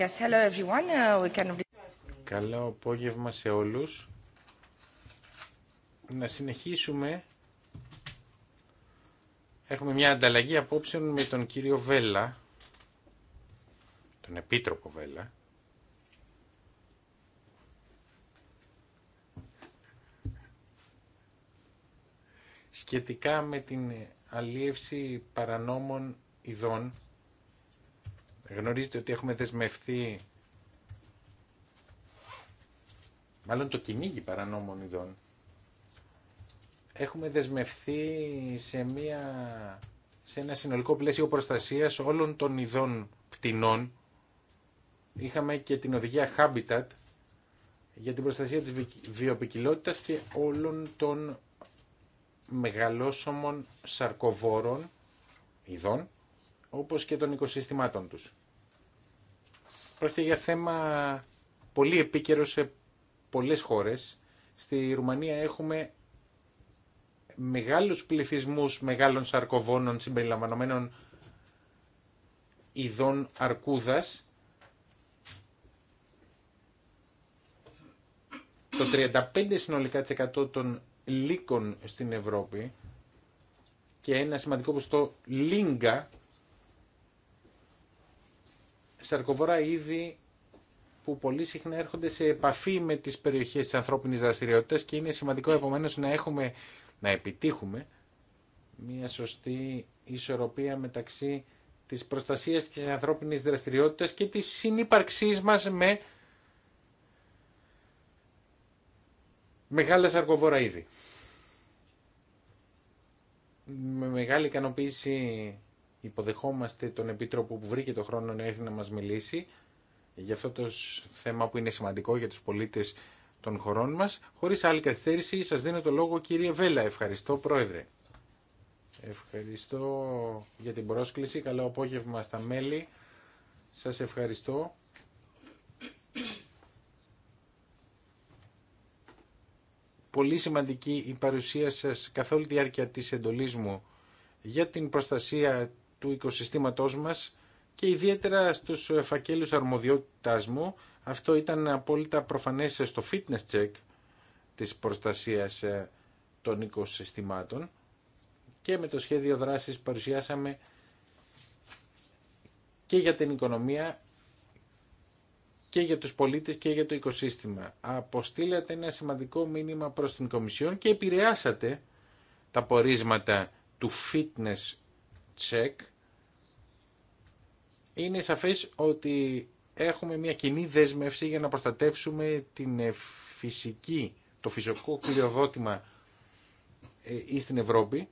Yes, hello everyone. Uh, we can... Καλό απόγευμα σε όλους. Να συνεχίσουμε. Έχουμε μια ανταλλαγή απόψεων με τον κύριο Βέλα, τον Επίτροπο Βέλλα. σχετικά με την αλίευση παρανόμων ειδών Γνωρίζετε ότι έχουμε δεσμευθεί μάλλον το κυνήγι παρανόμων ειδών, έχουμε δεσμευθεί σε, μια, σε ένα συνολικό πλαίσιο προστασίας όλων των ειδών πτηνών. Είχαμε και την οδηγία Habitat για την προστασία της βιοπικιλότητας και όλων των μεγαλόσωμων σαρκοβόρων ειδών, όπως και των οικοσυστημάτων τους. Πρόκειται για θέμα πολύ επίκαιρο σε πολλές χώρες. Στη Ρουμανία έχουμε μεγάλους πληθυσμούς μεγάλων σαρκοβόνων συμπεριλαμβανομένων ειδών αρκούδας. Το 35% συνολικά των λύκων στην Ευρώπη και ένα σημαντικό ποσοστό λίγκα σαρκοβόρα είδη που πολύ συχνά έρχονται σε επαφή με τις περιοχές της ανθρώπινης δραστηριότητας και είναι σημαντικό επομένως να έχουμε, να επιτύχουμε μια σωστή ισορροπία μεταξύ της προστασίας της ανθρώπινης δραστηριότητας και της συνύπαρξής μας με μεγάλες σαρκοβόρα είδη. Με μεγάλη ικανοποίηση υποδεχόμαστε τον Επίτροπο που βρήκε το χρόνο να έρθει να μας μιλήσει για αυτό το θέμα που είναι σημαντικό για τους πολίτες των χωρών μας. Χωρίς άλλη καθυστέρηση σας δίνω το λόγο κύριε Βέλα. Ευχαριστώ Πρόεδρε. Ευχαριστώ για την πρόσκληση. Καλό απόγευμα στα μέλη. Σας ευχαριστώ. Πολύ σημαντική η παρουσία σας καθ' όλη τη διάρκεια της εντολής μου για την προστασία του οικοσυστήματός μας και ιδιαίτερα στους φακέλους αρμοδιότητάς μου. Αυτό ήταν απόλυτα προφανές στο fitness check της προστασίας ε, των οικοσυστημάτων και με το σχέδιο δράσης παρουσιάσαμε και για την οικονομία και για τους πολίτες και για το οικοσύστημα. Αποστήλατε ένα σημαντικό μήνυμα προς την Κομισιόν και επηρεάσατε τα πορίσματα του fitness check είναι σαφές ότι έχουμε μια κοινή δέσμευση για να προστατεύσουμε την ε, φυσική, το φυσικό κλειοδότημα ή ε, στην Ευρώπη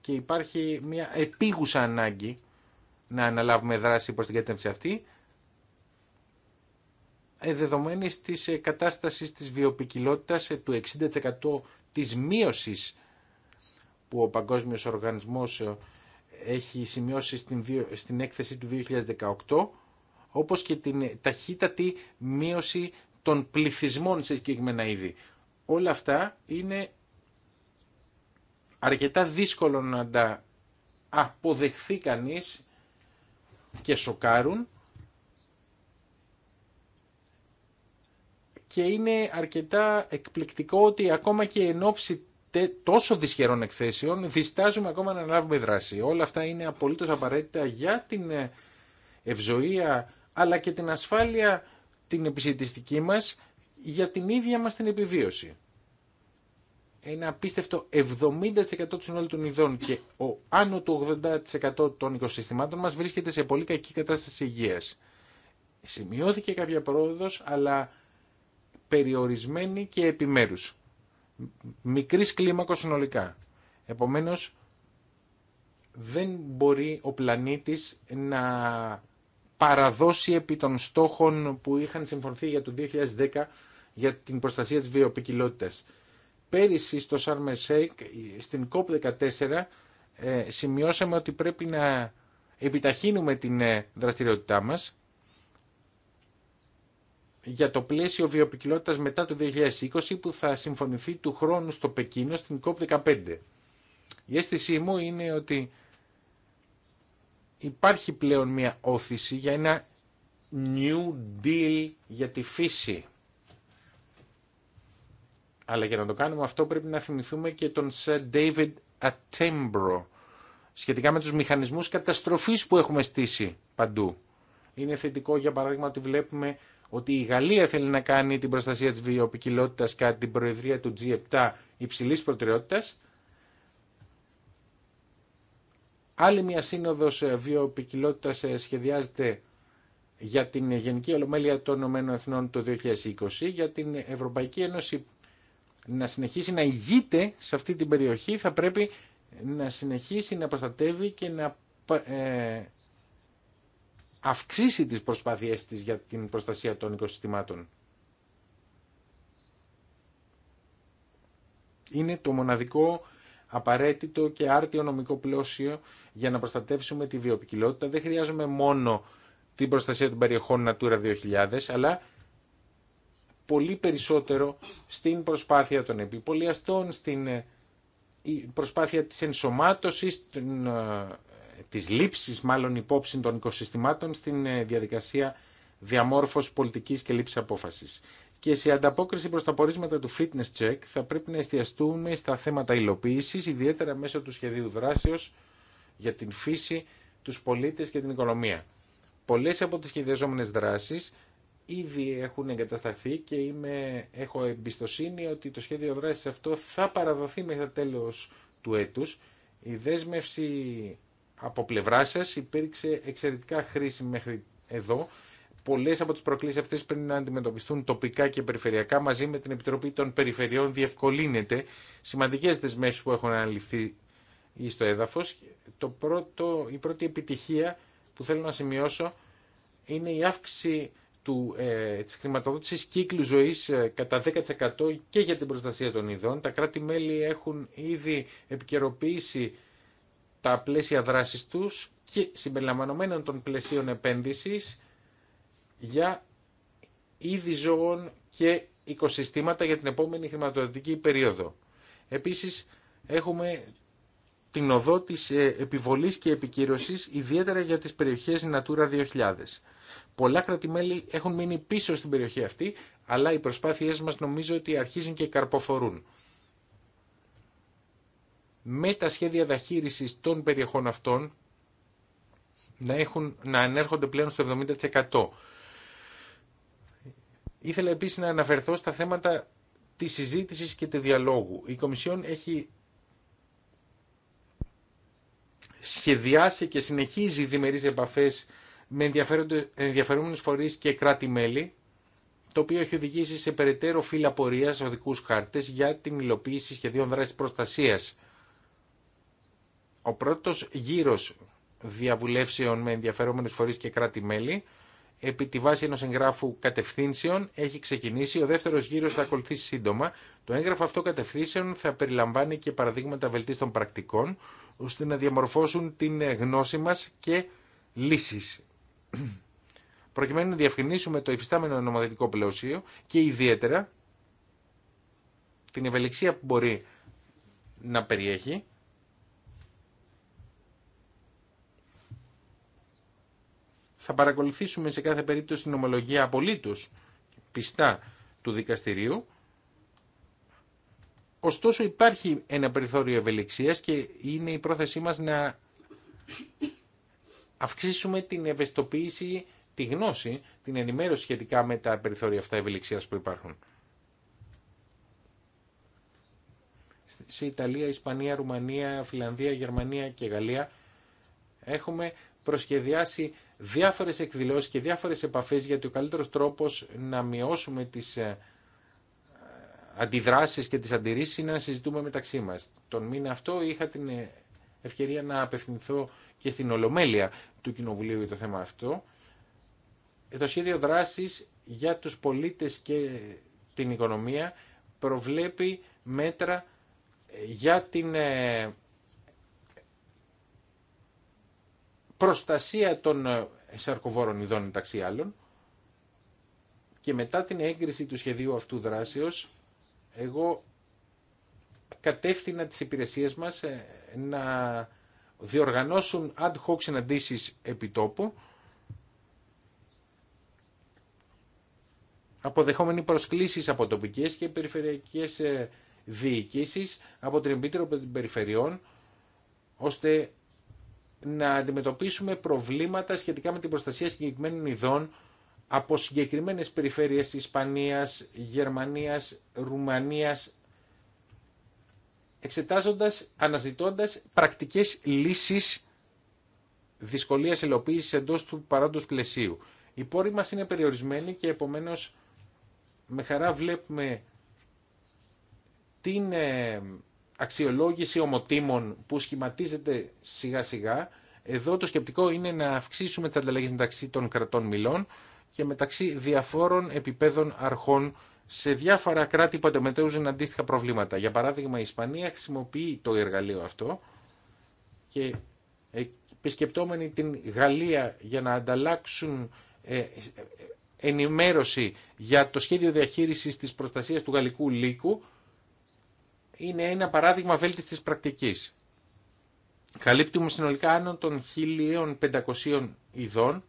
και υπάρχει μια επίγουσα ανάγκη να αναλάβουμε δράση προς την κατεύθυνση αυτή ε, δεδομένης της κατάστασης της βιοπικιλότητας του 60% της μείωσης που ο Παγκόσμιος Οργανισμός ε, έχει σημειώσει στην, στην έκθεση του 2018, όπως και την ταχύτατη μείωση των πληθυσμών σε συγκεκριμένα είδη. Όλα αυτά είναι αρκετά δύσκολο να τα αποδεχθεί κανείς και σοκάρουν και είναι αρκετά εκπληκτικό ότι ακόμα και εν ώψη τόσο δυσχερών εκθέσεων διστάζουμε ακόμα να λάβουμε δράση. Όλα αυτά είναι απολύτως απαραίτητα για την ε, ευζοία αλλά και την ασφάλεια την επισητιστική μας για την ίδια μας την επιβίωση. Ένα απίστευτο 70% του συνόλου των ειδών και ο άνω του 80% των οικοσυστημάτων μας βρίσκεται σε πολύ κακή κατάσταση υγείας. Σημειώθηκε κάποια πρόοδος αλλά περιορισμένη και επιμέρους μικρής κλίμακος συνολικά. Επομένως, δεν μπορεί ο πλανήτης να παραδώσει επί των στόχων που είχαν συμφωνθεί για το 2010 για την προστασία της βιοποικιλότητας. Πέρυσι στο Σαρμεσέικ, στην COP14, ε, σημειώσαμε ότι πρέπει να επιταχύνουμε την ε, δραστηριότητά μας για το πλαίσιο βιοποικιλότητας μετά το 2020 που θα συμφωνηθεί του χρόνου στο Πεκίνο στην COP15. Η αίσθησή μου είναι ότι υπάρχει πλέον μια όθηση για ένα New Deal για τη φύση. Αλλά για να το κάνουμε αυτό πρέπει να θυμηθούμε και τον Sir David Attenborough σχετικά με τους μηχανισμούς καταστροφής που έχουμε στήσει παντού. Είναι θετικό για παράδειγμα ότι βλέπουμε ότι η Γαλλία θέλει να κάνει την προστασία της βιοποικιλότητας κατά την προεδρία του G7 υψηλής προτεραιότητας. Άλλη μια σύνοδος βιοποικιλότητας ε, σχεδιάζεται για την Γενική Ολομέλεια των Ηνωμένων Εθνών το 2020, για την Ευρωπαϊκή Ένωση να συνεχίσει να ηγείται σε αυτή την περιοχή, θα πρέπει να συνεχίσει να προστατεύει και να ε, αυξήσει τις προσπάθειές της για την προστασία των οικοσυστημάτων. Είναι το μοναδικό απαραίτητο και άρτιο νομικό πλώσιο για να προστατεύσουμε τη βιοπικιλότητα. Δεν χρειάζομαι μόνο την προστασία των περιοχών Natura 2000, αλλά πολύ περισσότερο στην προσπάθεια των επιπολιαστών, στην ε, προσπάθεια της ενσωμάτωσης των ε, της λήψης μάλλον υπόψη των οικοσυστημάτων στην ε, διαδικασία διαμόρφωση πολιτικής και λήψη απόφασης. Και σε ανταπόκριση προς τα πορίσματα του fitness check θα πρέπει να εστιαστούμε στα θέματα υλοποίησης, ιδιαίτερα μέσω του σχεδίου δράσεως για την φύση, τους πολίτες και την οικονομία. Πολλές από τις σχεδιαζόμενες δράσεις ήδη έχουν εγκατασταθεί και είμαι, έχω εμπιστοσύνη ότι το σχέδιο δράσης αυτό θα παραδοθεί μέχρι το τέλος του έτους. Η δέσμευση από πλευρά σα υπήρξε εξαιρετικά χρήση μέχρι εδώ. Πολλέ από τι προκλήσει αυτέ πρέπει να αντιμετωπιστούν τοπικά και περιφερειακά μαζί με την Επιτροπή των Περιφερειών διευκολύνεται σημαντικέ δεσμεύσεις που έχουν αναλυθεί στο εδαφο η πρώτη επιτυχία που θέλω να σημειώσω είναι η αύξηση του, ε, της χρηματοδότησης κύκλου ζωής ε, κατά 10% και για την προστασία των ειδών. Τα κράτη-μέλη έχουν ήδη επικαιροποίησει τα πλαίσια δράσης τους και συμπεριλαμβανομένων των πλαισίων επένδυσης για είδη ζώων και οικοσυστήματα για την επόμενη χρηματοδοτική περίοδο. Επίσης, έχουμε την οδό της ε, επιβολής και επικύρωσης, ιδιαίτερα για τις περιοχές Natura 2000. Πολλά κρατημέλη έχουν μείνει πίσω στην περιοχή αυτή, αλλά οι προσπάθειές μας νομίζω ότι αρχίζουν και καρποφορούν με τα σχέδια διαχείρισης των περιοχών αυτών να, έχουν, να ανέρχονται πλέον στο 70%. Ήθελα επίσης να αναφερθώ στα θέματα της συζήτησης και του διαλόγου. Η Κομισιόν έχει σχεδιάσει και συνεχίζει διμερείς επαφές με ενδιαφερόμενους φορείς και κράτη-μέλη, το οποίο έχει οδηγήσει σε περαιτέρω φύλλα πορείας οδικούς χάρτες για την υλοποίηση σχεδίων δράσης προστασίας ο πρώτος γύρος διαβουλεύσεων με ενδιαφερόμενους φορείς και κράτη-μέλη επί τη βάση ενός εγγράφου κατευθύνσεων έχει ξεκινήσει. Ο δεύτερος γύρος θα ακολουθήσει σύντομα. Το έγγραφο αυτό κατευθύνσεων θα περιλαμβάνει και παραδείγματα βελτίστων πρακτικών ώστε να διαμορφώσουν την γνώση μας και λύσεις. Προκειμένου να διευκρινίσουμε το υφιστάμενο νομοθετικό πλαίσιο και ιδιαίτερα την ευελιξία που μπορεί να περιέχει Θα παρακολουθήσουμε σε κάθε περίπτωση την ομολογία απολύτως πιστά του δικαστηρίου. Ωστόσο υπάρχει ένα περιθώριο ευελιξίας και είναι η πρόθεσή μας να αυξήσουμε την ευαισθητοποίηση, τη γνώση, την ενημέρωση σχετικά με τα περιθώρια αυτά ευελιξίας που υπάρχουν. Σε Ιταλία, Ισπανία, Ρουμανία, Φιλανδία, Γερμανία και Γαλλία έχουμε προσχεδιάσει διάφορες εκδηλώσεις και διάφορες επαφές γιατί ο καλύτερος τρόπος να μειώσουμε τις ε, αντιδράσεις και τις αντιρρήσεις είναι να συζητούμε μεταξύ μας. Τον μήνα αυτό είχα την ε, ευκαιρία να απευθυνθώ και στην Ολομέλεια του Κοινοβουλίου για το θέμα αυτό. Ε, το σχέδιο δράσης για τους πολίτες και την οικονομία προβλέπει μέτρα για την προστασία των ε, σαρκοβόρων ειδών μεταξύ άλλων και μετά την έγκριση του σχεδίου αυτού δράσεως εγώ κατεύθυνα τις υπηρεσίες μας ε, να διοργανώσουν ad hoc συναντήσεις επιτόπου αποδεχόμενοι προσκλήσεις από τοπικές και περιφερειακές ε, διοικήσεις από την Επίτροπο των Περιφερειών ώστε να αντιμετωπίσουμε προβλήματα σχετικά με την προστασία συγκεκριμένων ειδών από συγκεκριμένες περιφέρειες Ισπανίας, Γερμανίας, Ρουμανίας, εξετάζοντας, αναζητώντας πρακτικές λύσεις δυσκολίας ελοποίησης εντός του παράντος πλαισίου. Οι πόροι μας είναι περιορισμένοι και επομένως με χαρά βλέπουμε την ε, αξιολόγηση ομοτήμων που σχηματίζεται σιγά σιγά. Εδώ το σκεπτικό είναι να αυξήσουμε τις ανταλλαγές μεταξύ των κρατών μιλών και μεταξύ διαφόρων επιπέδων αρχών σε διάφορα κράτη που αντιμετωπίζουν αντίστοιχα προβλήματα. Για παράδειγμα, η Ισπανία χρησιμοποιεί το εργαλείο αυτό και επισκεπτόμενοι την Γαλλία για να ανταλλάξουν ε, ε, ε, ενημέρωση για το σχέδιο διαχείρισης της προστασίας του γαλλικού λύκου είναι ένα παράδειγμα βέλτιστης πρακτικής. Καλύπτουμε συνολικά άνω των 1.500 ειδών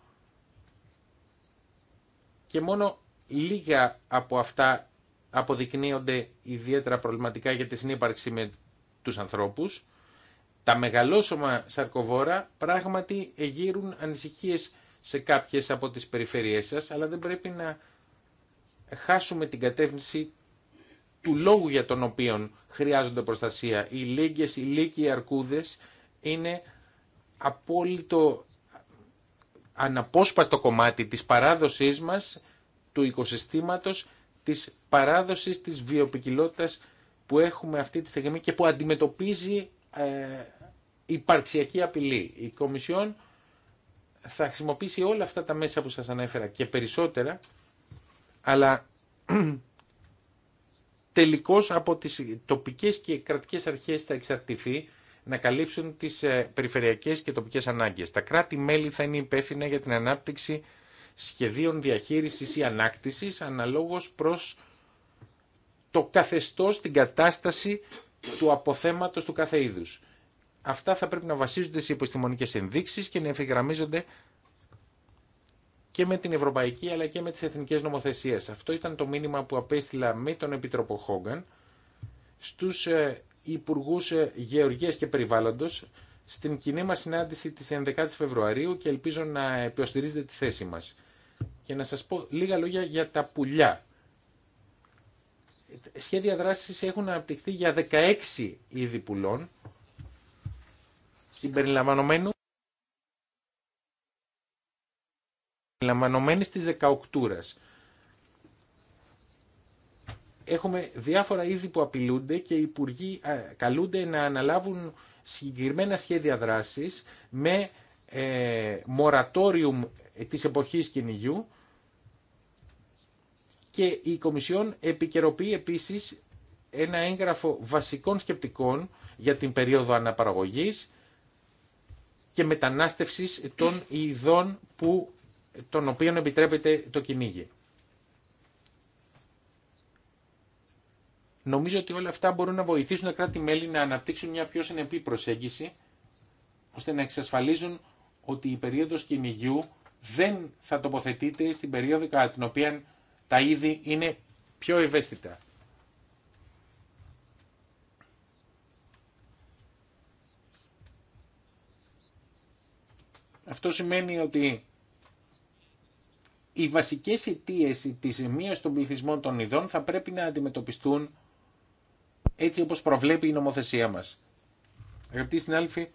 και μόνο λίγα από αυτά αποδεικνύονται ιδιαίτερα προβληματικά για τη συνύπαρξη με τους ανθρώπους. Τα μεγαλόσωμα σαρκοβόρα πράγματι εγείρουν ανησυχίες σε κάποιες από τις περιφερειές σας, αλλά δεν πρέπει να χάσουμε την κατεύθυνση του λόγου για τον οποίο χρειάζονται προστασία. Οι λύγκες, οι λύκοι, οι αρκούδες είναι απόλυτο αναπόσπαστο κομμάτι της παράδοσής μας, του οικοσυστήματος, της παράδοσης της βιοπικιλότητας που έχουμε αυτή τη στιγμή και που αντιμετωπίζει η ε, υπαρξιακή απειλή. Η Κομισιόν θα χρησιμοποιήσει όλα αυτά τα μέσα που σας ανέφερα και περισσότερα, αλλά τελικώς από τις τοπικές και κρατικές αρχές θα εξαρτηθεί να καλύψουν τις ε, περιφερειακές και τοπικές ανάγκες. Τα κράτη-μέλη θα είναι υπεύθυνα για την ανάπτυξη σχεδίων διαχείρισης ή ανάκτησης αναλόγως προς το καθεστώς, την κατάσταση του αποθέματος του κάθε είδους. Αυτά θα πρέπει να βασίζονται σε επιστημονικές ενδείξεις και να εφηγραμμίζονται και με την ευρωπαϊκή αλλά και με τις εθνικές νομοθεσίες. Αυτό ήταν το μήνυμα που απέστειλα με τον Επίτροπο Χόγκαν στους ε, Υπουργούς ε, Γεωργίας και Περιβάλλοντος στην κοινή μας συνάντηση της 11 Φεβρουαρίου και ελπίζω να υποστηρίζετε τη θέση μας. Και να σας πω λίγα λόγια για τα πουλιά. Σχέδια δράσης έχουν αναπτυχθεί για 16 είδη πουλών συμπεριλαμβανομένου λαμβανομένης της 18 Έχουμε διάφορα είδη που απειλούνται και οι υπουργοί καλούνται να αναλάβουν συγκεκριμένα σχέδια δράσης με μορατόριου ε, μορατόριουμ της εποχής κυνηγιού και η Κομισιόν επικαιροποιεί επίσης ένα έγγραφο βασικών σκεπτικών για την περίοδο αναπαραγωγής και μετανάστευσης των ειδών που των οποίων επιτρέπεται το κυνήγι. Νομίζω ότι όλα αυτά μπορούν να βοηθήσουν τα κράτη-μέλη να αναπτύξουν μια πιο συνεπή προσέγγιση, ώστε να εξασφαλίζουν ότι η περίοδος κυνηγιού δεν θα τοποθετείται στην περίοδο κατά την οποία τα είδη είναι πιο ευαίσθητα. Αυτό σημαίνει ότι οι βασικές αιτίες της μείωσης των πληθυσμών των ειδών θα πρέπει να αντιμετωπιστούν έτσι όπως προβλέπει η νομοθεσία μας. Αγαπητοί συνάδελφοι,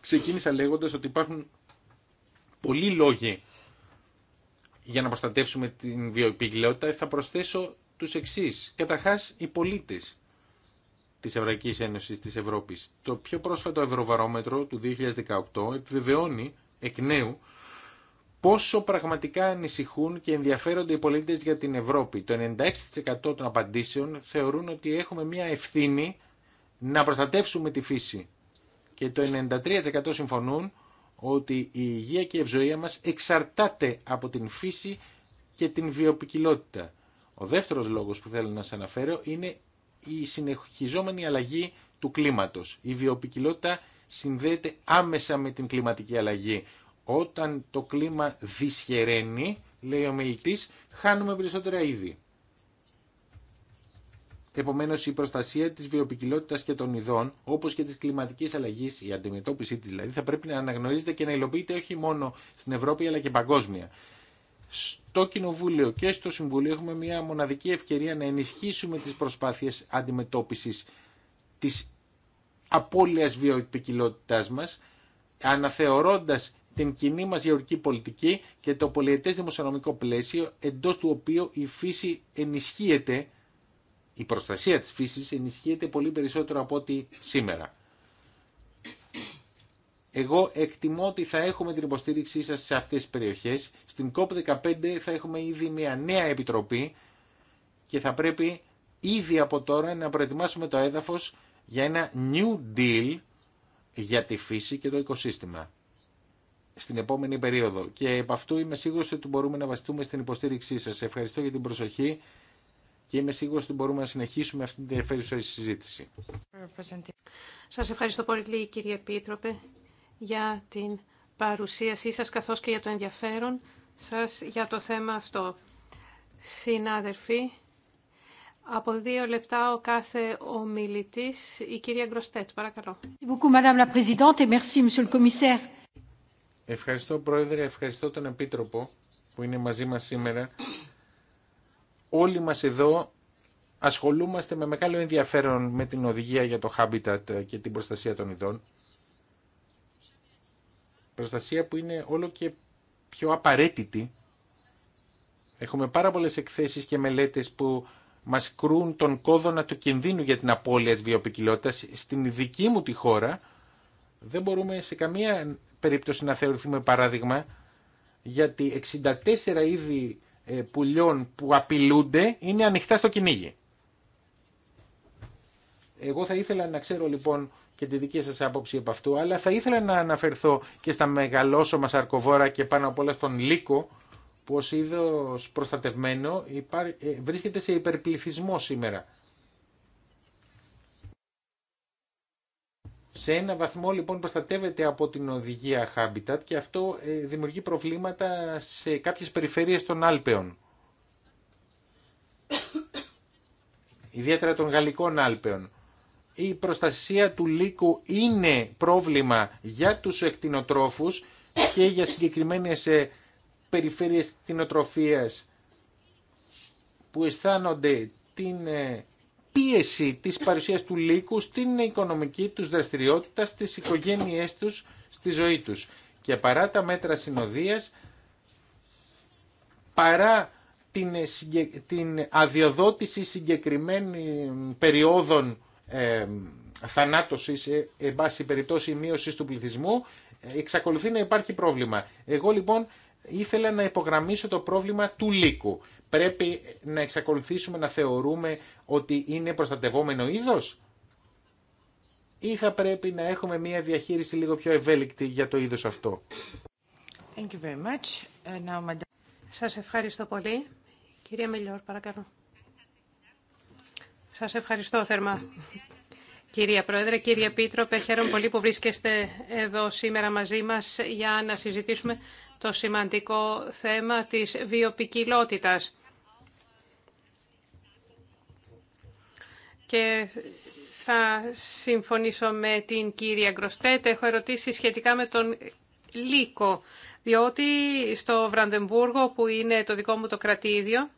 ξεκίνησα λέγοντας ότι υπάρχουν πολλοί λόγοι για να προστατεύσουμε την βιοεπικλαιότητα. Θα προσθέσω τους εξή. Καταρχά, οι πολίτε της Ευρωπαϊκής Ένωσης της Ευρώπης. Το πιο πρόσφατο ευρωβαρόμετρο του 2018 επιβεβαιώνει εκ νέου πόσο πραγματικά ανησυχούν και ενδιαφέρονται οι πολίτες για την Ευρώπη. Το 96% των απαντήσεων θεωρούν ότι έχουμε μια ευθύνη να προστατεύσουμε τη φύση. Και το 93% συμφωνούν ότι η υγεία και η ευζοία μας εξαρτάται από την φύση και την βιοποικιλότητα. Ο δεύτερος λόγος που θέλω να σας αναφέρω είναι η συνεχιζόμενη αλλαγή του κλίματος. Η βιοπικιλότητα συνδέεται άμεσα με την κλιματική αλλαγή. Όταν το κλίμα δυσχεραίνει, λέει ο μιλητής, χάνουμε περισσότερα είδη. Επομένω, η προστασία τη βιοπικιλότητα και των ειδών, όπω και τη κλιματική αλλαγή, η αντιμετώπιση τη δηλαδή, θα πρέπει να αναγνωρίζεται και να υλοποιείται όχι μόνο στην Ευρώπη αλλά και παγκόσμια. Στο Κοινοβούλιο και στο Συμβούλιο έχουμε μια μοναδική ευκαιρία να ενισχύσουμε τι προσπάθειε αντιμετώπιση τη απώλεια βιοπικιλότητά μα, αναθεωρώντα την κοινή μας γεωργική πολιτική και το πολιετές δημοσιονομικό πλαίσιο εντός του οποίου η φύση ενισχύεται, η προστασία της φύσης ενισχύεται πολύ περισσότερο από ό,τι σήμερα. Εγώ εκτιμώ ότι θα έχουμε την υποστήριξή σας σε αυτές τις περιοχές. Στην COP15 θα έχουμε ήδη μια νέα επιτροπή και θα πρέπει ήδη από τώρα να προετοιμάσουμε το έδαφος για ένα new deal για τη φύση και το οικοσύστημα στην επόμενη περίοδο. Και επ' αυτού είμαι σίγουρο ότι μπορούμε να βαστούμε στην υποστήριξή σα. Ευχαριστώ για την προσοχή και είμαι σίγουρο ότι μπορούμε να συνεχίσουμε αυτή την ενδιαφέρουσα συζήτηση. Σα ευχαριστώ πολύ κύριε Επίτροπε για την παρουσίασή σα καθώ και για το ενδιαφέρον σα για το θέμα αυτό. Συνάδελφοι, από δύο λεπτά ο κάθε ομιλητή, η κυρία Γκροστέτ, παρακαλώ. Ευχαριστώ Ευχαριστώ Πρόεδρε, ευχαριστώ τον Επίτροπο που είναι μαζί μας σήμερα. Όλοι μας εδώ ασχολούμαστε με μεγάλο ενδιαφέρον με την οδηγία για το habitat και την προστασία των ειδών. Προστασία που είναι όλο και πιο απαραίτητη. Έχουμε πάρα πολλές εκθέσεις και μελέτες που μας κρούν τον κόδωνα του κινδύνου για την απώλεια της βιοποικιλότητας. Στην δική μου τη χώρα δεν μπορούμε σε καμία περίπτωση να θεωρηθούμε παράδειγμα γιατί 64 είδη ε, πουλιών που απειλούνται είναι ανοιχτά στο κυνήγι. Εγώ θα ήθελα να ξέρω λοιπόν και τη δική σας άποψη από αυτού, αλλά θα ήθελα να αναφερθώ και στα μεγαλόσωμα σαρκοβόρα και πάνω απ' όλα στον λύκο, που ως είδος προστατευμένο ε, βρίσκεται σε υπερπληθυσμό σήμερα. Σε ένα βαθμό λοιπόν προστατεύεται από την οδηγία Habitat και αυτό ε, δημιουργεί προβλήματα σε κάποιες περιφέρειες των Άλπαιων. Ιδιαίτερα των Γαλλικών Άλπαιων. Η προστασία του λύκου είναι πρόβλημα για τους εκτινοτρόφους και για συγκεκριμένες ε, περιφέρειες κτηνοτροφίας που αισθάνονται την ε, πίεση της παρουσίας του λύκου στην οικονομική τους δραστηριότητα, στις οικογένειές τους, στη ζωή τους. Και παρά τα μέτρα συνοδείας, παρά την, την αδειοδότηση συγκεκριμένων περιόδων ε, θανάτωσης, ε, εν περιπτώσει μείωσης του πληθυσμού, ε, εξακολουθεί να υπάρχει πρόβλημα. Εγώ λοιπόν ήθελα να υπογραμμίσω το πρόβλημα του λύκου πρέπει να εξακολουθήσουμε να θεωρούμε ότι είναι προστατευόμενο είδος ή θα πρέπει να έχουμε μια διαχείριση λίγο πιο ευέλικτη για το είδος αυτό. Thank you very much. Uh, now, Σας ευχαριστώ πολύ. Κυρία Μελιόρ, παρακαλώ. Σας ευχαριστώ θερμά. Κυρία Πρόεδρε, κύριε Πίτρο, χαίρομαι πολύ που βρίσκεστε εδώ σήμερα μαζί μας για να συζητήσουμε το σημαντικό θέμα της βιοπικιλότητας. και θα συμφωνήσω με την κυρία Γκροστέτ. Έχω ερωτήσει σχετικά με τον Λίκο. διότι στο Βραντεμβούργο που είναι το δικό μου το κρατήδιο,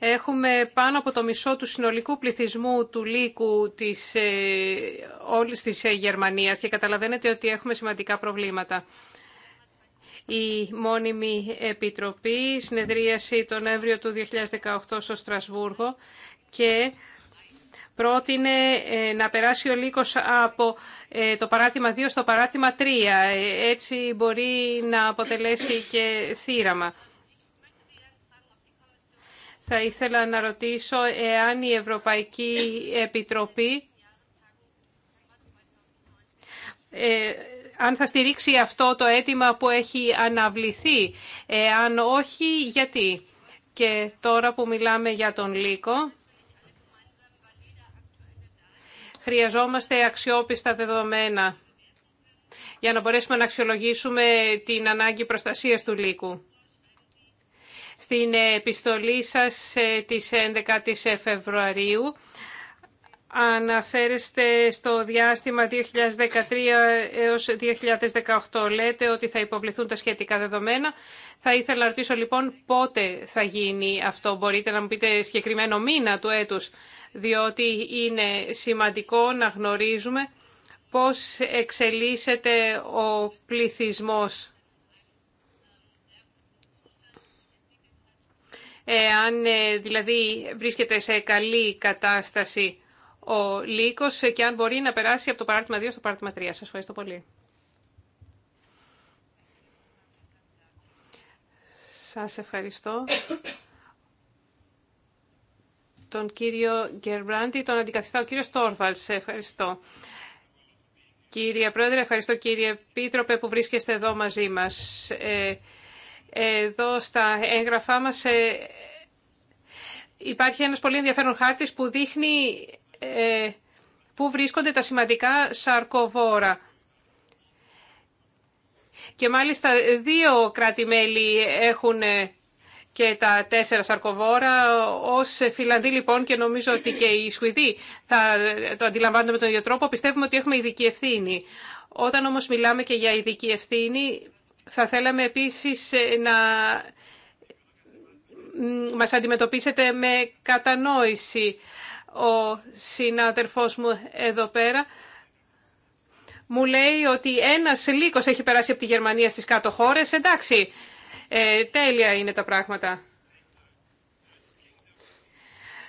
Έχουμε πάνω από το μισό του συνολικού πληθυσμού του λύκου της, ε, όλης της ε, Γερμανίας και καταλαβαίνετε ότι έχουμε σημαντικά προβλήματα. Η μόνιμη επιτροπή συνεδρίασε τον Νοέμβριο του 2018 στο Στρασβούργο και πρότεινε ε, να περάσει ο λύκος από ε, το παράτημα 2 στο παράτημα 3. Ε, έτσι μπορεί να αποτελέσει και θύραμα. Θα ήθελα να ρωτήσω εάν η Ευρωπαϊκή Επιτροπή ε, αν θα στηρίξει αυτό το αίτημα που έχει αναβληθεί. Εάν αν όχι, γιατί. Και τώρα που μιλάμε για τον Λύκο, Χρειαζόμαστε αξιόπιστα δεδομένα για να μπορέσουμε να αξιολογήσουμε την ανάγκη προστασίας του λύκου. Στην επιστολή σας ε, της 11ης Φεβρουαρίου αναφέρεστε στο διάστημα 2013 έως 2018. Λέτε ότι θα υποβληθούν τα σχετικά δεδομένα. Θα ήθελα να ρωτήσω λοιπόν πότε θα γίνει αυτό. Μπορείτε να μου πείτε συγκεκριμένο μήνα του έτους διότι είναι σημαντικό να γνωρίζουμε πώς εξελίσσεται ο πληθυσμός. Αν ε, δηλαδή βρίσκεται σε καλή κατάσταση ο λύκος και αν μπορεί να περάσει από το παράρτημα 2 στο παράρτημα 3. Σας ευχαριστώ πολύ. Σας ευχαριστώ τον κύριο Γκερμπράντη, τον αντικαθιστά ο κύριος Σε Ευχαριστώ. Κύριε Πρόεδρε, ευχαριστώ κύριε Επίτροπε που βρίσκεστε εδώ μαζί μας. Ε, εδώ στα έγγραφά μας ε, υπάρχει ένα πολύ ενδιαφέρον χάρτης που δείχνει ε, πού βρίσκονται τα σημαντικά σαρκοβόρα. Και μάλιστα δύο κράτη-μέλη έχουν και τα τέσσερα σαρκοβόρα. Ως Φιλανδοί λοιπόν και νομίζω ότι και οι Σουηδοί θα το αντιλαμβάνονται με τον ίδιο τρόπο, πιστεύουμε ότι έχουμε ειδική ευθύνη. Όταν όμως μιλάμε και για ειδική ευθύνη, θα θέλαμε επίσης ε, να μας αντιμετωπίσετε με κατανόηση. Ο συνάδελφός μου εδώ πέρα μου λέει ότι ένας λύκος έχει περάσει από τη Γερμανία στις κάτω χώρες. Εντάξει, ε, τέλεια είναι τα πράγματα.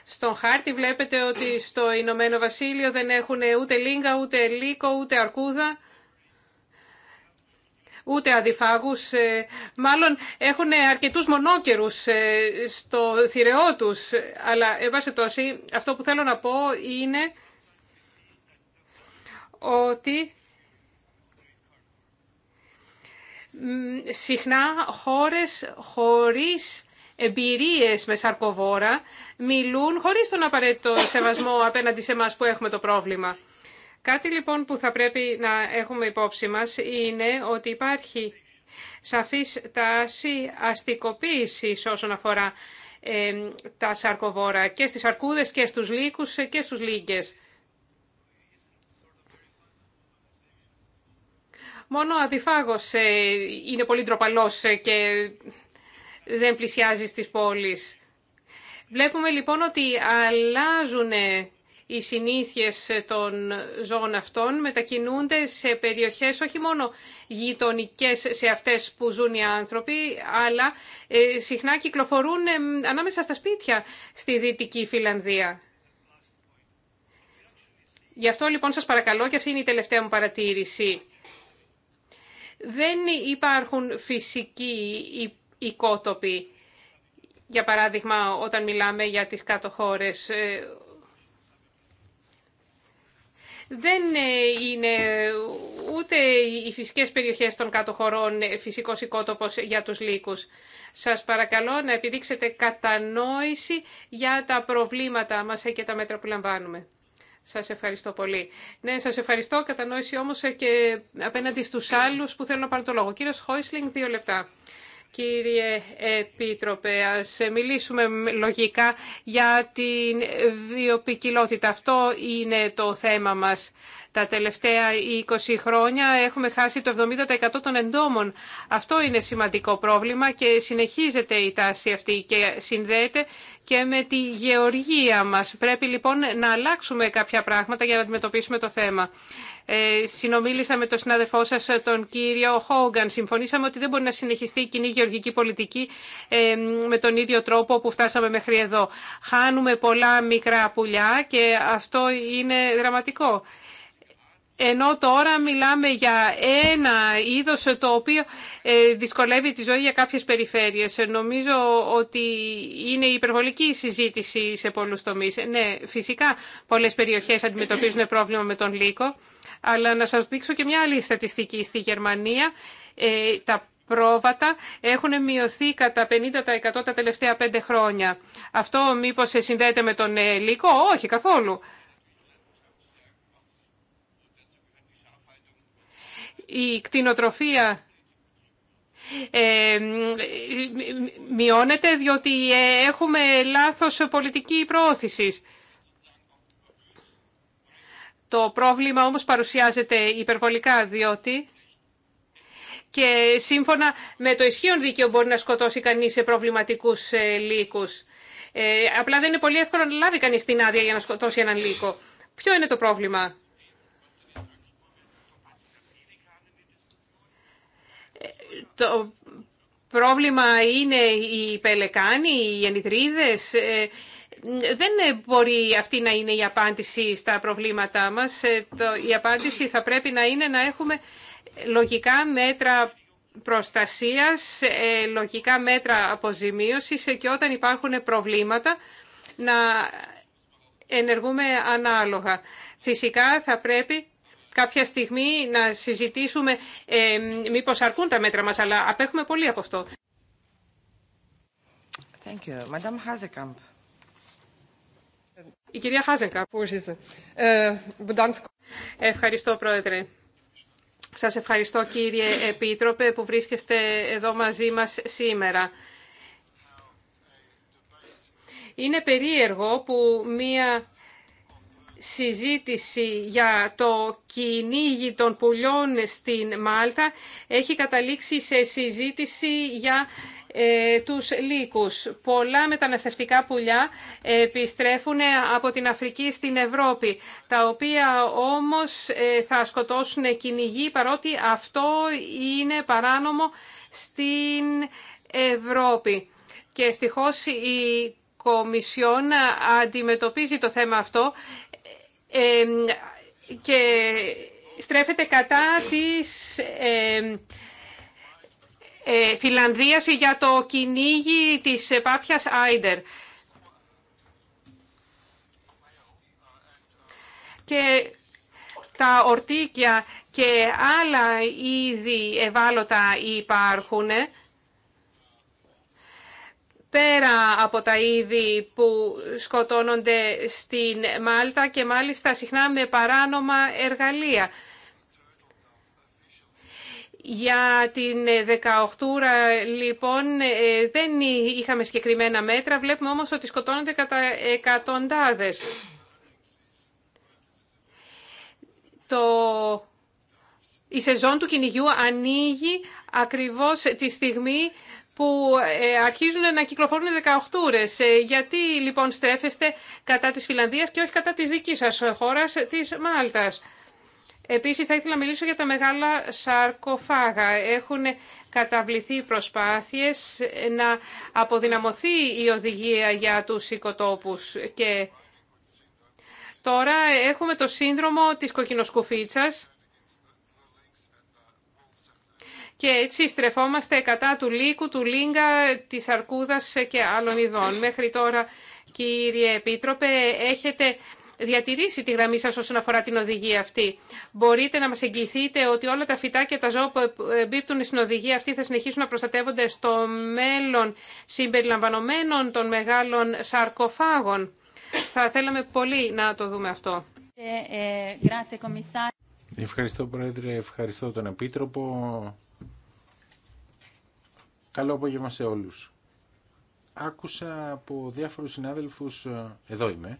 Στον χάρτη βλέπετε ότι στο Ηνωμένο Βασίλειο δεν έχουν ούτε λίγκα, ούτε λίκο, ούτε αρκούδα, ούτε αδιφάγους. Ε, μάλλον έχουν αρκετούς μονόκερους ε, στο θηρεό τους. Αλλά, εβάσε τόση, αυτό που θέλω να πω είναι ότι συχνά χώρες χωρίς εμπειρίες με σαρκοβόρα μιλούν χωρίς τον απαραίτητο σεβασμό απέναντι σε μας που έχουμε το πρόβλημα. Κάτι λοιπόν που θα πρέπει να έχουμε υπόψη μας είναι ότι υπάρχει σαφής τάση αστικοποίησης όσον αφορά ε, τα σαρκοβόρα και στις αρκούδες και στους λύκους και στους λύγκες. Μόνο ο αδιφάγος ε, είναι πολύ ντροπαλός ε, και δεν πλησιάζει στις πόλεις. Βλέπουμε λοιπόν ότι αλλάζουν ε, οι συνήθειες των ζώων αυτών, μετακινούνται σε περιοχές όχι μόνο γειτονικέ σε αυτές που ζουν οι άνθρωποι, αλλά συχνά κυκλοφορούν ανάμεσα στα σπίτια στη Δυτική Φιλανδία. Γι' αυτό λοιπόν σας παρακαλώ και αυτή είναι η τελευταία μου παρατήρηση δεν υπάρχουν φυσικοί οικότοποι. Για παράδειγμα, όταν μιλάμε για τις κάτω ε, δεν ε, είναι ούτε οι φυσικές περιοχές των κάτω χωρών ε, φυσικός οικότοπος για τους λύκους. Σας παρακαλώ να επιδείξετε κατανόηση για τα προβλήματα μας και τα μέτρα που λαμβάνουμε. Σας ευχαριστώ πολύ. Ναι, σας ευχαριστώ. Κατανόηση όμως ε, και απέναντι στους άλλους που θέλουν να πάρουν το λόγο. Κύριε Χόισλινγκ, δύο λεπτά. Κύριε Επίτροπε, ας ε, μιλήσουμε λογικά για την βιοπικιλότητα. Αυτό είναι το θέμα μας. Τα τελευταία 20 χρόνια έχουμε χάσει το 70% των εντόμων. Αυτό είναι σημαντικό πρόβλημα και συνεχίζεται η τάση αυτή και συνδέεται και με τη γεωργία μας. Πρέπει λοιπόν να αλλάξουμε κάποια πράγματα για να αντιμετωπίσουμε το θέμα. Ε, συνομίλησα με τον συνάδελφό σας, τον κύριο Χόγκαν. Συμφωνήσαμε ότι δεν μπορεί να συνεχιστεί η κοινή γεωργική πολιτική ε, με τον ίδιο τρόπο που φτάσαμε μέχρι εδώ. Χάνουμε πολλά μικρά πουλιά και αυτό είναι δραματικό ενώ τώρα μιλάμε για ένα είδος το οποίο ε, δυσκολεύει τη ζωή για κάποιες περιφέρειες. Νομίζω ότι είναι υπερβολική η συζήτηση σε πολλούς τομείς. Ναι, φυσικά πολλές περιοχές αντιμετωπίζουν πρόβλημα με τον λύκο, αλλά να σας δείξω και μια άλλη στατιστική. Στη Γερμανία ε, τα πρόβατα έχουν μειωθεί κατά 50% τα τελευταία πέντε χρόνια. Αυτό μήπως συνδέεται με τον ε, λύκο? Όχι, καθόλου. η κτηνοτροφία ε, μειώνεται διότι ε, έχουμε λάθος πολιτική προώθηση. Το πρόβλημα όμως παρουσιάζεται υπερβολικά διότι και σύμφωνα με το ισχύον δίκαιο μπορεί να σκοτώσει κανείς σε προβληματικούς ε, λύκους. Ε, απλά δεν είναι πολύ εύκολο να λάβει κανείς την άδεια για να σκοτώσει έναν λύκο. Ποιο είναι το πρόβλημα. το πρόβλημα είναι οι πελεκάνοι, οι ενιτρίδες. Ε, δεν μπορεί αυτή να είναι η απάντηση στα προβλήματά μας. Ε, η απάντηση θα πρέπει να είναι να έχουμε λογικά μέτρα προστασίας, ε, λογικά μέτρα αποζημίωσης και όταν υπάρχουν προβλήματα να ενεργούμε ανάλογα. Φυσικά θα πρέπει κάποια στιγμή να συζητήσουμε ε, μήπως αρκούν τα μέτρα μας, αλλά απέχουμε πολύ από αυτό. Η κυρία ε, Ευχαριστώ, Πρόεδρε. Σας ευχαριστώ, κύριε Επίτροπε, που βρίσκεστε εδώ μαζί μας σήμερα. Είναι περίεργο που μία συζήτηση για το κυνήγι των πουλιών στην Μάλτα έχει καταλήξει σε συζήτηση για ε, τους λύκους. Πολλά μεταναστευτικά πουλιά επιστρέφουν από την Αφρική στην Ευρώπη, τα οποία όμως ε, θα σκοτώσουν κυνηγοί, παρότι αυτό είναι παράνομο στην Ευρώπη. Και ευτυχώς η Κομισιόν αντιμετωπίζει το θέμα αυτό και στρέφεται κατά της ε, Φιλανδίας για το κυνήγι της πάπιας Άιντερ. Και τα ορτίκια και άλλα είδη ευάλωτα υπάρχουν πέρα από τα είδη που σκοτώνονται στην Μάλτα και μάλιστα συχνά με παράνομα εργαλεία. Για την 18 ουρα λοιπόν ε, δεν είχαμε συγκεκριμένα μέτρα, βλέπουμε όμως ότι σκοτώνονται κατά εκατοντάδες. Το... Η σεζόν του κυνηγιού ανοίγει ακριβώς τη στιγμή που ε, αρχίζουν να κυκλοφορούν 18 ε, Γιατί λοιπόν στρέφεστε κατά της Φιλανδίας και όχι κατά της δικής σας χώρας, της Μάλτας. Επίσης θα ήθελα να μιλήσω για τα μεγάλα σαρκοφάγα. Έχουν καταβληθεί προσπάθειες να αποδυναμωθεί η οδηγία για τους οικοτόπους και τώρα έχουμε το σύνδρομο της κοκκινοσκουφίτσας και έτσι στρεφόμαστε κατά του λύκου, του λίγκα, της αρκούδας και άλλων ειδών. Μέχρι τώρα, κύριε Επίτροπε, έχετε διατηρήσει τη γραμμή σας όσον αφορά την οδηγία αυτή. Μπορείτε να μας εγγυηθείτε ότι όλα τα φυτά και τα ζώα που εμπίπτουν στην οδηγία αυτή θα συνεχίσουν να προστατεύονται στο μέλλον συμπεριλαμβανομένων των μεγάλων σαρκοφάγων. Θα θέλαμε πολύ να το δούμε αυτό. Ε, ε, ευχαριστώ Πρόεδρε, ευχαριστώ τον Επίτροπο. Καλό απόγευμα σε όλους. Άκουσα από διάφορους συνάδελφους, ε, εδώ είμαι,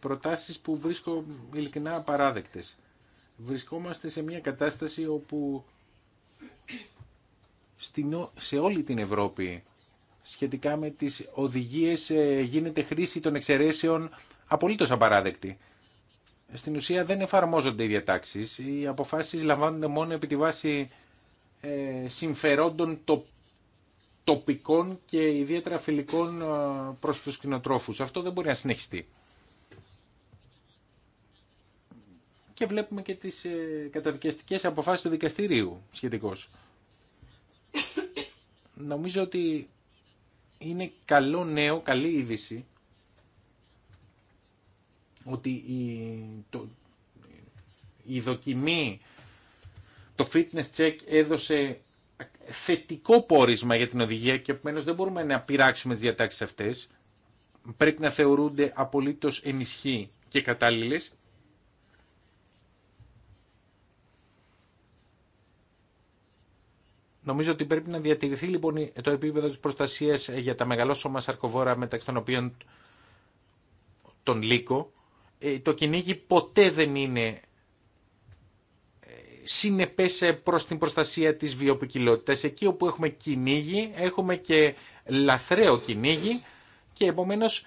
προτάσεις που βρίσκω ειλικρινά απαράδεκτες. Βρισκόμαστε σε μια κατάσταση όπου σε όλη την Ευρώπη σχετικά με τις οδηγίες ε, γίνεται χρήση των εξαιρέσεων απολύτως απαράδεκτη στην ουσία δεν εφαρμόζονται οι διατάξεις. Οι αποφάσεις λαμβάνονται μόνο επί τη βάση ε, συμφερόντων τοπικών και ιδιαίτερα φιλικών ε, προς τους κοινοτρόφους. Αυτό δεν μπορεί να συνεχιστεί. Και βλέπουμε και τις ε, καταδικαστικές αποφάσεις του δικαστηρίου σχετικώς. Νομίζω ότι είναι καλό νέο, καλή είδηση ότι η, η δοκιμή, το fitness check έδωσε θετικό πόρισμα για την οδηγία και επομένως δεν μπορούμε να πειράξουμε τις διατάξεις αυτές. Πρέπει να θεωρούνται απολύτως ενισχύ και κατάλληλες. Νομίζω ότι πρέπει να διατηρηθεί λοιπόν το επίπεδο της προστασίας για τα μεγαλόσωμα σαρκοβόρα μεταξύ των οποίων τον λύκο ε, το κυνήγι ποτέ δεν είναι ε, συνεπές ε, προς την προστασία της βιοποικιλότητας. Εκεί όπου έχουμε κυνήγι, έχουμε και λαθρέο κυνήγι και επομένως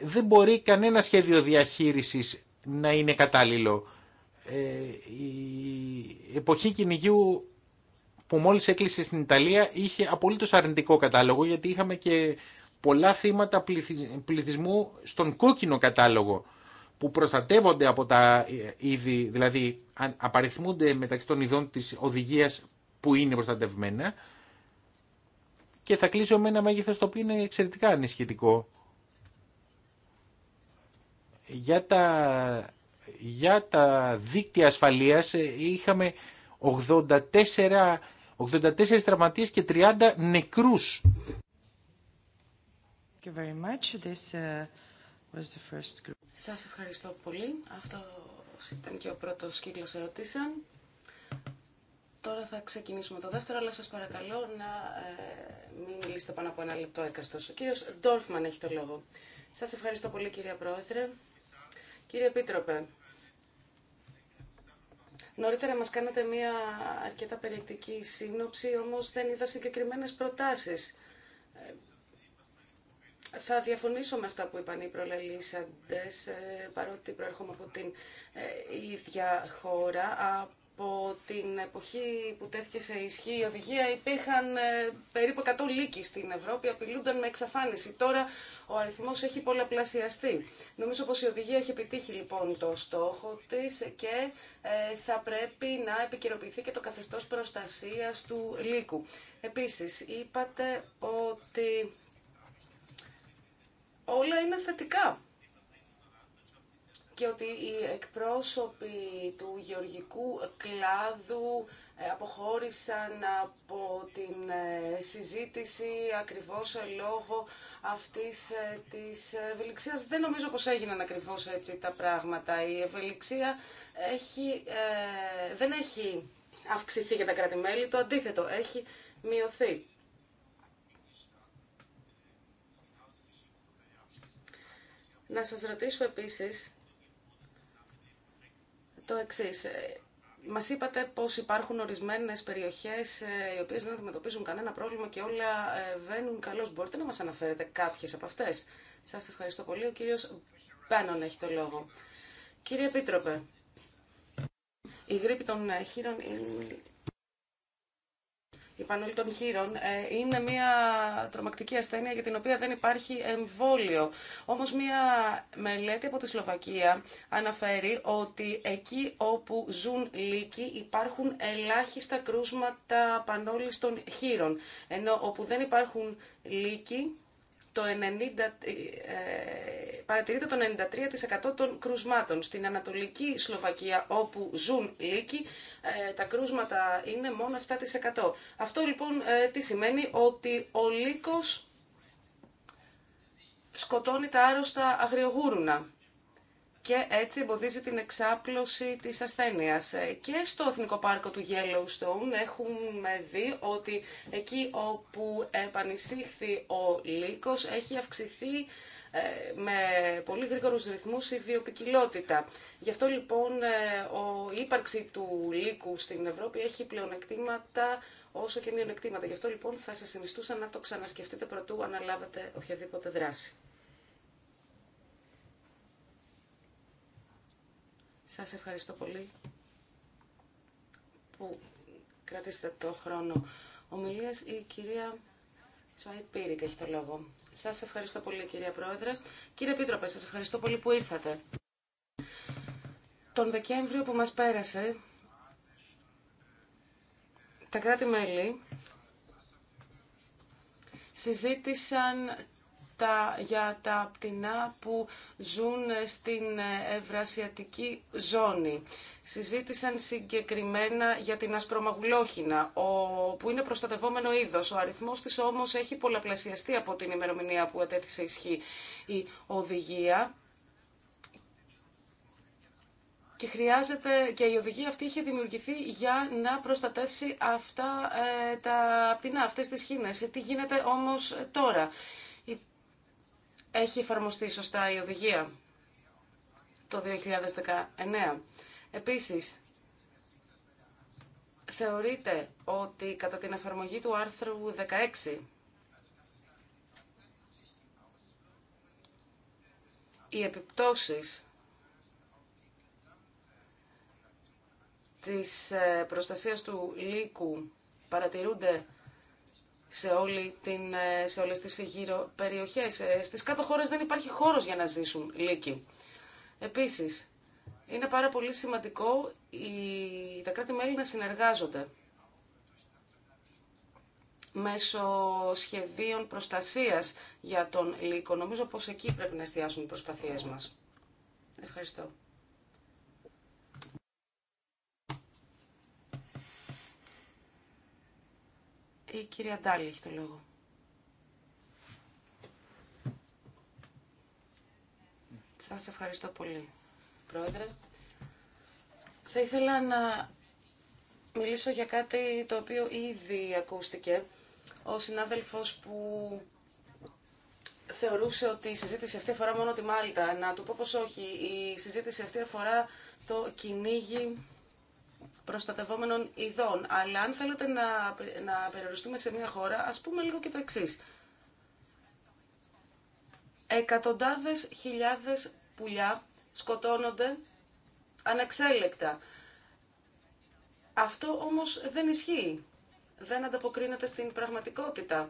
δεν μπορεί κανένα σχέδιο διαχείρισης να είναι κατάλληλο. η εποχή κυνηγιού που μόλις έκλεισε στην Ιταλία είχε απολύτως αρνητικό κατάλογο γιατί είχαμε και πολλά θύματα πληθυσμού στον κόκκινο κατάλογο που προστατεύονται από τα ε, είδη, δηλαδή απαριθμούνται μεταξύ των ειδών της οδηγίας που είναι προστατευμένα και θα κλείσω με ένα μέγεθος το οποίο είναι εξαιρετικά ανησυχητικό για τα, για τα δίκτυα ασφαλείας ε, είχαμε 84, 84 τραυματίες και 30 νεκρούς σας ευχαριστώ πολύ. Αυτό ήταν και ο πρώτος κύκλος ερωτήσεων. Τώρα θα ξεκινήσουμε το δεύτερο, αλλά σας παρακαλώ να ε, μην μιλήσετε πάνω από ένα λεπτό έκαστος. Ο κύριος Ντόρφμαν έχει το λόγο. Σας ευχαριστώ πολύ κύριε Πρόεδρε. Κύριε Επίτροπε, Νωρίτερα μας κάνατε μια αρκετά περιεκτική σύνοψη, όμως δεν είδα συγκεκριμένε προτάσεις. Θα διαφωνήσω με αυτά που είπαν οι προλαλήσαντες, ε, παρότι προέρχομαι από την ε, ίδια χώρα. Από την εποχή που τέθηκε σε ισχύ η οδηγία υπήρχαν ε, περίπου 100 λύκοι στην Ευρώπη, απειλούνταν με εξαφάνιση. Τώρα ο αριθμός έχει πολλαπλασιαστεί. Νομίζω πως η οδηγία έχει επιτύχει λοιπόν το στόχο της και θα πρέπει να επικαιροποιηθεί και το καθεστώς προστασίας του λύκου. Επίσης, είπατε ότι όλα είναι θετικά και ότι οι εκπρόσωποι του γεωργικού κλάδου ε, αποχώρησαν από την ε, συζήτηση ακριβώς λόγω αυτής ε, της ευελιξίας. Δεν νομίζω πως έγιναν ακριβώς έτσι τα πράγματα. Η ευελιξία έχει, δεν έχει αυξηθεί για τα κράτη-μέλη, το αντίθετο έχει μειωθεί. Να σας ρωτήσω επίσης το εξής. Ε, μας είπατε πως υπάρχουν ορισμένες περιοχές ε, οι οποίες δεν αντιμετωπίζουν κανένα πρόβλημα και όλα ε, βαίνουν καλώς. Μπορείτε να μας αναφέρετε κάποιες από αυτές. Σας ευχαριστώ πολύ. Ο κύριος Πένον έχει το λόγο. Κύριε Επίτροπε, η γρήπη των χείρων είναι η πανόλη των χείρων, ε, είναι μια τρομακτική ασθένεια για την οποία δεν υπάρχει εμβόλιο. Όμως μια μελέτη από τη Σλοβακία αναφέρει ότι εκεί όπου ζουν λύκοι υπάρχουν ελάχιστα κρούσματα πανόλης των χείρων, ενώ όπου δεν υπάρχουν λύκοι το 90, ε, παρατηρείται το 93% των κρουσμάτων. Στην Ανατολική Σλοβακία, όπου ζουν λύκοι, ε, τα κρούσματα είναι μόνο 7%. Αυτό λοιπόν ε, τι σημαίνει, ότι ο λύκος σκοτώνει τα άρρωστα αγριογούρουνα και έτσι εμποδίζει την εξάπλωση της ασθένειας. Ε, και στο Εθνικό Πάρκο του Yellowstone έχουμε δει ότι εκεί όπου επανησύχθη ο λύκος έχει αυξηθεί ε, με πολύ γρήγορους ρυθμούς η βιοπικιλότητα. Γι' αυτό λοιπόν ε, η ύπαρξη του λύκου στην Ευρώπη έχει πλεονεκτήματα όσο και μειονεκτήματα. Γι' αυτό λοιπόν θα σας συνιστούσα να το ξανασκεφτείτε πρωτού αναλάβετε οποιαδήποτε δράση. Σας ευχαριστώ πολύ που κρατήσετε το χρόνο ομιλίας. Η κυρία Σουάι και έχει το λόγο. Σας ευχαριστώ πολύ κυρία Πρόεδρε. Κύριε Επίτροπε, σας ευχαριστώ πολύ που ήρθατε. Τον Δεκέμβριο που μας πέρασε, τα κράτη-μέλη συζήτησαν για τα πτηνά που ζουν στην ευρασιατική ζώνη. Συζήτησαν συγκεκριμένα για την ασπρομαγουλόχυνα, ο, που είναι προστατευόμενο είδος. Ο αριθμός της όμως έχει πολλαπλασιαστεί από την ημερομηνία που ατέθησε ισχύ η οδηγία. Και χρειάζεται και η οδηγία αυτή είχε δημιουργηθεί για να προστατεύσει αυτά ε, τα πτηνά, αυτές τις χήνες. Ε, τι γίνεται όμως τώρα έχει εφαρμοστεί σωστά η οδηγία το 2019. Επίσης, θεωρείται ότι κατά την εφαρμογή του άρθρου 16 οι επιπτώσεις της ε, προστασίας του λύκου παρατηρούνται σε, όλη την, ε, σε όλες τις γύρω περιοχές. Ε, στις κάτω χώρες δεν υπάρχει χώρος για να ζήσουν λύκοι. Επίσης, είναι πάρα πολύ σημαντικό τα κράτη-μέλη να συνεργάζονται μέσω σχεδίων προστασίας για τον λύκο. Νομίζω πως εκεί πρέπει να εστιάσουν οι προσπαθίες μας. Ευχαριστώ. Η κυρία Ντάλη έχει το λόγο. Σας ευχαριστώ πολύ, Πρόεδρε. Θα ήθελα να μιλήσω για κάτι το οποίο ήδη ακούστηκε. Ο συνάδελφος που θεωρούσε ότι η συζήτηση αυτή αφορά μόνο τη Μάλτα. Να του πω πως όχι. Η συζήτηση αυτή αφορά το κυνήγι προστατευόμενων ειδών. Αλλά αν θέλετε να, περιοριστούμε σε μια χώρα, ας πούμε λίγο και το εξή. Εκατοντάδες χιλιάδες πουλιά σκοτώνονται ανεξέλεκτα. Αυτό όμως δεν ισχύει. Δεν ανταποκρίνεται στην πραγματικότητα.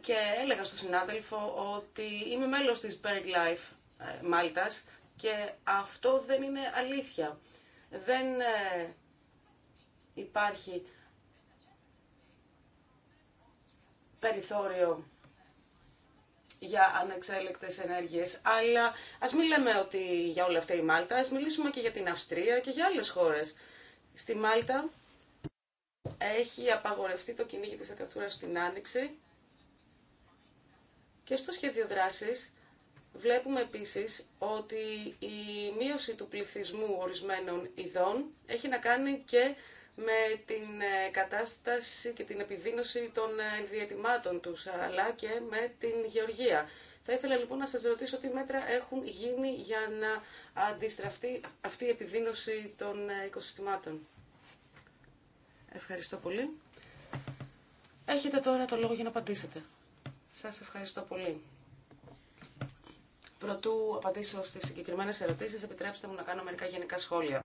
Και έλεγα στον συνάδελφο ότι είμαι μέλος της Life ε, Μάλτας και αυτό δεν είναι αλήθεια. Δεν ε, υπάρχει περιθώριο για ανεξέλεκτες ενέργειες. Αλλά ας μην λέμε ότι για όλα αυτά η Μάλτα, ας μιλήσουμε και για την Αυστρία και για άλλες χώρες. Στη Μάλτα έχει απαγορευτεί το κυνήγι της ακαθούρας στην Άνοιξη και στο σχέδιο δράσης Βλέπουμε επίσης ότι η μείωση του πληθυσμού ορισμένων ειδών έχει να κάνει και με την ε, κατάσταση και την επιδείνωση των ε, διαιτημάτων τους, αλλά και με την γεωργία. Θα ήθελα λοιπόν να σας ρωτήσω τι μέτρα έχουν γίνει για να αντιστραφεί αυτή η επιδείνωση των ε, οικοσυστημάτων. Ευχαριστώ πολύ. Έχετε τώρα το λόγο για να απαντήσετε. Σας ευχαριστώ πολύ. Προτού απαντήσω στι συγκεκριμένε ερωτήσει, επιτρέψτε μου να κάνω μερικά γενικά σχόλια.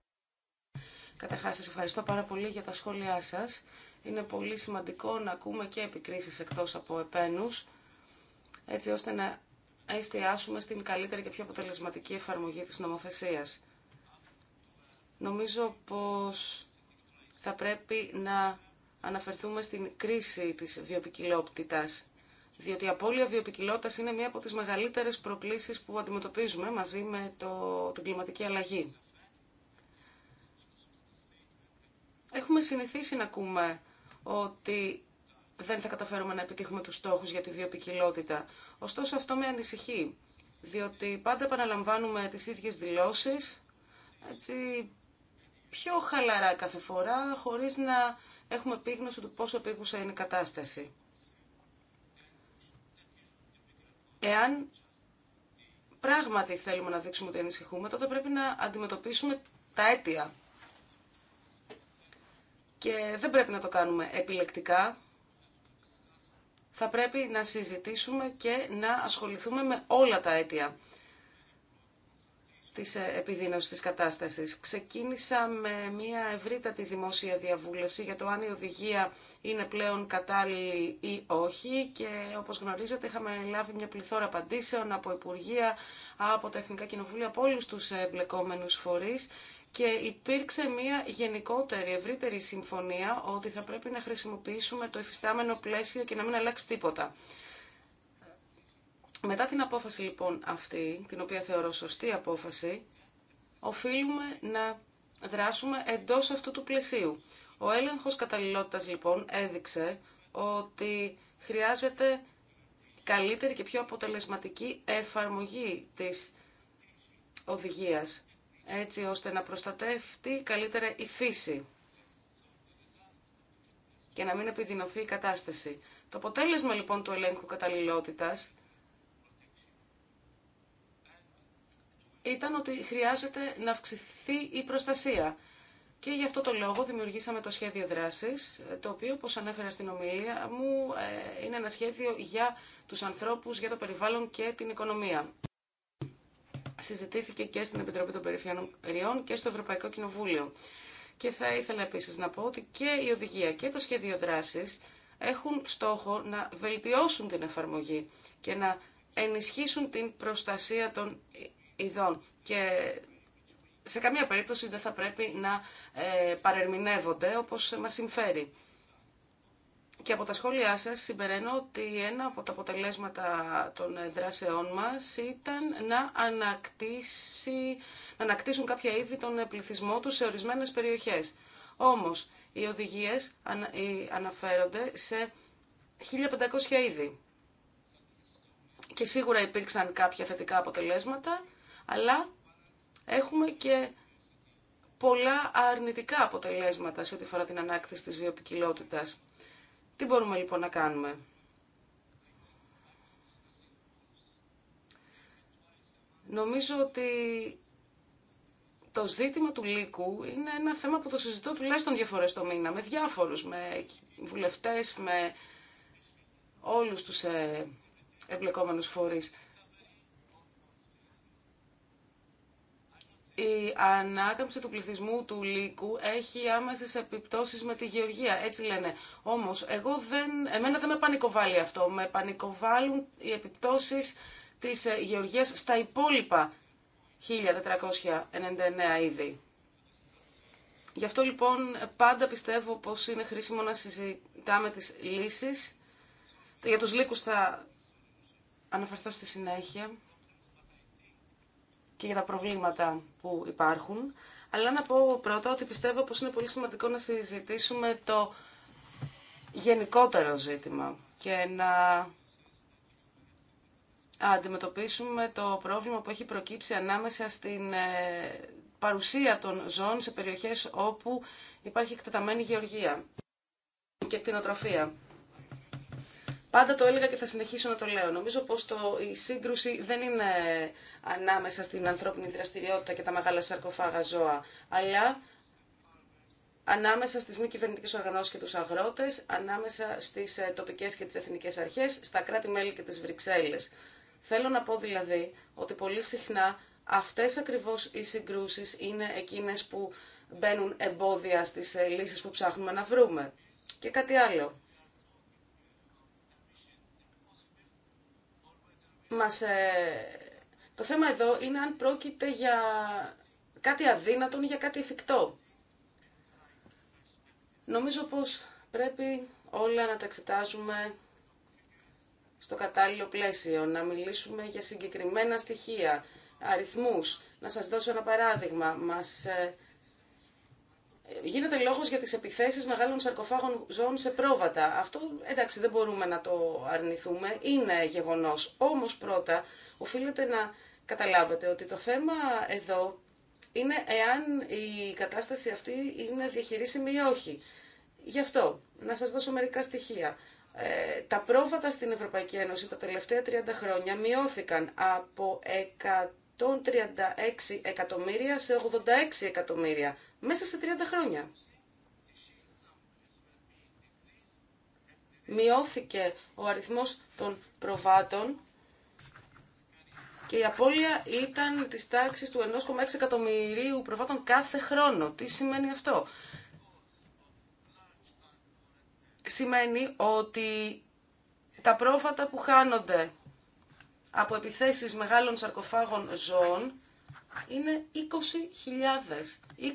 Καταρχά σα ευχαριστώ πάρα πολύ για τα σχόλιά σα. Είναι πολύ σημαντικό να ακούμε και επικρίσεις εκτό από επένου, έτσι ώστε να εστιάσουμε στην καλύτερη και πιο αποτελεσματική εφαρμογή της νομοθεσίας. Νομίζω πως θα πρέπει να αναφερθούμε στην κρίση της βιοπικιλότητα. Διότι η απώλεια βιοπικιλότητα είναι μία από τις μεγαλύτερες προκλήσει που αντιμετωπίζουμε μαζί με το, την κλιματική αλλαγή. Έχουμε συνηθίσει να ακούμε ότι δεν θα καταφέρουμε να επιτύχουμε τους στόχους για τη βιοπικιλότητα. Ωστόσο αυτό με ανησυχεί, διότι πάντα επαναλαμβάνουμε τις ίδιες δηλώσεις, έτσι πιο χαλαρά κάθε φορά, χωρίς να έχουμε πείγνωση του πόσο επίγουσα είναι η κατάσταση. Εάν πράγματι θέλουμε να δείξουμε ότι ανησυχούμε, τότε πρέπει να αντιμετωπίσουμε τα αίτια. Και δεν πρέπει να το κάνουμε επιλεκτικά. Θα πρέπει να συζητήσουμε και να ασχοληθούμε με όλα τα αίτια της ε, επιδείνωσης της κατάστασης. Ξεκίνησα με μια ευρύτατη δημόσια διαβούλευση για το αν η οδηγία είναι πλέον κατάλληλη ή όχι και όπως γνωρίζετε είχαμε λάβει μια πληθώρα απαντήσεων από Υπουργεία, από τα Εθνικά Κοινοβούλια, από όλους τους εμπλεκόμενους φορείς και υπήρξε μια γενικότερη, ευρύτερη συμφωνία ότι θα πρέπει να χρησιμοποιήσουμε το εφιστάμενο πλαίσιο και να μην αλλάξει τίποτα. Μετά την απόφαση λοιπόν αυτή, την οποία θεωρώ σωστή απόφαση, οφείλουμε να δράσουμε εντός αυτού του πλαισίου. Ο έλεγχος καταλληλότητας λοιπόν έδειξε ότι χρειάζεται καλύτερη και πιο αποτελεσματική εφαρμογή της οδηγίας, έτσι ώστε να προστατεύει καλύτερα η φύση και να μην επιδεινωθεί η κατάσταση. Το αποτέλεσμα λοιπόν του ελέγχου καταλληλότητας ήταν ότι χρειάζεται να αυξηθεί η προστασία. Και γι' αυτό το λόγο δημιουργήσαμε το σχέδιο δράσης, το οποίο, όπως ανέφερα στην ομιλία μου, ε, είναι ένα σχέδιο για τους ανθρώπους, για το περιβάλλον και την οικονομία. Συζητήθηκε και στην Επιτροπή των Περιφερειών και στο Ευρωπαϊκό Κοινοβούλιο. Και θα ήθελα επίσης να πω ότι και η οδηγία και το σχέδιο δράσης έχουν στόχο να βελτιώσουν την εφαρμογή και να ενισχύσουν την προστασία των ειδών και σε καμία περίπτωση δεν θα πρέπει να ε, παρερμηνεύονται όπως μας συμφέρει. Και από τα σχόλιά σας συμπεραίνω ότι ένα από τα αποτελέσματα των δράσεών μας ήταν να, ανακτήσει, να ανακτήσουν κάποια είδη τον πληθυσμό τους σε ορισμένες περιοχές. Όμως, οι οδηγίες αναφέρονται σε 1500 είδη. Και σίγουρα υπήρξαν κάποια θετικά αποτελέσματα, αλλά έχουμε και πολλά αρνητικά αποτελέσματα σε ό,τι φορά την ανάκτηση της βιοποικιλότητας. Τι μπορούμε λοιπόν να κάνουμε. Νομίζω ότι το ζήτημα του λύκου είναι ένα θέμα που το συζητώ τουλάχιστον δύο φορές το μήνα, με διάφορους, με βουλευτές, με όλους τους ε, εμπλεκόμενους φορείς. η ανάκαμψη του πληθυσμού του λύκου έχει άμεσες επιπτώσεις με τη γεωργία. Έτσι λένε. Όμως, εγώ δεν, εμένα δεν με πανικοβάλλει αυτό. Με πανικοβάλλουν οι επιπτώσεις της ε, γεωργίας στα υπόλοιπα 1499 είδη. Γι' αυτό λοιπόν πάντα πιστεύω πως είναι χρήσιμο να συζητάμε τις λύσεις. Για τους λύκους θα αναφερθώ στη συνέχεια και για τα προβλήματα που υπάρχουν. Αλλά να πω πρώτα ότι πιστεύω πως είναι πολύ σημαντικό να συζητήσουμε το γενικότερο ζήτημα και να αντιμετωπίσουμε το πρόβλημα που έχει προκύψει ανάμεσα στην ε, παρουσία των ζώων σε περιοχές όπου υπάρχει εκτεταμένη γεωργία και κτηνοτροφία. Πάντα το έλεγα και θα συνεχίσω να το λέω. Νομίζω πως το, η σύγκρουση δεν είναι ανάμεσα στην ανθρώπινη δραστηριότητα και τα μεγάλα σαρκοφάγα ζώα, αλλά ανάμεσα στις μη κυβερνητικέ οργανώσεις και τους αγρότες, ανάμεσα στις ε, τοπικές και τις εθνικές αρχές, στα κράτη-μέλη και τις Βρυξέλλες. Θέλω να πω δηλαδή ότι πολύ συχνά αυτές ακριβώς οι συγκρούσεις είναι εκείνες που μπαίνουν εμπόδια στις ε, λύσεις που ψάχνουμε να βρούμε. Και κάτι άλλο. Ε, το θέμα εδώ είναι αν πρόκειται για κάτι αδύνατο ή για κάτι εφικτό. Νομίζω πως πρέπει όλα να τα εξετάζουμε στο κατάλληλο πλαίσιο, να μιλήσουμε για συγκεκριμένα στοιχεία, αριθμούς. Να σας δώσω ένα παράδειγμα. Μας ε, Γίνεται λόγος για τις επιθέσεις μεγάλων σαρκοφάγων ζώων σε πρόβατα. Αυτό εντάξει δεν μπορούμε να το αρνηθούμε, είναι γεγονός. Όμως πρώτα οφείλετε να καταλάβετε ότι το θέμα εδώ είναι εάν η κατάσταση αυτή είναι διαχειρίσιμη ή όχι. Γι' αυτό, να σας δώσω μερικά στοιχεία. Ε, τα πρόβατα στην Ευρωπαϊκή Ένωση τα τελευταία 30 χρόνια μειώθηκαν από 136 εκατομμύρια σε 86 εκατομμύρια μέσα σε 30 χρόνια. Μειώθηκε ο αριθμός των προβάτων και η απώλεια ήταν της τάξης του 1,6 εκατομμυρίου προβάτων κάθε χρόνο. Τι σημαίνει αυτό. Σημαίνει ότι τα πρόβατα που χάνονται από επιθέσεις μεγάλων σαρκοφάγων ζώων είναι 20.000. 20.000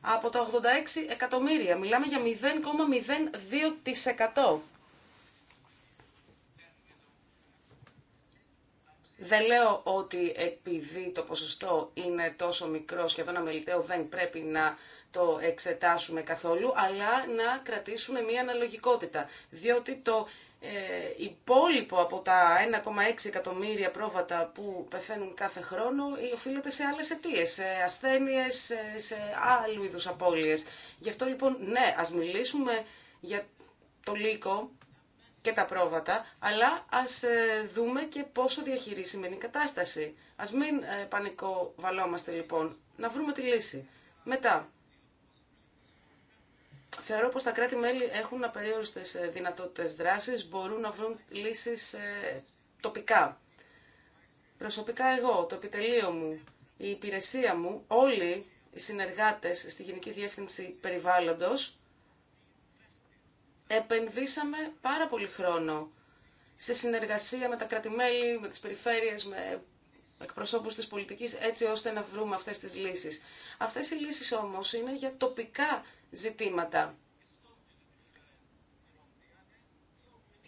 από τα 86 εκατομμύρια. Μιλάμε για 0,02%. Δεν λέω ότι επειδή το ποσοστό είναι τόσο μικρό, σχεδόν αμεληταίο, δεν πρέπει να το εξετάσουμε καθόλου, αλλά να κρατήσουμε μία αναλογικότητα. Διότι το ε, υπόλοιπο από τα 1,6 εκατομμύρια πρόβατα που πεθαίνουν κάθε χρόνο ε, οφείλεται σε άλλες αιτίε, σε ασθένειες, σε, άλλου είδους απώλειες. Γι' αυτό λοιπόν, ναι, ας μιλήσουμε για το λύκο και τα πρόβατα, αλλά ας ε, δούμε και πόσο διαχειρίσιμη είναι η κατάσταση. Ας μην πανικοβαλόμαστε λοιπόν, να βρούμε τη λύση. Μετά, Θεωρώ πως τα κράτη-μέλη έχουν απεριόριστες ε, δυνατότητες δράσης, μπορούν να βρουν λύσεις ε, τοπικά. Προσωπικά εγώ, το επιτελείο μου, η υπηρεσία μου, όλοι οι συνεργάτες στη Γενική Διεύθυνση Περιβάλλοντος, επενδύσαμε πάρα πολύ χρόνο σε συνεργασία με τα κράτη-μέλη, με τις περιφέρειες, με εκπροσώπους της πολιτικής έτσι ώστε να βρούμε αυτές τις λύσεις. Αυτές οι λύσεις όμως είναι για τοπικά ζητήματα.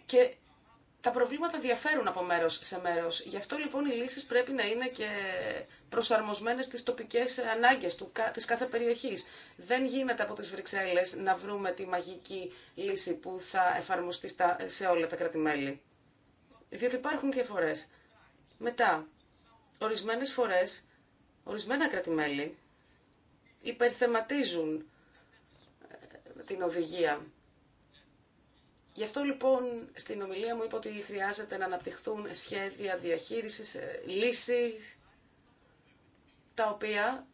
Και τα προβλήματα διαφέρουν από μέρος σε μέρος. Γι' αυτό λοιπόν οι λύσεις πρέπει να είναι και προσαρμοσμένες στις τοπικές ανάγκες του, της κάθε περιοχής. Δεν γίνεται από τις Βρυξέλλες να βρούμε τη μαγική λύση που θα εφαρμοστεί σε όλα τα κράτη-μέλη. Διότι υπάρχουν διαφορές. Μετά, Ορισμένες φορές, ορισμένα κρατημέλη υπερθεματίζουν ε, την οδηγία. Γι' αυτό λοιπόν στην ομιλία μου είπα ότι χρειάζεται να αναπτυχθούν σχέδια διαχείρισης, ε, λύσεις, τα οποία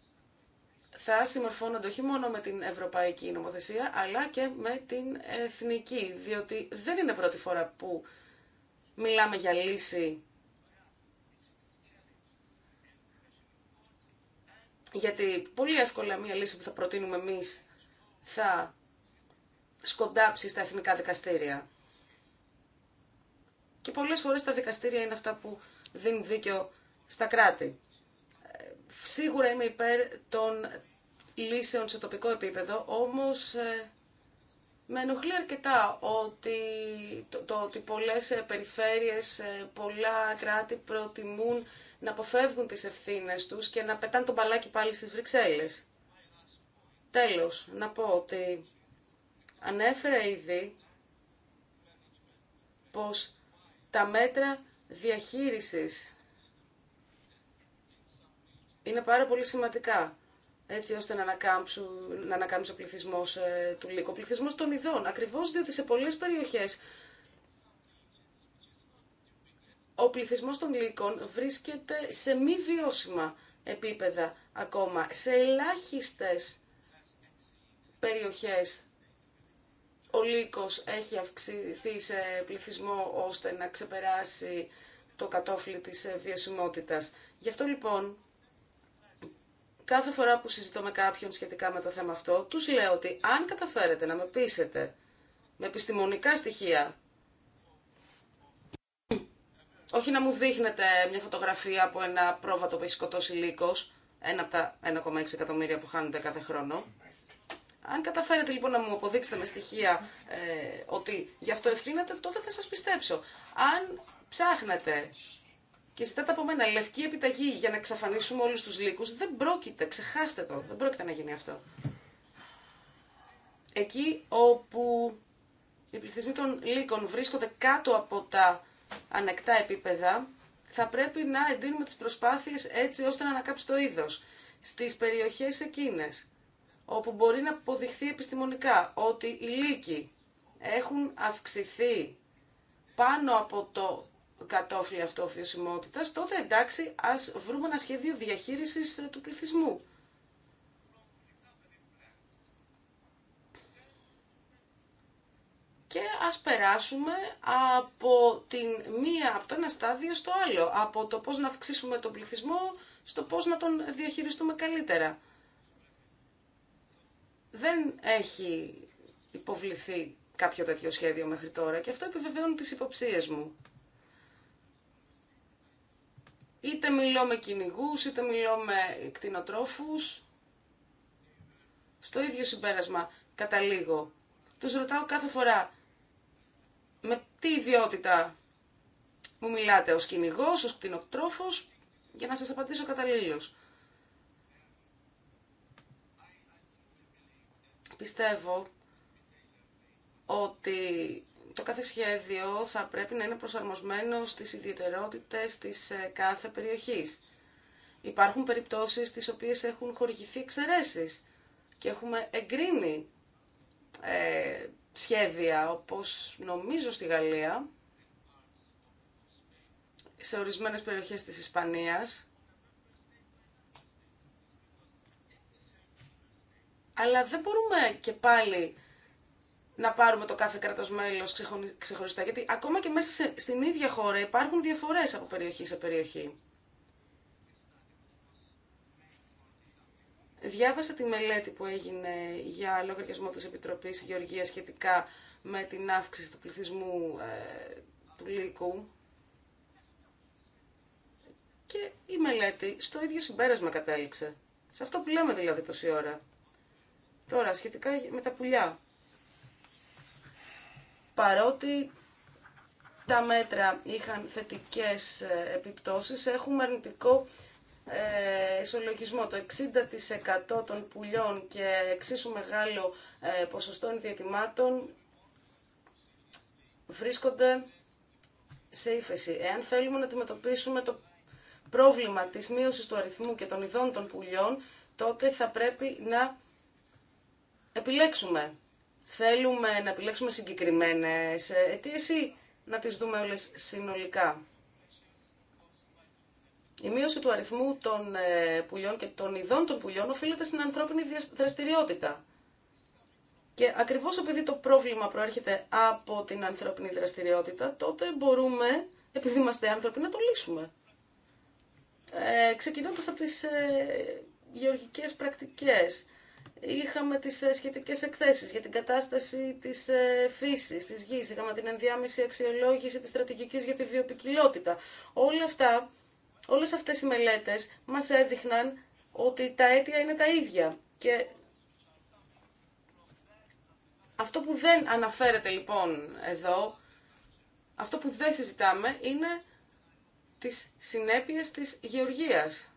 θα συμμορφώνονται όχι μόνο με την ευρωπαϊκή νομοθεσία, αλλά και με την εθνική, διότι δεν είναι πρώτη φορά που μιλάμε για λύση Γιατί πολύ εύκολα μία λύση που θα προτείνουμε εμείς θα σκοντάψει στα εθνικά δικαστήρια. Και πολλές φορές τα δικαστήρια είναι αυτά που δίνουν δίκιο στα κράτη. Ε, σίγουρα είμαι υπέρ των λύσεων σε τοπικό επίπεδο, όμως ε, με ενοχλεί αρκετά ότι, το, το, ότι πολλές ε, περιφέρειες, πολλά κράτη προτιμούν να αποφεύγουν τις ευθύνες τους και να πετάνε τον μπαλάκι πάλι στις Βρυξέλλες. Τέλος, να πω ότι ανέφερα ήδη πως τα μέτρα διαχείρισης είναι πάρα πολύ σημαντικά έτσι ώστε να ανακάμψουν, να ανακάμψει ο πληθυσμό ε, του λύκου. Ο πληθυσμό των ειδών. Ακριβώ διότι σε πολλές περιοχές ο πληθυσμός των λύκων βρίσκεται σε μη βιώσιμα επίπεδα ακόμα, σε ελάχιστες περιοχές ο λύκος έχει αυξηθεί σε πληθυσμό ώστε να ξεπεράσει το κατόφλι της βιωσιμότητας. Γι' αυτό λοιπόν, κάθε φορά που συζητώ με κάποιον σχετικά με το θέμα αυτό, τους λέω ότι αν καταφέρετε να με πείσετε με επιστημονικά στοιχεία όχι να μου δείχνετε μια φωτογραφία από ένα πρόβατο που έχει σκοτώσει λύκο. ένα από τα 1,6 εκατομμύρια που χάνονται κάθε χρόνο. Αν καταφέρετε λοιπόν να μου αποδείξετε με στοιχεία ε, ότι γι' αυτό ευθύνατε, τότε θα σα πιστέψω. Αν ψάχνετε και ζητάτε από μένα λευκή επιταγή για να εξαφανίσουμε όλου του λύκου, δεν πρόκειται, ξεχάστε το, δεν πρόκειται να γίνει αυτό. Εκεί όπου οι πληθυσμοί των λύκων βρίσκονται κάτω από τα ανεκτά επίπεδα, θα πρέπει να εντείνουμε τις προσπάθειες έτσι ώστε να ανακάψει το είδος στις περιοχές εκείνες, όπου μπορεί να αποδειχθεί επιστημονικά ότι οι λύκοι έχουν αυξηθεί πάνω από το κατόφλι αυτό τότε εντάξει ας βρούμε ένα σχέδιο διαχείρισης ε, του πληθυσμού. και ας περάσουμε από, την μία, από το ένα στάδιο στο άλλο, από το πώς να αυξήσουμε τον πληθυσμό στο πώς να τον διαχειριστούμε καλύτερα. Δεν έχει υποβληθεί κάποιο τέτοιο σχέδιο μέχρι τώρα και αυτό επιβεβαιώνουν τις υποψίες μου. Είτε μιλώ με κυνηγού, είτε μιλώ με κτηνοτρόφους, στο ίδιο συμπέρασμα καταλήγω. Τους ρωτάω κάθε φορά, με τι ιδιότητα μου μιλάτε, ως κυνηγό, ως κτηνοκτρόφος, για να σας απαντήσω καταλήλως. Πιστεύω ότι το κάθε σχέδιο θα πρέπει να είναι προσαρμοσμένο στις ιδιαιτερότητες της ε, κάθε περιοχής. Υπάρχουν περιπτώσεις τις οποίες έχουν χορηγηθεί εξαιρεσει και έχουμε εγκρίνει ε, σχέδια, όπως νομίζω στη Γαλλία, σε ορισμένες περιοχές της Ισπανίας, αλλά δεν μπορούμε και πάλι να πάρουμε το κάθε κράτος μέλος ξεχωριστά, γιατί ακόμα και μέσα στην ίδια χώρα υπάρχουν διαφορές από περιοχή σε περιοχή. Διάβασα τη μελέτη που έγινε για λογαριασμό της Επιτροπής Γεωργίας σχετικά με την αύξηση του πληθυσμού ε, του λύκου και η μελέτη στο ίδιο συμπέρασμα κατέληξε. Σε αυτό που λέμε δηλαδή τόση ώρα. Τώρα, σχετικά με τα πουλιά. Παρότι τα μέτρα είχαν θετικές ε, επιπτώσεις, έχουμε αρνητικό ε, ισολογισμό. Το 60% των πουλιών και εξίσου μεγάλο ε, ποσοστό διατημάτων βρίσκονται σε ύφεση. Εάν θέλουμε να αντιμετωπίσουμε το πρόβλημα της μείωσης του αριθμού και των ειδών των πουλιών, τότε θα πρέπει να επιλέξουμε. Θέλουμε να επιλέξουμε συγκεκριμένες αιτίες ή να τις δούμε όλες συνολικά. Η μείωση του αριθμού των ε, πουλιών και των ειδών των πουλιών οφείλεται στην ανθρώπινη δραστηριότητα. Και ακριβώς επειδή το πρόβλημα προέρχεται από την ανθρώπινη δραστηριότητα, τότε μπορούμε, επειδή είμαστε άνθρωποι, να το λύσουμε. Ε, ξεκινώντας από τις ε, γεωργικές πρακτικές, είχαμε τις ε, σχετικές εκθέσεις για την κατάσταση της ε, φύσης, της γης, είχαμε την ενδιάμεση αξιολόγηση τη στρατηγικής για τη βιοπικιλότητα. Όλα αυτά Όλες αυτές οι μελέτες μας έδειχναν ότι τα αίτια είναι τα ίδια και αυτό που δεν αναφέρεται λοιπόν εδώ, αυτό που δεν συζητάμε είναι τις συνέπειες της γεωργίας.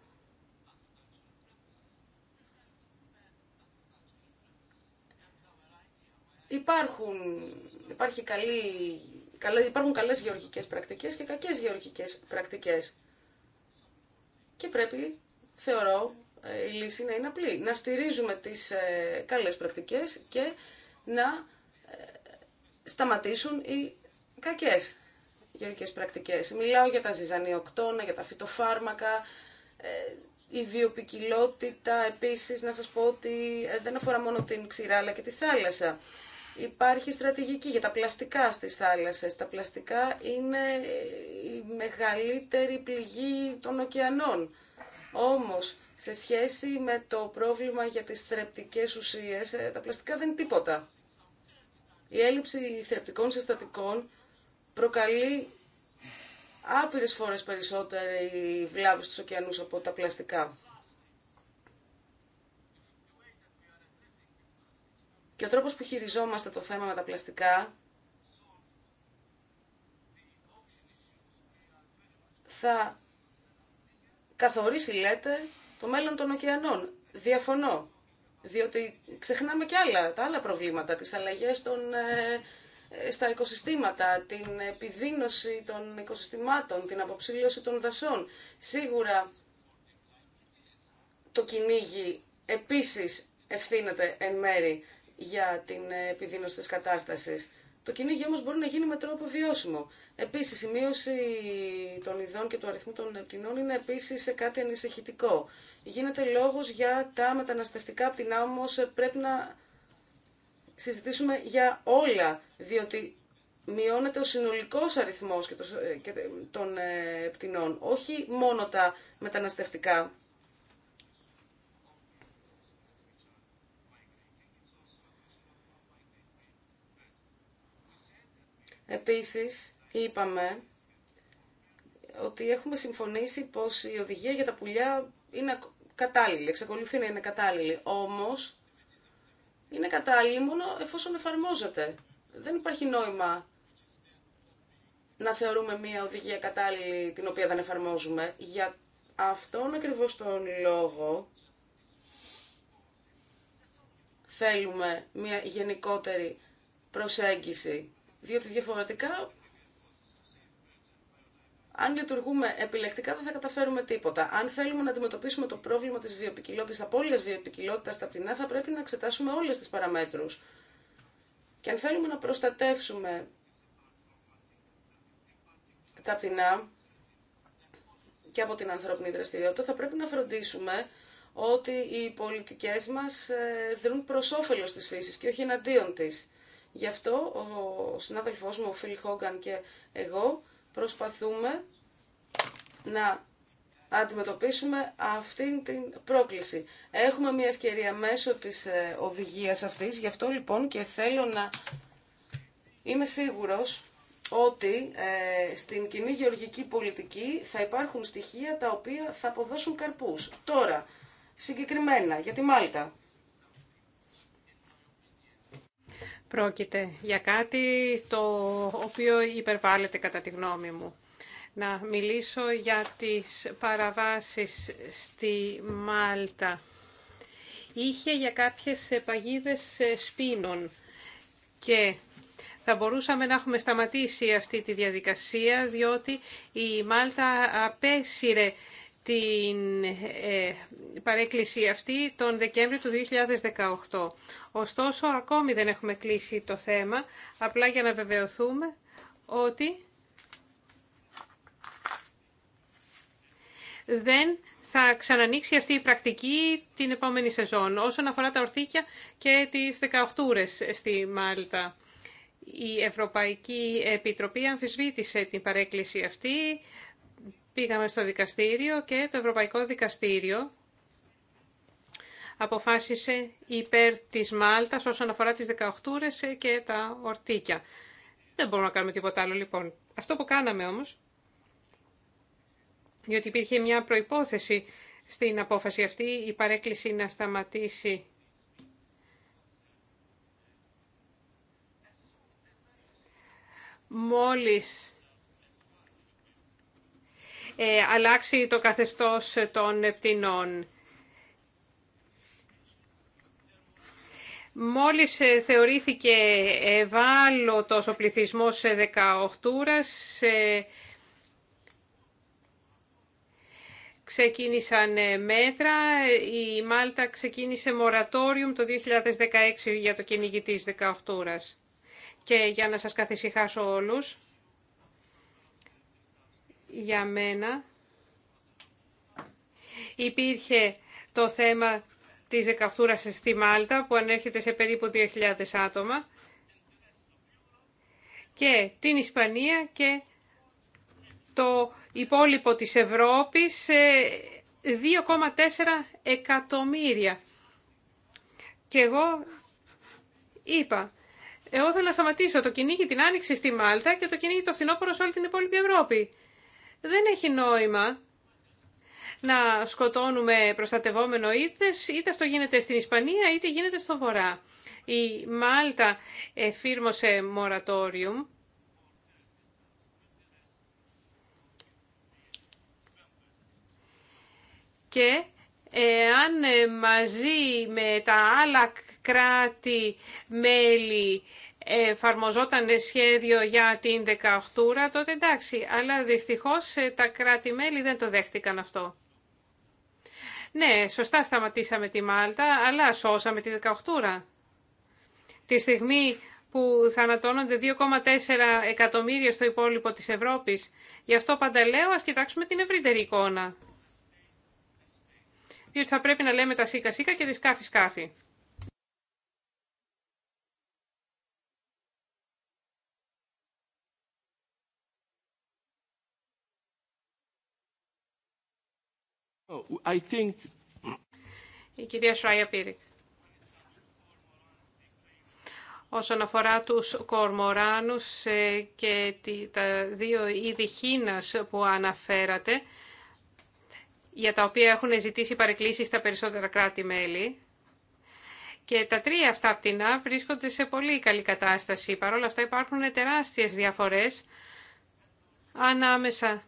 Υπάρχουν, υπάρχει καλή, υπάρχουν καλές γεωργικές πρακτικές και κακές γεωργικές πρακτικές και πρέπει, θεωρώ, ε, η λύση να είναι απλή. Να στηρίζουμε τις ε, καλές πρακτικές και να ε, σταματήσουν οι κακές γεωργικές πρακτικές. Μιλάω για τα ζυζανιοκτώνα, για τα φυτοφάρμακα, η βιοπικιλότητα. Επίσης, να σας πω ότι δεν αφορά μόνο την ξηρά αλλά και τη θάλασσα. Υπάρχει στρατηγική για τα πλαστικά στις θάλασσες. Τα πλαστικά είναι η μεγαλύτερη πληγή των ωκεανών. Όμως, σε σχέση με το πρόβλημα για τις θρεπτικές ουσίες, ε, τα πλαστικά δεν είναι τίποτα. Η έλλειψη θρεπτικών συστατικών προκαλεί άπειρες φορές περισσότερη βλάβη στους ωκεανούς από τα πλαστικά. Και ο τρόπος που χειριζόμαστε το θέμα με τα πλαστικά θα καθορίσει, λέτε, το μέλλον των ωκεανών. Διαφωνώ, διότι ξεχνάμε και άλλα, τα άλλα προβλήματα, τις αλλαγές των, ε, ε, στα οικοσυστήματα, την επιδείνωση των οικοσυστημάτων, την αποψήλωση των δασών. Σίγουρα το κυνήγι επίσης ευθύνεται εν μέρη για την επιδείνωση της κατάστασης. Το κυνήγι όμως μπορεί να γίνει με τρόπο βιώσιμο. Επίσης, η μείωση των ειδών και του αριθμού των πτηνών είναι επίσης κάτι ανησυχητικό. Γίνεται λόγος για τα μεταναστευτικά πτηνά, όμως πρέπει να συζητήσουμε για όλα, διότι μειώνεται ο συνολικός αριθμός των ε, πτηνών, όχι μόνο τα μεταναστευτικά. Επίσης, είπαμε ότι έχουμε συμφωνήσει πως η οδηγία για τα πουλιά είναι κατάλληλη, εξακολουθεί να είναι κατάλληλη. Όμως, είναι κατάλληλη μόνο εφόσον εφαρμόζεται. Δεν υπάρχει νόημα να θεωρούμε μια οδηγία κατάλληλη την οποία δεν εφαρμόζουμε. Για αυτόν ακριβώς τον λόγο θέλουμε μια γενικότερη προσέγγιση διότι διαφορετικά, αν λειτουργούμε επιλεκτικά δεν θα καταφέρουμε τίποτα. Αν θέλουμε να αντιμετωπίσουμε το πρόβλημα τη βιοπικιλότητα, τη απώλεια βιοπικιλότητας, τα πτηνά, θα πρέπει να εξετάσουμε όλες τις παραμέτρους. Και αν θέλουμε να προστατεύσουμε τα πτηνά και από την ανθρώπινη δραστηριότητα, θα πρέπει να φροντίσουμε ότι οι πολιτικές μας ε, δρουν προς όφελος της φύσης και όχι εναντίον της. Γι' αυτό ο συνάδελφός μου, ο Φιλ Χόγκαν και εγώ προσπαθούμε να αντιμετωπίσουμε αυτή την πρόκληση. Έχουμε μια ευκαιρία μέσω της ε, οδηγίας αυτής, γι' αυτό λοιπόν και θέλω να είμαι σίγουρος ότι ε, στην κοινή γεωργική πολιτική θα υπάρχουν στοιχεία τα οποία θα αποδώσουν καρπούς. Τώρα, συγκεκριμένα για τη Μάλτα. Πρόκειται για κάτι το οποίο υπερβάλλεται κατά τη γνώμη μου. Να μιλήσω για τις παραβάσεις στη Μάλτα. Είχε για κάποιες παγίδες σπίνων και θα μπορούσαμε να έχουμε σταματήσει αυτή τη διαδικασία διότι η Μάλτα απέσυρε την ε, παρέκκληση αυτή τον Δεκέμβριο του 2018. Ωστόσο, ακόμη δεν έχουμε κλείσει το θέμα, απλά για να βεβαιωθούμε ότι δεν θα ξανανοίξει αυτή η πρακτική την επόμενη σεζόν όσον αφορά τα ορτίκια και τις 18 στη Μάλτα. Η Ευρωπαϊκή Επιτροπή αμφισβήτησε την παρέκκληση αυτή Πήγαμε στο δικαστήριο και το Ευρωπαϊκό Δικαστήριο αποφάσισε υπέρ της Μάλτας όσον αφορά τις 18 και τα ορτίκια. Δεν μπορούμε να κάνουμε τίποτα άλλο λοιπόν. Αυτό που κάναμε όμως, διότι υπήρχε μια προϋπόθεση στην απόφαση αυτή, η παρέκκληση να σταματήσει μόλις ε, αλλάξει το καθεστώς των πτηνών. Μόλις ε, θεωρήθηκε ευάλωτος ο πληθυσμός σε 18 ώρες, ε, ξεκίνησαν μέτρα. Η Μάλτα ξεκίνησε μορατόριουμ το 2016 για το κυνηγητή ώρας. Και για να σας καθησυχάσω όλους, για μένα υπήρχε το θέμα της δεκαυτούρας στη Μάλτα που ανέρχεται σε περίπου 2.000 άτομα και την Ισπανία και το υπόλοιπο της Ευρώπης 2,4 εκατομμύρια. Και εγώ είπα, εγώ θέλω να σταματήσω το κυνήγι την άνοιξη στη Μάλτα και το κυνήγι το φθινόπωρο σε όλη την υπόλοιπη Ευρώπη. Δεν έχει νόημα να σκοτώνουμε προστατευόμενο είδες, είτε αυτό γίνεται στην Ισπανία είτε γίνεται στο Βορρά. Η Μάλτα εφήρμοσε μορατόριουμ και αν ε, μαζί με τα άλλα κράτη-μέλη εφαρμοζόταν σχέδιο για την 18 τότε εντάξει, αλλά δυστυχώς ε, τα κράτη-μέλη δεν το δέχτηκαν αυτό. Ναι, σωστά σταματήσαμε τη Μάλτα, αλλά σώσαμε τη 18 Τη στιγμή που θα θανατώνονται 2,4 εκατομμύρια στο υπόλοιπο της Ευρώπης. Γι' αυτό πάντα λέω, ας κοιτάξουμε την ευρύτερη εικόνα. Διότι θα πρέπει να λέμε τα σίκα σίκα και τη σκάφη σκάφη. Η κυρία Σράια Πύρικ. Όσον αφορά τους κορμοράνους ε, και τα δύο είδη χήνας που αναφέρατε, για τα οποία έχουν ζητήσει παρεκκλήσει τα περισσότερα κράτη-μέλη, και τα τρία αυτά πτηνά βρίσκονται σε πολύ καλή κατάσταση. Παρ' όλα αυτά υπάρχουν τεράστιες διαφορές ανάμεσα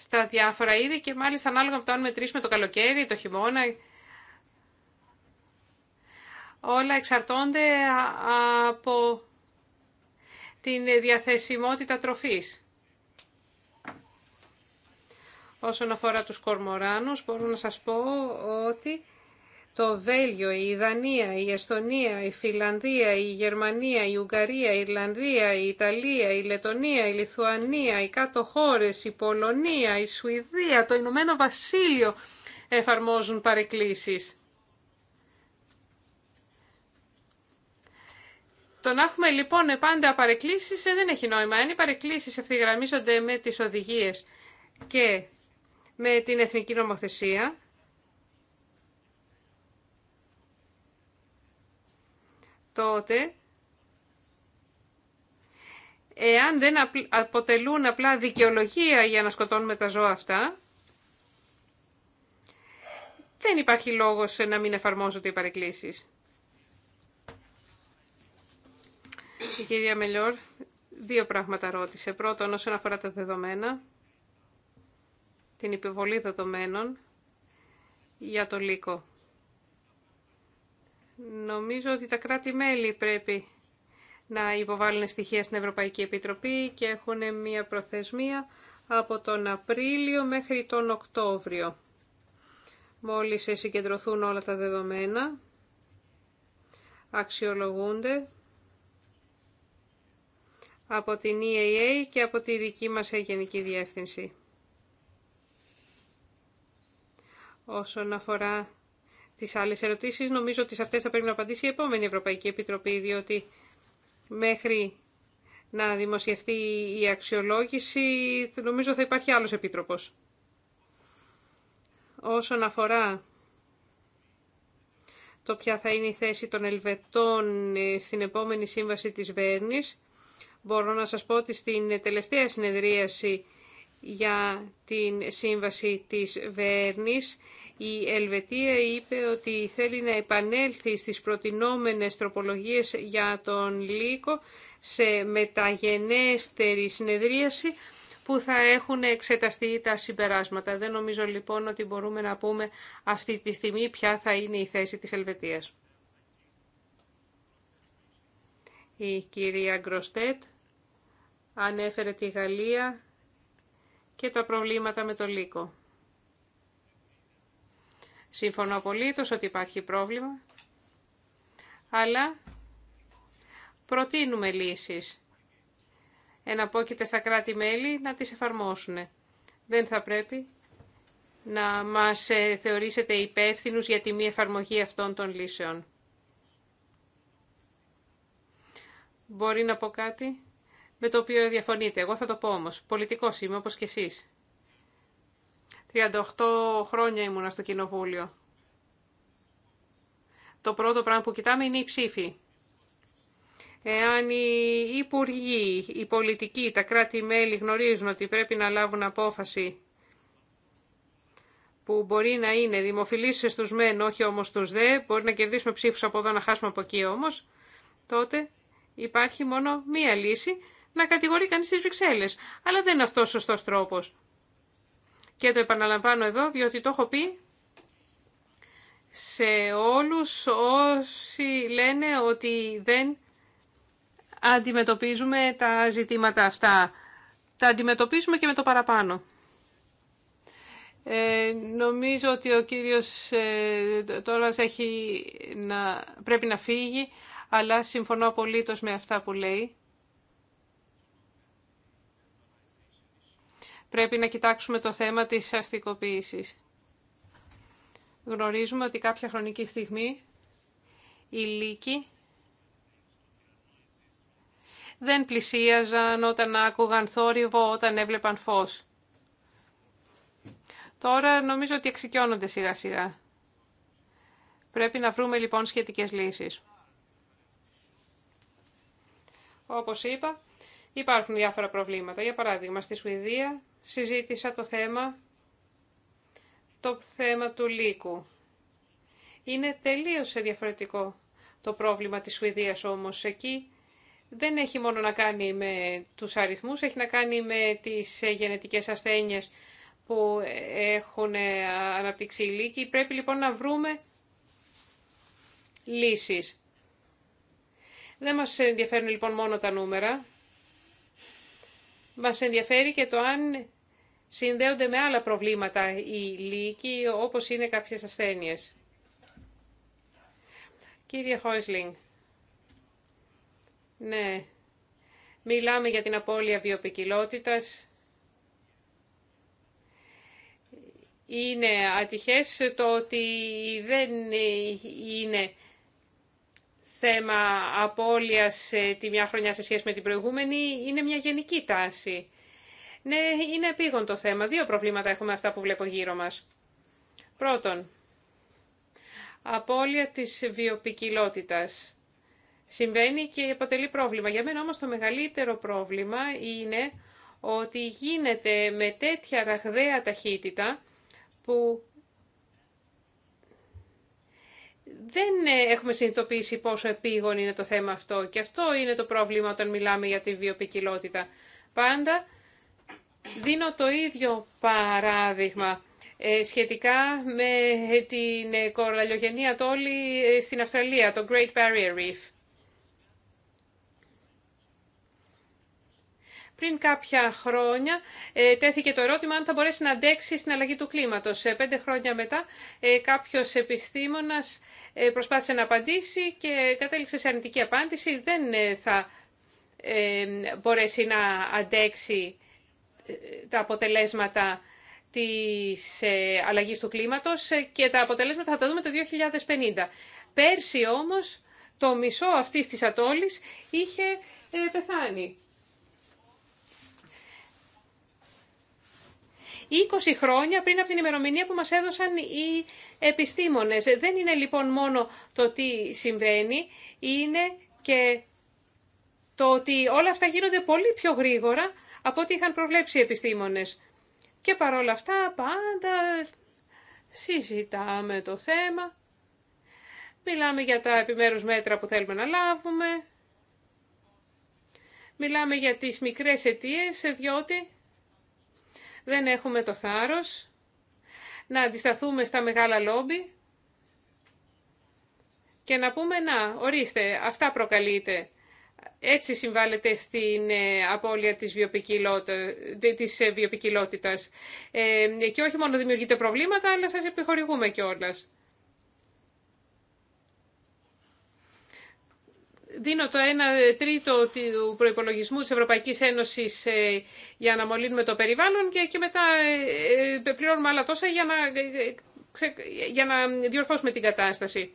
στα διάφορα είδη και μάλιστα ανάλογα από το αν μετρήσουμε το καλοκαίρι, το χειμώνα. Όλα εξαρτώνται από την διαθεσιμότητα τροφής. Όσον αφορά τους κορμοράνους, μπορώ να σας πω ότι το Βέλγιο, η Ιδανία, η Εστονία, η Φιλανδία, η Γερμανία, η Ουγγαρία, η Ιρλανδία, η Ιταλία, η Λετωνία, η Λιθουανία, οι κάτω χώρες, η Πολωνία, η Σουηδία, το Ηνωμένο Βασίλειο εφαρμόζουν παρεκκλήσεις. Το να έχουμε λοιπόν πάντα παρεκκλήσεις ε, δεν έχει νόημα. Αν οι παρεκκλήσεις ευθυγραμμίζονται με τις οδηγίες και με την εθνική νομοθεσία, τότε εάν δεν αποτελούν απλά δικαιολογία για να σκοτώνουμε τα ζώα αυτά, δεν υπάρχει λόγος να μην εφαρμόζονται οι παρεκκλήσεις. Η κυρία Μελιόρ δύο πράγματα ρώτησε. Πρώτον, όσον αφορά τα δεδομένα, την επιβολή δεδομένων για το λύκο. Νομίζω ότι τα κράτη-μέλη πρέπει να υποβάλουν στοιχεία στην Ευρωπαϊκή Επιτροπή και έχουν μία προθεσμία από τον Απρίλιο μέχρι τον Οκτώβριο. Μόλις συγκεντρωθούν όλα τα δεδομένα, αξιολογούνται από την EAA και από τη δική μας Γενική Διεύθυνση. Όσον αφορά τις άλλες ερωτήσεις. Νομίζω ότι σε αυτές θα πρέπει να απαντήσει η επόμενη Ευρωπαϊκή Επιτροπή, διότι μέχρι να δημοσιευτεί η αξιολόγηση, νομίζω θα υπάρχει άλλος επίτροπος. Όσον αφορά το ποια θα είναι η θέση των Ελβετών ε, στην επόμενη σύμβαση της Βέρνης, μπορώ να σας πω ότι στην τελευταία συνεδρίαση για την σύμβαση της Βέρνης, η Ελβετία είπε ότι θέλει να επανέλθει στις προτινόμενες τροπολογίες για τον Λύκο σε μεταγενέστερη συνεδρίαση που θα έχουν εξεταστεί τα συμπεράσματα. Δεν νομίζω λοιπόν ότι μπορούμε να πούμε αυτή τη στιγμή ποια θα είναι η θέση της Ελβετίας. Η κυρία Γκροστέτ ανέφερε τη Γαλλία και τα προβλήματα με το Λύκο. Συμφωνώ απολύτω ότι υπάρχει πρόβλημα, αλλά προτείνουμε λύσεις. Εναπόκειται στα κράτη-μέλη να τις εφαρμόσουν. Δεν θα πρέπει να μας ε, θεωρήσετε υπεύθυνους για τη μη εφαρμογή αυτών των λύσεων. Μπορεί να πω κάτι με το οποίο διαφωνείτε. Εγώ θα το πω όμως. Πολιτικός είμαι όπως και εσείς. 38 χρόνια ήμουνα στο κοινοβούλιο. Το πρώτο πράγμα που κοιτάμε είναι η ψήφοι. Εάν οι υπουργοί, οι πολιτικοί, τα κράτη-μέλη γνωρίζουν ότι πρέπει να λάβουν απόφαση που μπορεί να είναι δημοφιλής στους μεν, όχι όμως στους δε, μπορεί να κερδίσουμε ψήφους από εδώ, να χάσουμε από εκεί όμως, τότε υπάρχει μόνο μία λύση, να κατηγορεί κανείς τις Βρυξέλλες. Αλλά δεν είναι αυτός ο σωστός τρόπος. Και το επαναλαμβάνω εδώ, διότι το έχω πει σε όλους όσοι λένε ότι δεν αντιμετωπίζουμε τα ζητήματα αυτά. Τα αντιμετωπίζουμε και με το παραπάνω. Ε, νομίζω ότι ο κύριος ε, τώρα έχει να, πρέπει να φύγει, αλλά συμφωνώ απολύτως με αυτά που λέει. πρέπει να κοιτάξουμε το θέμα της αστικοποίησης. Γνωρίζουμε ότι κάποια χρονική στιγμή οι λύκοι δεν πλησίαζαν όταν άκουγαν θόρυβο, όταν έβλεπαν φως. Τώρα νομίζω ότι εξοικειώνονται σιγά σιγά. Πρέπει να βρούμε λοιπόν σχετικές λύσεις. Όπως είπα, υπάρχουν διάφορα προβλήματα. Για παράδειγμα, στη Σουηδία συζήτησα το θέμα, το θέμα του λύκου. Είναι τελείως διαφορετικό το πρόβλημα της Σουηδίας όμως. Εκεί δεν έχει μόνο να κάνει με τους αριθμούς, έχει να κάνει με τις γενετικές ασθένειες που έχουν αναπτύξει οι λύκοι. Πρέπει λοιπόν να βρούμε λύσεις. Δεν μας ενδιαφέρουν λοιπόν μόνο τα νούμερα. Μας ενδιαφέρει και το αν συνδέονται με άλλα προβλήματα οι λύκοι, όπως είναι κάποιες ασθένειες. Κύριε Χόισλινγκ, ναι, μιλάμε για την απώλεια βιοπικιλότητας. Είναι ατυχές το ότι δεν είναι θέμα απώλειας ε, τη μια χρονιά σε σχέση με την προηγούμενη, είναι μια γενική τάση. Ναι, είναι επίγον το θέμα. Δύο προβλήματα έχουμε αυτά που βλέπω γύρω μας. Πρώτον, απώλεια της βιοπικιλότητας. Συμβαίνει και αποτελεί πρόβλημα. Για μένα όμως το μεγαλύτερο πρόβλημα είναι ότι γίνεται με τέτοια ραγδαία ταχύτητα που δεν έχουμε συνειδητοποιήσει πόσο επίγον είναι το θέμα αυτό. Και αυτό είναι το πρόβλημα όταν μιλάμε για τη βιοπικιλότητα. Πάντα Δίνω το ίδιο παράδειγμα ε, σχετικά με την ε, κοραλιογενή ατόλη ε, στην Αυστραλία, το Great Barrier Reef. Πριν κάποια χρόνια τέθηκε το ερώτημα αν θα μπορέσει να αντέξει στην αλλαγή του κλίματος. Πέντε χρόνια μετά κάποιος επιστήμονας προσπάθησε να απαντήσει και κατέληξε σε αρνητική απάντηση. Δεν θα μπορέσει να αντέξει τα αποτελέσματα της ε, αλλαγής του κλίματος ε, και τα αποτελέσματα θα τα δούμε το 2050. Πέρσι όμως το μισό αυτής της ατόλης είχε ε, πεθάνει. 20 χρόνια πριν από την ημερομηνία που μας έδωσαν οι επιστήμονες. Δεν είναι λοιπόν μόνο το τι συμβαίνει, είναι και το ότι όλα αυτά γίνονται πολύ πιο γρήγορα από ό,τι είχαν προβλέψει οι επιστήμονες. Και παρόλα αυτά πάντα συζητάμε το θέμα, μιλάμε για τα επιμέρους μέτρα που θέλουμε να λάβουμε, μιλάμε για τις μικρές αιτίες, διότι δεν έχουμε το θάρρος να αντισταθούμε στα μεγάλα λόμπι και να πούμε να, ορίστε, αυτά προκαλείται. Έτσι συμβάλλεται στην ε, απώλεια της, της ε, βιοπικιλότητας. Ε, και όχι μόνο δημιουργείτε προβλήματα, αλλά σας επιχορηγούμε κιόλα. δίνω το 1 τρίτο του προϋπολογισμού της Ευρωπαϊκής Ένωσης για να μολύνουμε το περιβάλλον και, και μετά πληρώνουμε άλλα τόσα για να, για να διορθώσουμε την κατάσταση.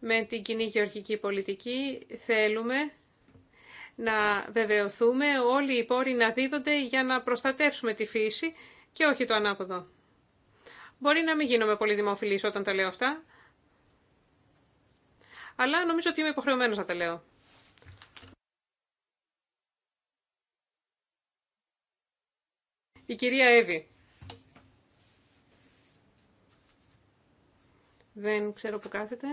με την κοινή γεωργική πολιτική θέλουμε να βεβαιωθούμε όλοι οι πόροι να δίδονται για να προστατεύσουμε τη φύση και όχι το ανάποδο. Μπορεί να μην γίνομαι πολύ δημοφιλής όταν τα λέω αυτά, αλλά νομίζω ότι είμαι υποχρεωμένος να τα λέω. Η κυρία Εύη. Δεν ξέρω που κάθεται.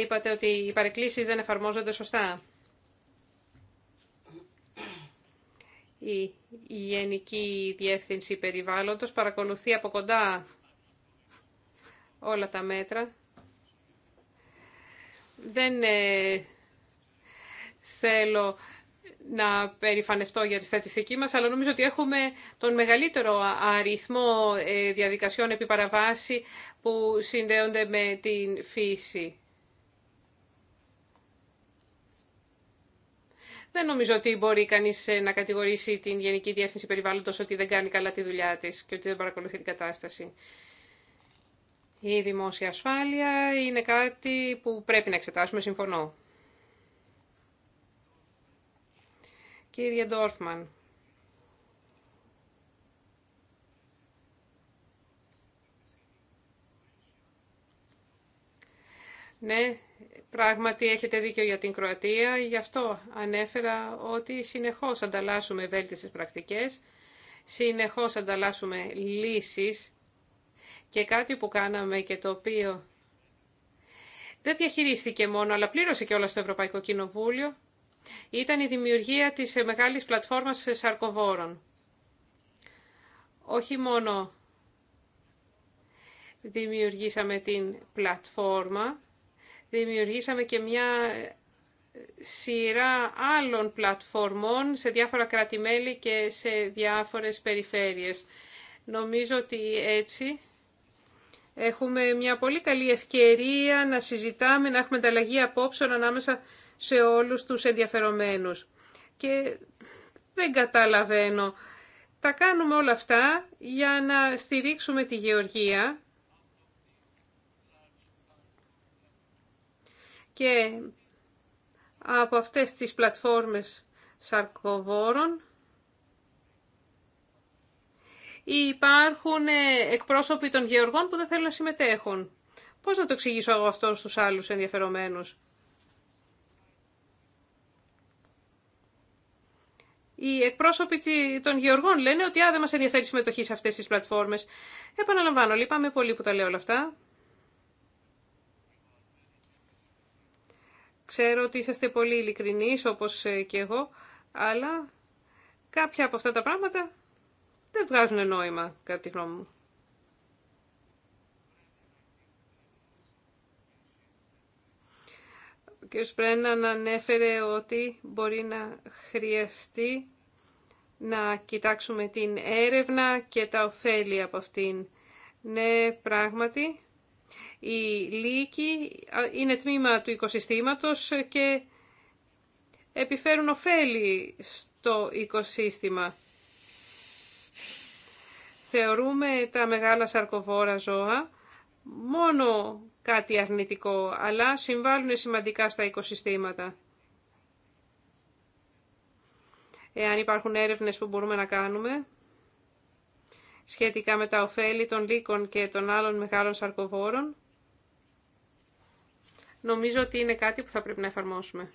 Είπατε ότι οι παρεκκλήσεις δεν εφαρμόζονται σωστά. Η Γενική Διεύθυνση Περιβάλλοντος παρακολουθεί από κοντά όλα τα μέτρα. Δεν ε, θέλω να περηφανευτώ για τη στατιστική μας, αλλά νομίζω ότι έχουμε τον μεγαλύτερο αριθμό ε, διαδικασιών επί που συνδέονται με την φύση. Δεν νομίζω ότι μπορεί κανείς ε, να κατηγορήσει την Γενική Διεύθυνση Περιβάλλοντος ότι δεν κάνει καλά τη δουλειά της και ότι δεν παρακολουθεί την κατάσταση. Η δημόσια ασφάλεια είναι κάτι που πρέπει να εξετάσουμε, συμφωνώ. Κύριε Ντόρφμαν. Ναι, Πράγματι έχετε δίκιο για την Κροατία, γι' αυτό ανέφερα ότι συνεχώς ανταλλάσσουμε βέλτιστες πρακτικές, συνεχώς ανταλλάσσουμε λύσεις και κάτι που κάναμε και το οποίο δεν διαχειρίστηκε μόνο, αλλά πλήρωσε και όλα στο Ευρωπαϊκό Κοινοβούλιο, ήταν η δημιουργία της μεγάλης πλατφόρμας σαρκοβόρων. Όχι μόνο δημιουργήσαμε την πλατφόρμα, δημιουργήσαμε και μια σειρά άλλων πλατφορμών σε διάφορα κράτη-μέλη και σε διάφορες περιφέρειες. Νομίζω ότι έτσι έχουμε μια πολύ καλή ευκαιρία να συζητάμε, να έχουμε ανταλλαγή απόψεων ανάμεσα σε όλους τους ενδιαφερομένους. Και δεν καταλαβαίνω. Τα κάνουμε όλα αυτά για να στηρίξουμε τη γεωργία και από αυτές τις πλατφόρμες σαρκοβόρων υπάρχουν ε, εκπρόσωποι των γεωργών που δεν θέλουν να συμμετέχουν. Πώς να το εξηγήσω εγώ αυτό στους άλλους ενδιαφερομένους. Οι εκπρόσωποι των γεωργών λένε ότι α, δεν μας ενδιαφέρει η συμμετοχή σε αυτές τις πλατφόρμες. Επαναλαμβάνω, λυπάμαι πολύ που τα λέω όλα αυτά. Ξέρω ότι είσαστε πολύ ειλικρινείς όπως ε, και εγώ, αλλά κάποια από αυτά τα πράγματα δεν βγάζουν νόημα κατά τη γνώμη μου. Ο κ. Σπρέναν ανέφερε ότι μπορεί να χρειαστεί να κοιτάξουμε την έρευνα και τα ωφέλη από αυτήν. Ναι, πράγματι, η λύκη είναι τμήμα του οικοσυστήματος και επιφέρουν ωφέλη στο οικοσύστημα. Θεωρούμε τα μεγάλα σαρκοβόρα ζώα μόνο κάτι αρνητικό, αλλά συμβάλλουν σημαντικά στα οικοσυστήματα. Εάν υπάρχουν έρευνες που μπορούμε να κάνουμε σχετικά με τα ωφέλη των λύκων και των άλλων μεγάλων σαρκοβόρων, νομίζω ότι είναι κάτι που θα πρέπει να εφαρμόσουμε.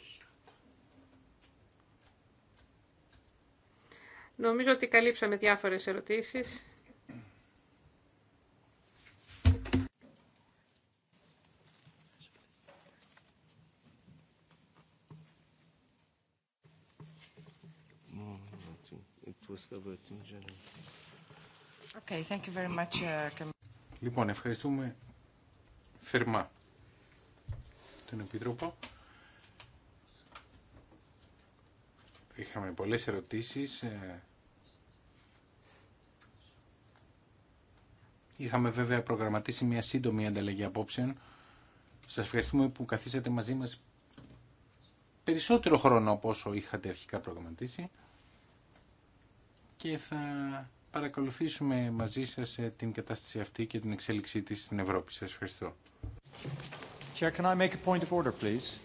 Νομίζω ότι καλύψαμε διάφορες ερωτήσεις. Okay, thank you very much. Uh, λοιπόν, ευχαριστούμε θερμά τον Επίτροπο. Είχαμε πολλές ερωτήσεις. Ε. Είχαμε βέβαια προγραμματίσει μια σύντομη ανταλλαγή απόψεων. Σας ευχαριστούμε που καθίσατε μαζί μας περισσότερο χρόνο από όσο είχατε αρχικά προγραμματίσει και θα παρακολουθήσουμε μαζί σας ε, την κατάσταση αυτή και την εξέλιξή της στην Ευρώπη. Σας ευχαριστώ. Chair, can I make a point of order, please?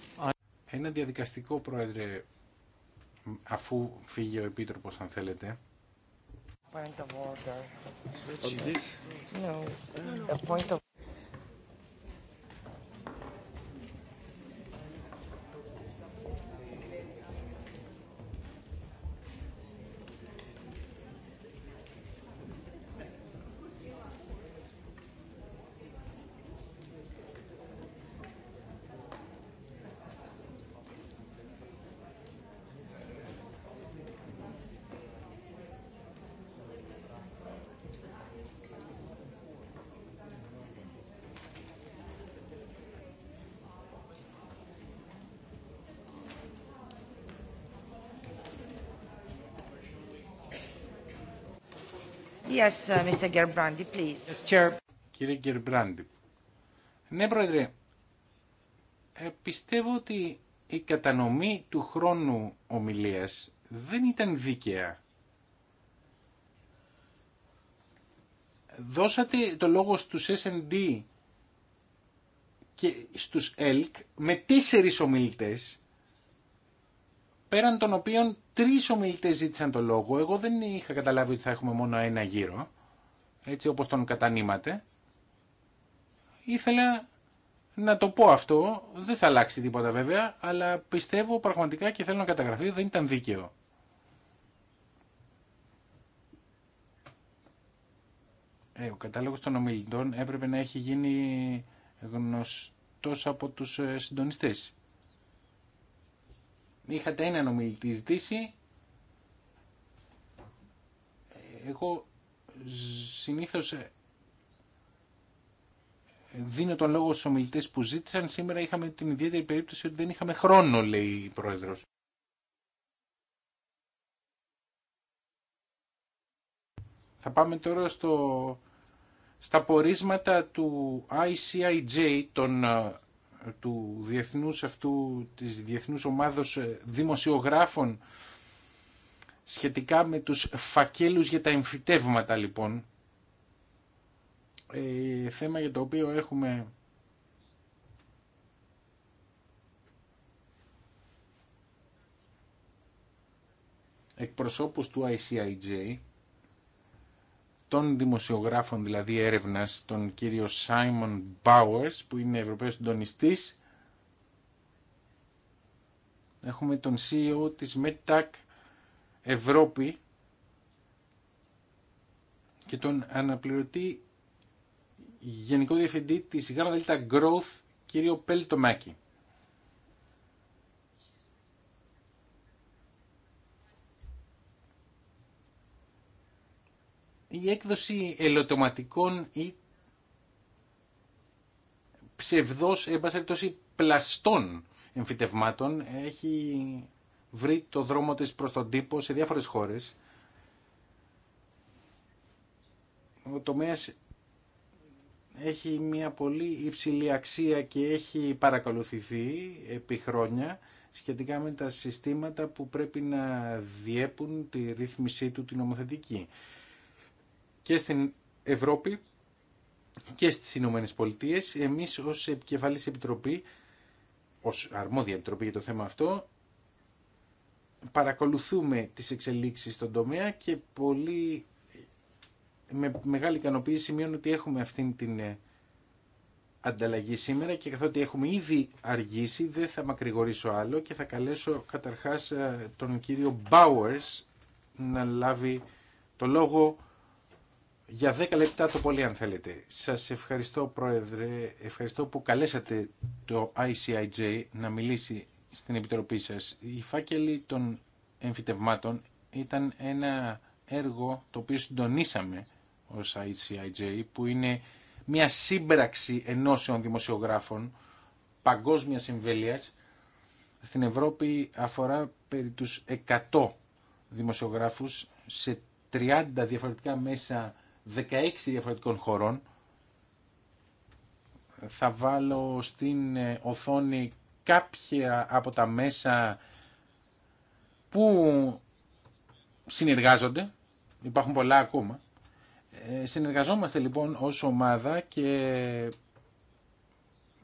Ένα διαδικαστικό, Πρόεδρε, αφού φύγει ο Επίτροπος, αν θέλετε. Point of order. Which... On this? No. A point of... Yes, uh, please. Κύριε Γκερμπράντι. Ναι, Πρόεδρε, ε, πιστεύω ότι η κατανομή του χρόνου ομιλίας δεν ήταν δίκαια. Δώσατε το λόγο στους S&D και στους ELK με τέσσερις ομιλητές, πέραν των οποίων Τρει ομιλητέ ζήτησαν το λόγο. Εγώ δεν είχα καταλάβει ότι θα έχουμε μόνο ένα γύρο, έτσι όπως τον κατανείματε. Ήθελα να το πω αυτό, δεν θα αλλάξει τίποτα βέβαια, αλλά πιστεύω πραγματικά και θέλω να καταγραφεί δεν ήταν δίκαιο. Ε, ο κατάλογος των ομιλητών έπρεπε να έχει γίνει γνωστός από τους ε, συντονιστές. Είχατε έναν ομιλητή ζητήσει. Εγώ συνήθως ε, δίνω τον λόγο στους ομιλητές που ζήτησαν. Σήμερα είχαμε την ιδιαίτερη περίπτωση ότι δεν είχαμε χρόνο, λέει η Πρόεδρος. Θα πάμε τώρα στο, στα πορίσματα του ICIJ, των ε, του διεθνούς αυτού, της διεθνούς ομάδος ε, δημοσιογράφων σχετικά με τους φακέλους για τα εμφυτεύματα λοιπόν. Ε, θέμα για το οποίο έχουμε εκπροσώπους του ICIJ των δημοσιογράφων δηλαδή έρευνας, τον κύριο Σάιμον Μπάουερς που είναι Ευρωπαίος συντονιστής. Έχουμε τον CEO της Metac Ευρώπη και τον αναπληρωτή Γενικό Διευθυντή της ΓΔ Growth, κύριο Πέλτομάκη. η έκδοση ελωτοματικών ή ψευδός, εμπασχελτώσει πλαστών εμφυτευμάτων έχει βρει το δρόμο της προς τον τύπο σε διάφορες χώρες. Ο τομέας έχει μια πολύ υψηλή αξία και έχει παρακολουθηθεί επί χρόνια σχετικά με τα συστήματα που πρέπει να διέπουν τη ρύθμισή του την ομοθετική και στην Ευρώπη και στις Ηνωμένες Πολιτείες. Εμείς ως επικεφαλής επιτροπή, ως αρμόδια επιτροπή για το θέμα αυτό, παρακολουθούμε τις εξελίξεις στον τομέα και πολύ με μεγάλη ικανοποίηση σημειώνω ότι έχουμε αυτήν την ε, ανταλλαγή σήμερα και καθότι έχουμε ήδη αργήσει δεν θα μακρηγορήσω άλλο και θα καλέσω καταρχάς ε, τον κύριο Bowers να λάβει το λόγο για 10 λεπτά το πολύ αν θέλετε. Σας ευχαριστώ Πρόεδρε, ευχαριστώ που καλέσατε το ICIJ να μιλήσει στην Επιτροπή σας. Η φάκελη των εμφυτευμάτων ήταν ένα έργο το οποίο συντονίσαμε ως ICIJ που είναι μια σύμπραξη ενώσεων δημοσιογράφων παγκόσμιας εμβέλειας στην Ευρώπη αφορά περί τους 100 δημοσιογράφους σε 30 διαφορετικά μέσα 16 διαφορετικών χωρών. Θα βάλω στην ε, οθόνη κάποια από τα μέσα που συνεργάζονται. Υπάρχουν πολλά ακόμα. Ε, συνεργαζόμαστε λοιπόν ως ομάδα και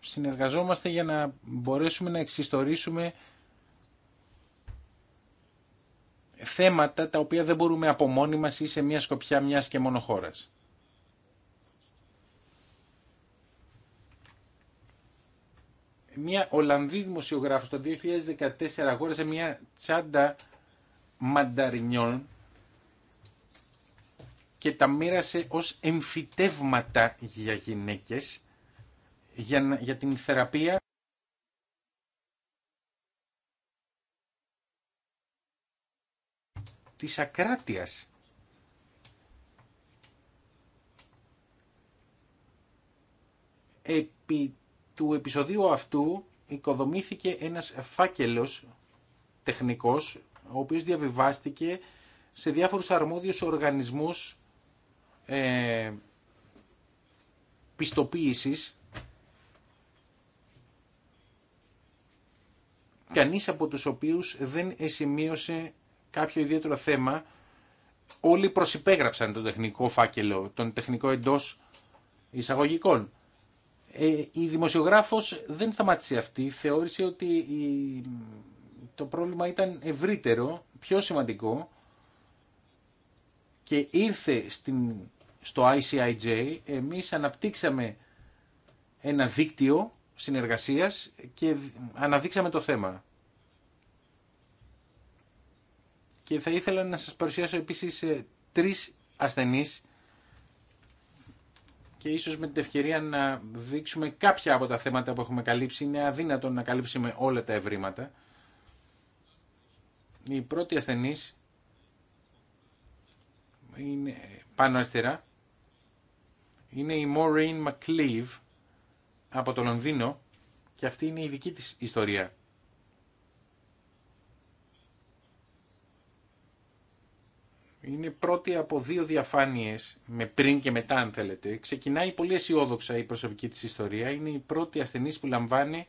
συνεργαζόμαστε για να μπορέσουμε να εξιστορήσουμε θέματα τα οποία δεν μπορούμε από μόνοι μας ή σε μια σκοπιά μιας και μόνο χώρας. Μια Ολλανδή δημοσιογράφος το 2014 αγόρασε μια τσάντα μανταρινιών και τα μοίρασε ως εμφυτεύματα για γυναίκες για, για την θεραπεία της ακράτειας. Επί του επεισοδίου αυτού οικοδομήθηκε ένας φάκελος τεχνικός, ο οποίος διαβιβάστηκε σε διάφορους αρμόδιους οργανισμούς ε, πιστοποίησης. Κανείς από τους οποίους δεν εσημείωσε κάποιο ιδιαίτερο θέμα, όλοι προσυπέγραψαν τον τεχνικό φάκελο, τον τεχνικό εντό εισαγωγικών. Ε, η δημοσιογράφος δεν σταμάτησε αυτή, θεώρησε ότι το πρόβλημα ήταν ευρύτερο, πιο σημαντικό και ήρθε στην, στο ICIJ, εμείς αναπτύξαμε ένα δίκτυο συνεργασίας και αναδείξαμε το θέμα. Και θα ήθελα να σας παρουσιάσω επίσης ε, τρεις ασθενείς και ίσως με την ευκαιρία να δείξουμε κάποια από τα θέματα που έχουμε καλύψει. Είναι αδύνατο να καλύψουμε όλα τα ευρήματα. Η πρώτη ασθενής είναι πάνω αριστερά. Είναι η Maureen Μακλίβ από το Λονδίνο και αυτή είναι η δική της ιστορία. είναι πρώτη από δύο διαφάνειες, με πριν και μετά αν θέλετε. Ξεκινάει πολύ αισιόδοξα η προσωπική της ιστορία. Είναι η πρώτη ασθενής που λαμβάνει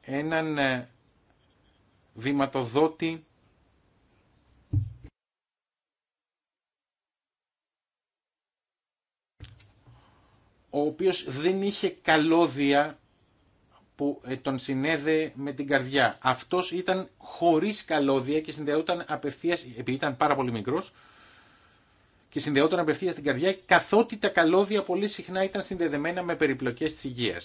έναν ε, βηματοδότη ο οποίος δεν είχε καλώδια που ε, τον συνέδε με την καρδιά. Αυτός ήταν χωρίς καλώδια και συνδεόταν απευθεία επειδή ήταν πάρα πολύ μικρός, και συνδεόταν απευθεία στην καρδιά, καθότι τα καλώδια πολύ συχνά ήταν συνδεδεμένα με περιπλοκές τη υγεία.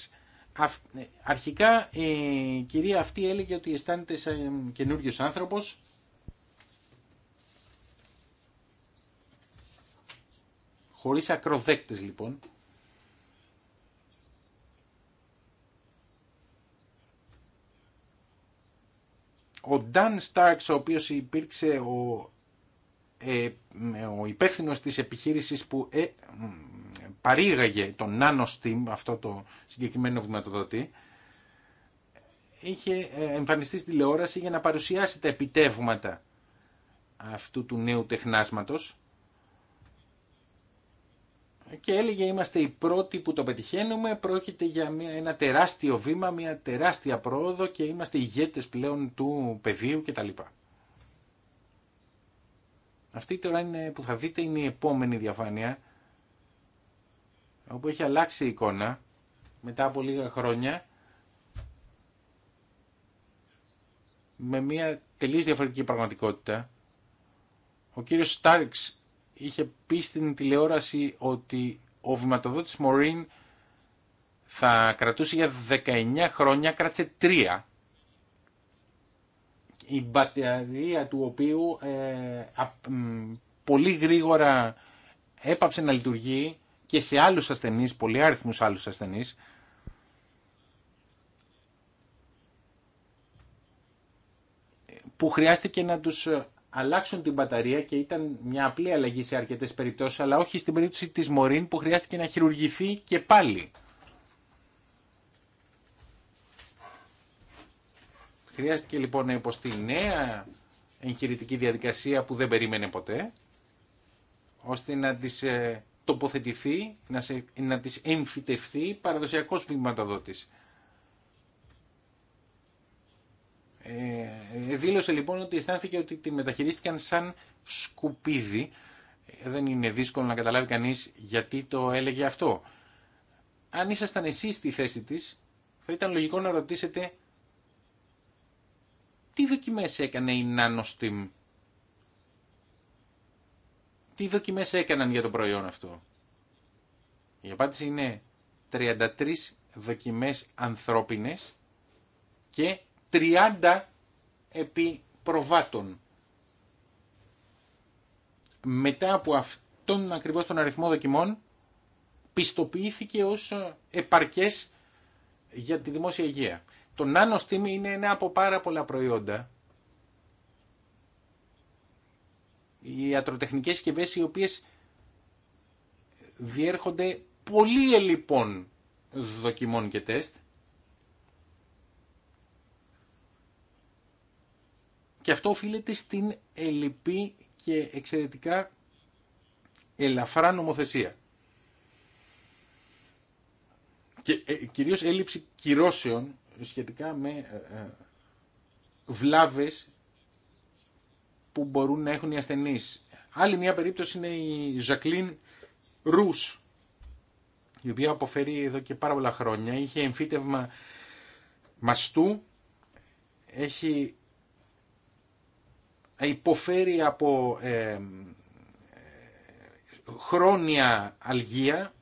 Ε, αρχικά η κυρία αυτή έλεγε ότι αισθάνεται σαν καινούριο άνθρωπος, χωρίς ακροδέκτες λοιπόν, Ο Dan Στάρξ, ο οποίος υπήρξε ο, ε, ο υπεύθυνος της επιχείρησης που ε, παρήγαγε το NanoSteam, αυτό το συγκεκριμένο βηματοδότη, είχε ε, εμφανιστεί στη τηλεόραση για να παρουσιάσει τα επιτεύγματα αυτού του νέου τεχνάσματος και έλεγε είμαστε οι πρώτοι που το πετυχαίνουμε, πρόκειται για μια, ένα τεράστιο βήμα, μια τεράστια πρόοδο και είμαστε ηγέτες πλέον του πεδίου κτλ. Αυτή τώρα είναι, που θα δείτε είναι η επόμενη διαφάνεια, όπου έχει αλλάξει η εικόνα μετά από λίγα χρόνια, με μια τελείως διαφορετική πραγματικότητα. Ο κύριος Στάρξ είχε πει στην τηλεόραση ότι ο βηματοδότης Μωρίν θα κρατούσε για 19 χρόνια, κράτησε 3 η μπαταρία του οποίου ε, πολύ γρήγορα έπαψε να λειτουργεί και σε άλλους ασθενείς, πολλοί άριθμους άλλους ασθενείς. που χρειάστηκε να τους αλλάξουν την μπαταρία και ήταν μια απλή αλλαγή σε αρκετέ περιπτώσει, αλλά όχι στην περίπτωση της Μωρήν που χρειάστηκε να χειρουργηθεί και πάλι. Χρειάστηκε λοιπόν να υποστεί νέα εγχειρητική διαδικασία που δεν περίμενε ποτέ, ώστε να τις ε, τοποθετηθεί, να, σε, να τις εμφυτευτεί παραδοσιακός βηματοδότης. Ε, δήλωσε λοιπόν ότι αισθάνθηκε ότι τη μεταχειρίστηκαν σαν σκουπίδι. Δεν είναι δύσκολο να καταλάβει κανείς γιατί το έλεγε αυτό. Αν ήσασταν εσείς στη θέση της, θα ήταν λογικό να ρωτήσετε τι δοκιμές έκανε η NanoSteam. Τι δοκιμές έκαναν για το προϊόν αυτό. Η απάντηση είναι 33 δοκιμές ανθρώπινες και 30 επί προβάτων. Μετά από αυτόν ακριβώς τον αριθμό δοκιμών πιστοποιήθηκε ως ε, επαρκές για τη δημόσια υγεία. Το νάνο είναι ένα από πάρα πολλά προϊόντα. Οι ιατροτεχνικές συσκευέ οι οποίες διέρχονται πολύ ελλειπών δοκιμών και τεστ Και αυτό οφείλεται στην ελλειπή και εξαιρετικά ελαφρά νομοθεσία. Και ε, κυρίως έλλειψη κυρώσεων σχετικά με ε, ε, βλάβες που μπορούν να έχουν οι ασθενείς. Άλλη μια περίπτωση είναι η Ζακλίν Ρούς, η οποία αποφέρει εδώ και πάρα πολλά χρόνια. Είχε εμφύτευμα μαστού, έχει υποφέρει από ε, χρόνια αλγία,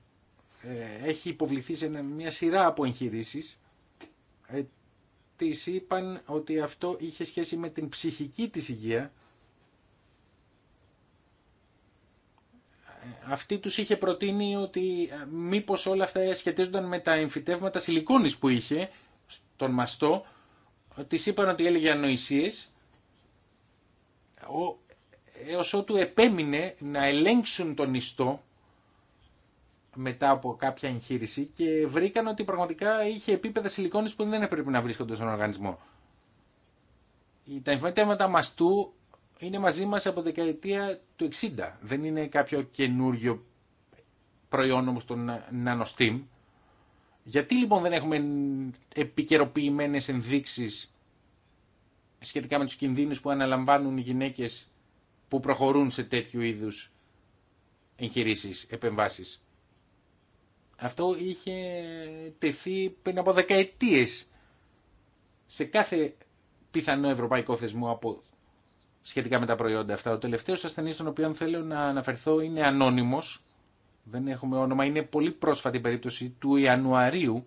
ε, έχει υποβληθεί σε μια σειρά από εγχειρήσει. Ε, της είπαν ότι αυτό είχε σχέση με την ψυχική της υγεία. Αυτή τους είχε προτείνει ότι μήπως όλα αυτά σχετίζονταν με τα εμφυτεύματα σιλικόνης που είχε στον μαστό. Της είπαν ότι έλεγε ανοησίες έως ότου επέμεινε να ελέγξουν τον ιστό μετά από κάποια εγχείρηση και βρήκαν ότι πραγματικά είχε επίπεδα σιλικόνης που δεν έπρεπε να βρίσκονται στον οργανισμό. Τα εμφανιτέματα μαστού είναι μαζί μας από δεκαετία του 60. Δεν είναι κάποιο καινούριο προϊόν όμως των nanosteam. Γιατί λοιπόν δεν έχουμε επικαιροποιημένες ενδείξεις σχετικά με τους κινδύνους που αναλαμβάνουν οι γυναίκες που προχωρούν σε τέτοιου είδους εγχειρήσεις, επεμβάσεις. Αυτό είχε τεθεί πριν από δεκαετίες σε κάθε πιθανό ευρωπαϊκό θεσμό από σχετικά με τα προϊόντα αυτά. Ο τελευταίος ασθενής στον οποίο θέλω να αναφερθώ είναι ανώνυμος, δεν έχουμε όνομα, είναι πολύ πρόσφατη περίπτωση του Ιανουαρίου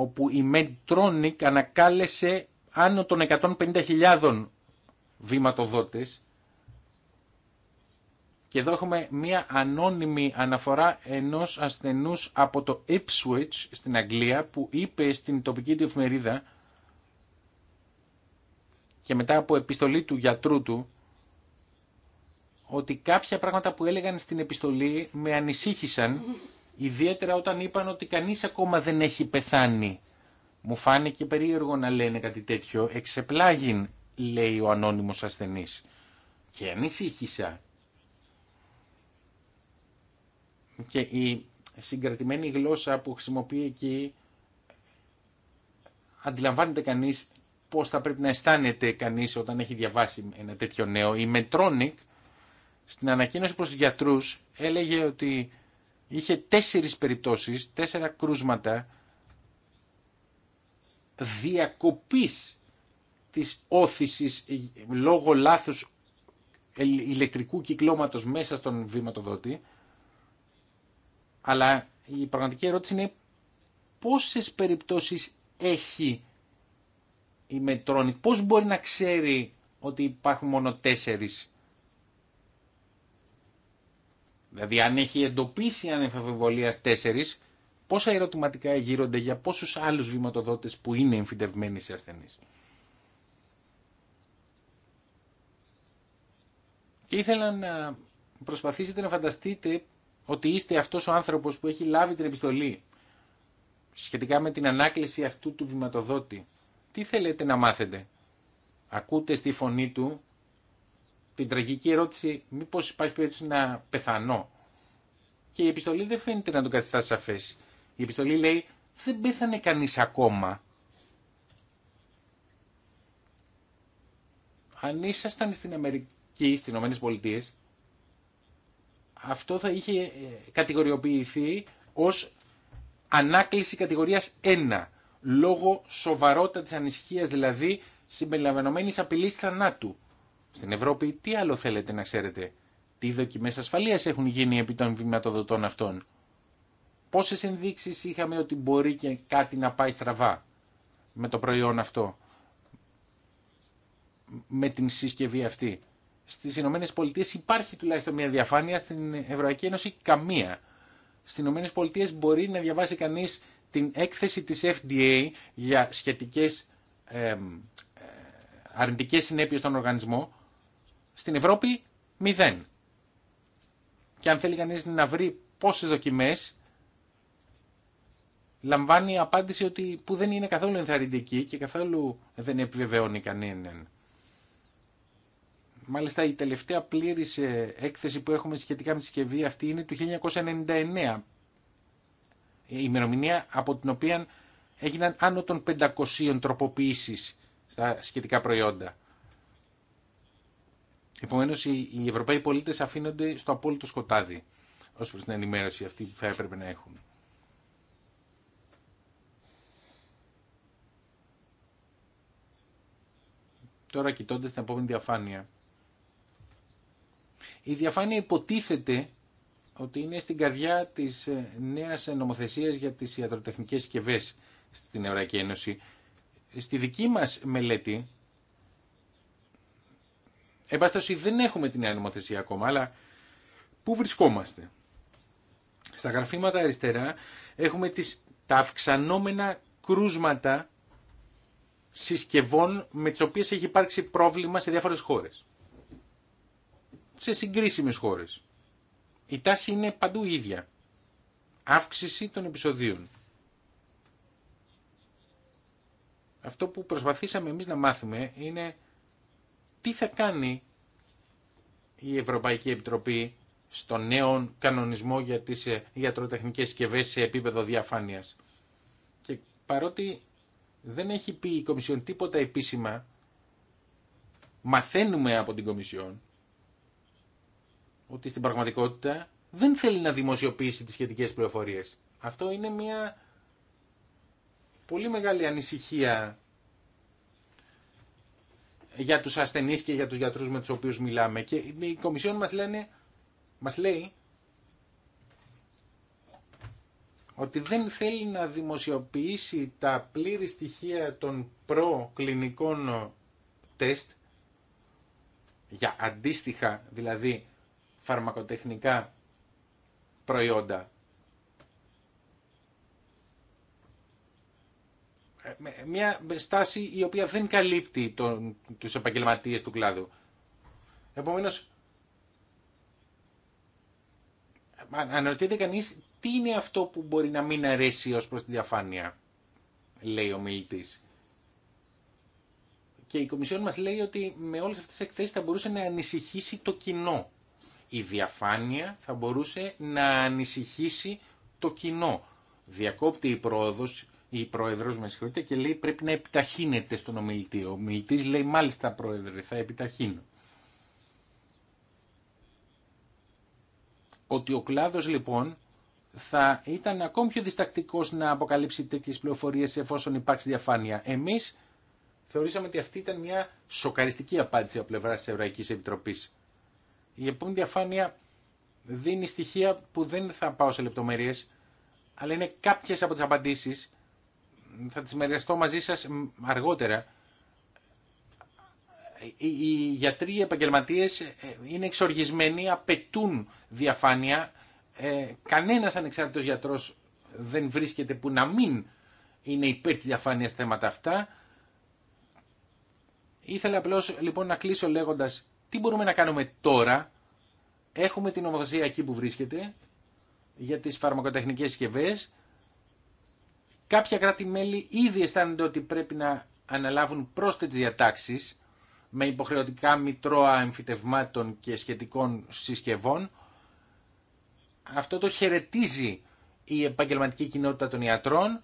όπου η Medtronic ανακάλεσε άνω των 150.000 βηματοδότες και εδώ έχουμε μία ανώνυμη αναφορά ενός ασθενούς από το Ipswich στην Αγγλία που είπε στην τοπική του εφημερίδα και μετά από επιστολή του γιατρού του ότι κάποια πράγματα που έλεγαν στην επιστολή με ανησύχησαν Ιδιαίτερα όταν είπαν ότι κανείς ακόμα δεν έχει πεθάνει. Μου φάνηκε περίεργο να λένε κάτι τέτοιο. Εξεπλάγιν, λέει ο ανώνυμος ασθενής. Και ανησύχησα. Και η συγκρατημένη γλώσσα που χρησιμοποιεί εκεί αντιλαμβάνεται κανείς πώς θα πρέπει να αισθάνεται κανείς όταν έχει διαβάσει ένα τέτοιο νέο. Η Μετρόνικ στην ανακοίνωση προς τους γιατρούς έλεγε ότι είχε τέσσερις περιπτώσεις, τέσσερα κρούσματα διακοπής της όθησης ε, λόγω λάθους ηλεκτρικού κυκλώματος μέσα στον βηματοδότη. Αλλά η πραγματική ερώτηση είναι πόσες περιπτώσεις έχει η Μετρόνικ, πώς μπορεί να ξέρει ότι υπάρχουν μόνο τέσσερις Δηλαδή αν έχει εντοπίσει ανεφοβολία τέσσερι, τέσσερις, πόσα ερωτηματικά γύρονται για πόσους άλλους βηματοδότε που είναι εμφυτευμένοι σε ασθενείς. Και ήθελα να προσπαθήσετε να φανταστείτε ότι είστε αυτός ο άνθρωπος που έχει λάβει την επιστολή σχετικά με την ανάκληση αυτού του βηματοδότη. Τι θέλετε να μάθετε. Ακούτε στη φωνή του την τραγική ερώτηση μήπως υπάρχει περίπτωση να πεθανώ. Και η επιστολή δεν φαίνεται να τον καθιστά σαφές. Η επιστολή λέει δεν πέθανε κανείς ακόμα. Αν ήσασταν στην Αμερική, στις Ηνωμένες Πολιτείες, αυτό θα είχε ε, κατηγοριοποιηθεί ως ανάκληση κατηγορίας 1, λόγω σοβαρότητα της ανησυχίας δηλαδή συμπεριλαμβανομένης απειλής θανάτου στην Ευρώπη, τι άλλο θέλετε να ξέρετε. Τι δοκιμές ασφαλείας έχουν γίνει επί των βηματοδοτών αυτών. Πόσες ενδείξεις είχαμε ότι μπορεί και κάτι να πάει στραβά με το προϊόν αυτό, με την συσκευή αυτή. Στις Ηνωμένε Πολιτείε υπάρχει τουλάχιστον μια διαφάνεια, στην Ευρωπαϊκή Ένωση καμία. Στις Ηνωμένε Πολιτείε μπορεί να διαβάσει κανείς την έκθεση της FDA για σχετικές ε, αρνητικές συνέπειες στον οργανισμό στην Ευρώπη μηδέν. Και αν θέλει κανείς να βρει πόσες δοκιμές, λαμβάνει απάντηση ότι που δεν είναι καθόλου ενθαρρυντική και καθόλου δεν επιβεβαιώνει κανέναν. Μάλιστα η τελευταία πλήρης ε, έκθεση που έχουμε σχετικά με τη συσκευή αυτή είναι του 1999. Η ημερομηνία από την οποία έγιναν άνω των 500 τροποποιήσεις στα σχετικά προϊόντα. Επομένω, οι Ευρωπαίοι πολίτε αφήνονται στο απόλυτο σκοτάδι ω προ την ενημέρωση αυτή που θα έπρεπε να έχουν. Τώρα κοιτώντας την επόμενη διαφάνεια. Η διαφάνεια υποτίθεται ότι είναι στην καρδιά της ε, νέας νομοθεσίας για τις ιατροτεχνικές συσκευέ στην Ευρωπαϊκή Ένωση. Στη δική μας μελέτη ότι δεν έχουμε την νέα νομοθεσία ακόμα, αλλά πού βρισκόμαστε. Στα γραφήματα αριστερά έχουμε τις, τα αυξανόμενα κρούσματα συσκευών με τις οποίες έχει υπάρξει πρόβλημα σε διάφορες χώρες. Σε συγκρίσιμες χώρες. Η τάση είναι παντού ίδια. Αύξηση των επεισοδίων. Αυτό που προσπαθήσαμε εμείς να μάθουμε είναι τι θα κάνει η Ευρωπαϊκή Επιτροπή στο νέο κανονισμό για τις ε, ιατροτεχνικές συσκευέ σε επίπεδο διαφάνειας. Και παρότι δεν έχει πει η Κομισιόν τίποτα επίσημα, μαθαίνουμε από την Κομισιόν ότι στην πραγματικότητα δεν θέλει να δημοσιοποιήσει τις σχετικές πληροφορίες. Αυτό είναι μια πολύ μεγάλη ανησυχία για τους ασθενείς και για τους γιατρούς με τους οποίους μιλάμε. Και η Κομισιόν μας, λένε, μας λέει ότι δεν θέλει να δημοσιοποιήσει τα πλήρη στοιχεία των προκλινικών τεστ για αντίστοιχα δηλαδή φαρμακοτεχνικά προϊόντα. μια στάση η οποία δεν καλύπτει τον, τους επαγγελματίες του κλάδου. Επομένως, αναρωτιέται κανείς τι είναι αυτό που μπορεί να μην αρέσει ως προς τη διαφάνεια, λέει ο μιλητής. Και η Κομισιόν μας λέει ότι με όλες αυτές τις εκθέσεις θα μπορούσε να ανησυχήσει το κοινό. Η διαφάνεια θα μπορούσε να ανησυχήσει το κοινό. Διακόπτει η πρόοδος η πρόεδρος, με συγχωρείτε, και λέει πρέπει να επιταχύνεται στον ομιλητή. Ο ομιλητής λέει μάλιστα πρόεδρε, θα επιταχύνω. Ότι ο κλάδος λοιπόν θα ήταν ακόμη πιο διστακτικός να αποκαλύψει τέτοιες πληροφορίες εφόσον υπάρξει διαφάνεια. Εμείς θεωρήσαμε ότι αυτή ήταν μια σοκαριστική απάντηση από πλευρά τη Ευρωπαϊκή Επιτροπή. Η επόμενη διαφάνεια δίνει στοιχεία που δεν θα πάω σε λεπτομέρειε, αλλά είναι κάποιε από τι απαντήσει θα τις μεριαστώ μαζί σας αργότερα. Οι γιατροί οι επαγγελματίες ε, είναι εξοργισμένοι, απαιτούν διαφάνεια. Ε, κανένας ανεξάρτητος γιατρός δεν βρίσκεται που να μην είναι υπέρ της διαφάνειας θέματα αυτά. Ήθελα απλώς λοιπόν να κλείσω λέγοντας τι μπορούμε να κάνουμε τώρα. Έχουμε την ομοθεσία εκεί που βρίσκεται για τις φαρμακοτεχνικές συσκευέ Κάποια κράτη-μέλη ήδη αισθάνονται ότι πρέπει να αναλάβουν πρόσθετες διατάξεις με υποχρεωτικά μητρώα εμφυτευμάτων και σχετικών συσκευών. Αυτό το χαιρετίζει η επαγγελματική κοινότητα των ιατρών,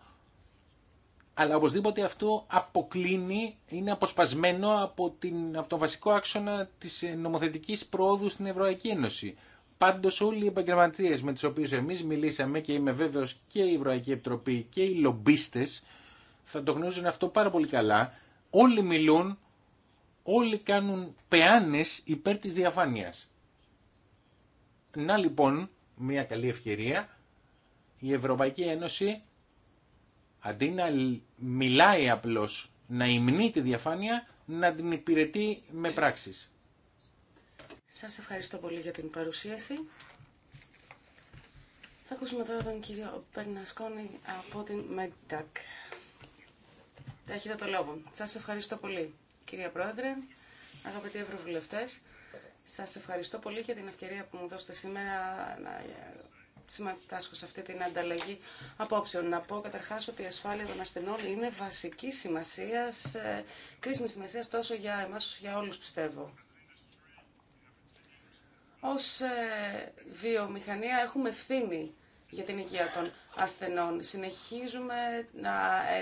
αλλά οπωσδήποτε αυτό αποκλίνει, είναι αποσπασμένο από, την, από τον βασικό άξονα της νομοθετικής προόδου στην Ευρωπαϊκή Ένωση. Πάντω, όλοι οι επαγγελματίε με τους οποίους εμεί μιλήσαμε και είμαι βέβαιος και η Ευρωπαϊκή Επιτροπή και οι λομπίστε, θα το γνωρίζουν αυτό πάρα πολύ καλά. Όλοι μιλούν, όλοι κάνουν πεάνε υπέρ της διαφάνειας. Να λοιπόν, μια καλή ευκαιρία, η Ευρωπαϊκή Ένωση αντί να μιλάει απλώς να υμνεί τη διαφάνεια, να την υπηρετεί με πράξεις. Σας ευχαριστώ πολύ για την παρουσίαση. Θα ακούσουμε τώρα τον κύριο Περνασκόνη από την Τα Έχετε το λόγο. Σας ευχαριστώ πολύ, κυρία Πρόεδρε, αγαπητοί ευρωβουλευτές. Σας ευχαριστώ πολύ για την ευκαιρία που μου δώσετε σήμερα να συμμετάσχω σε αυτή την ανταλλαγή απόψεων. Να πω καταρχά ότι η ασφάλεια των ασθενών είναι βασική σημασία, κρίσιμη σημασία τόσο για εμά όσο για όλου πιστεύω ως ε, βιομηχανία έχουμε ευθύνη για την υγεία των ασθενών. Συνεχίζουμε να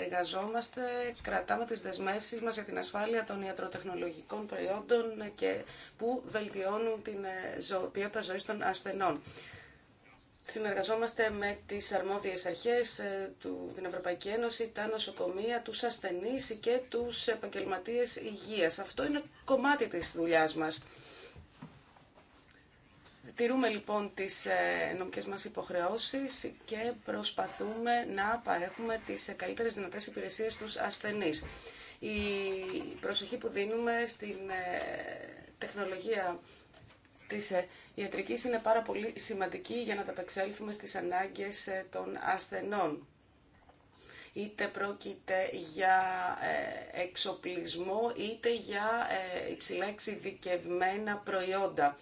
εργαζόμαστε, κρατάμε τις δεσμεύσεις μας για την ασφάλεια των ιατροτεχνολογικών προϊόντων και που βελτιώνουν την ε, ποιότητα ζωής των ασθενών. Συνεργαζόμαστε με τις αρμόδιες αρχές, ε, του, την Ευρωπαϊκή Ένωση, τα νοσοκομεία, τους ασθενείς και τους επαγγελματίες υγείας. Αυτό είναι κομμάτι της δουλειάς μας. Τηρούμε λοιπόν τις ε, νομικές μας υποχρεώσεις και προσπαθούμε να παρέχουμε τις ε, καλύτερες δυνατές υπηρεσίες στους ασθενείς. Η προσοχή που δίνουμε στην ε, τεχνολογία της ιατρικής είναι πάρα πολύ σημαντική για να ταπεξέλθουμε στις ανάγκες των ασθενών. Είτε πρόκειται για εξοπλισμό, είτε για υψηλά εξειδικευμένα προϊόντα.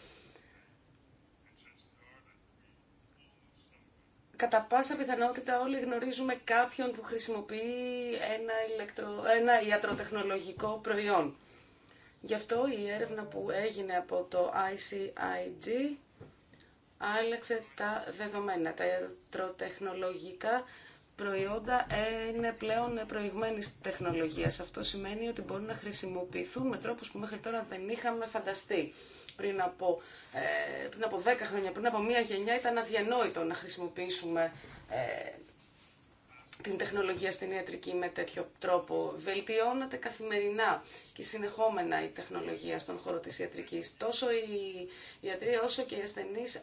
κατά πάσα πιθανότητα όλοι γνωρίζουμε κάποιον που χρησιμοποιεί ένα, ηλεκτρο... ένα ιατροτεχνολογικό προϊόν. Γι' αυτό η έρευνα που έγινε από το ICIG άλλαξε τα δεδομένα. Τα ιατροτεχνολογικά προϊόντα είναι πλέον προηγμένης τεχνολογίας. Αυτό σημαίνει ότι μπορούν να χρησιμοποιηθούν με τρόπους που μέχρι τώρα δεν είχαμε φανταστεί πριν από, ε, πριν από 10 χρόνια, πριν από μία γενιά ήταν αδιανόητο να χρησιμοποιήσουμε ε, την τεχνολογία στην ιατρική με τέτοιο τρόπο. Βελτιώνεται καθημερινά και συνεχόμενα η τεχνολογία στον χώρο της ιατρικής. Τόσο οι ιατροί όσο και οι ασθενείς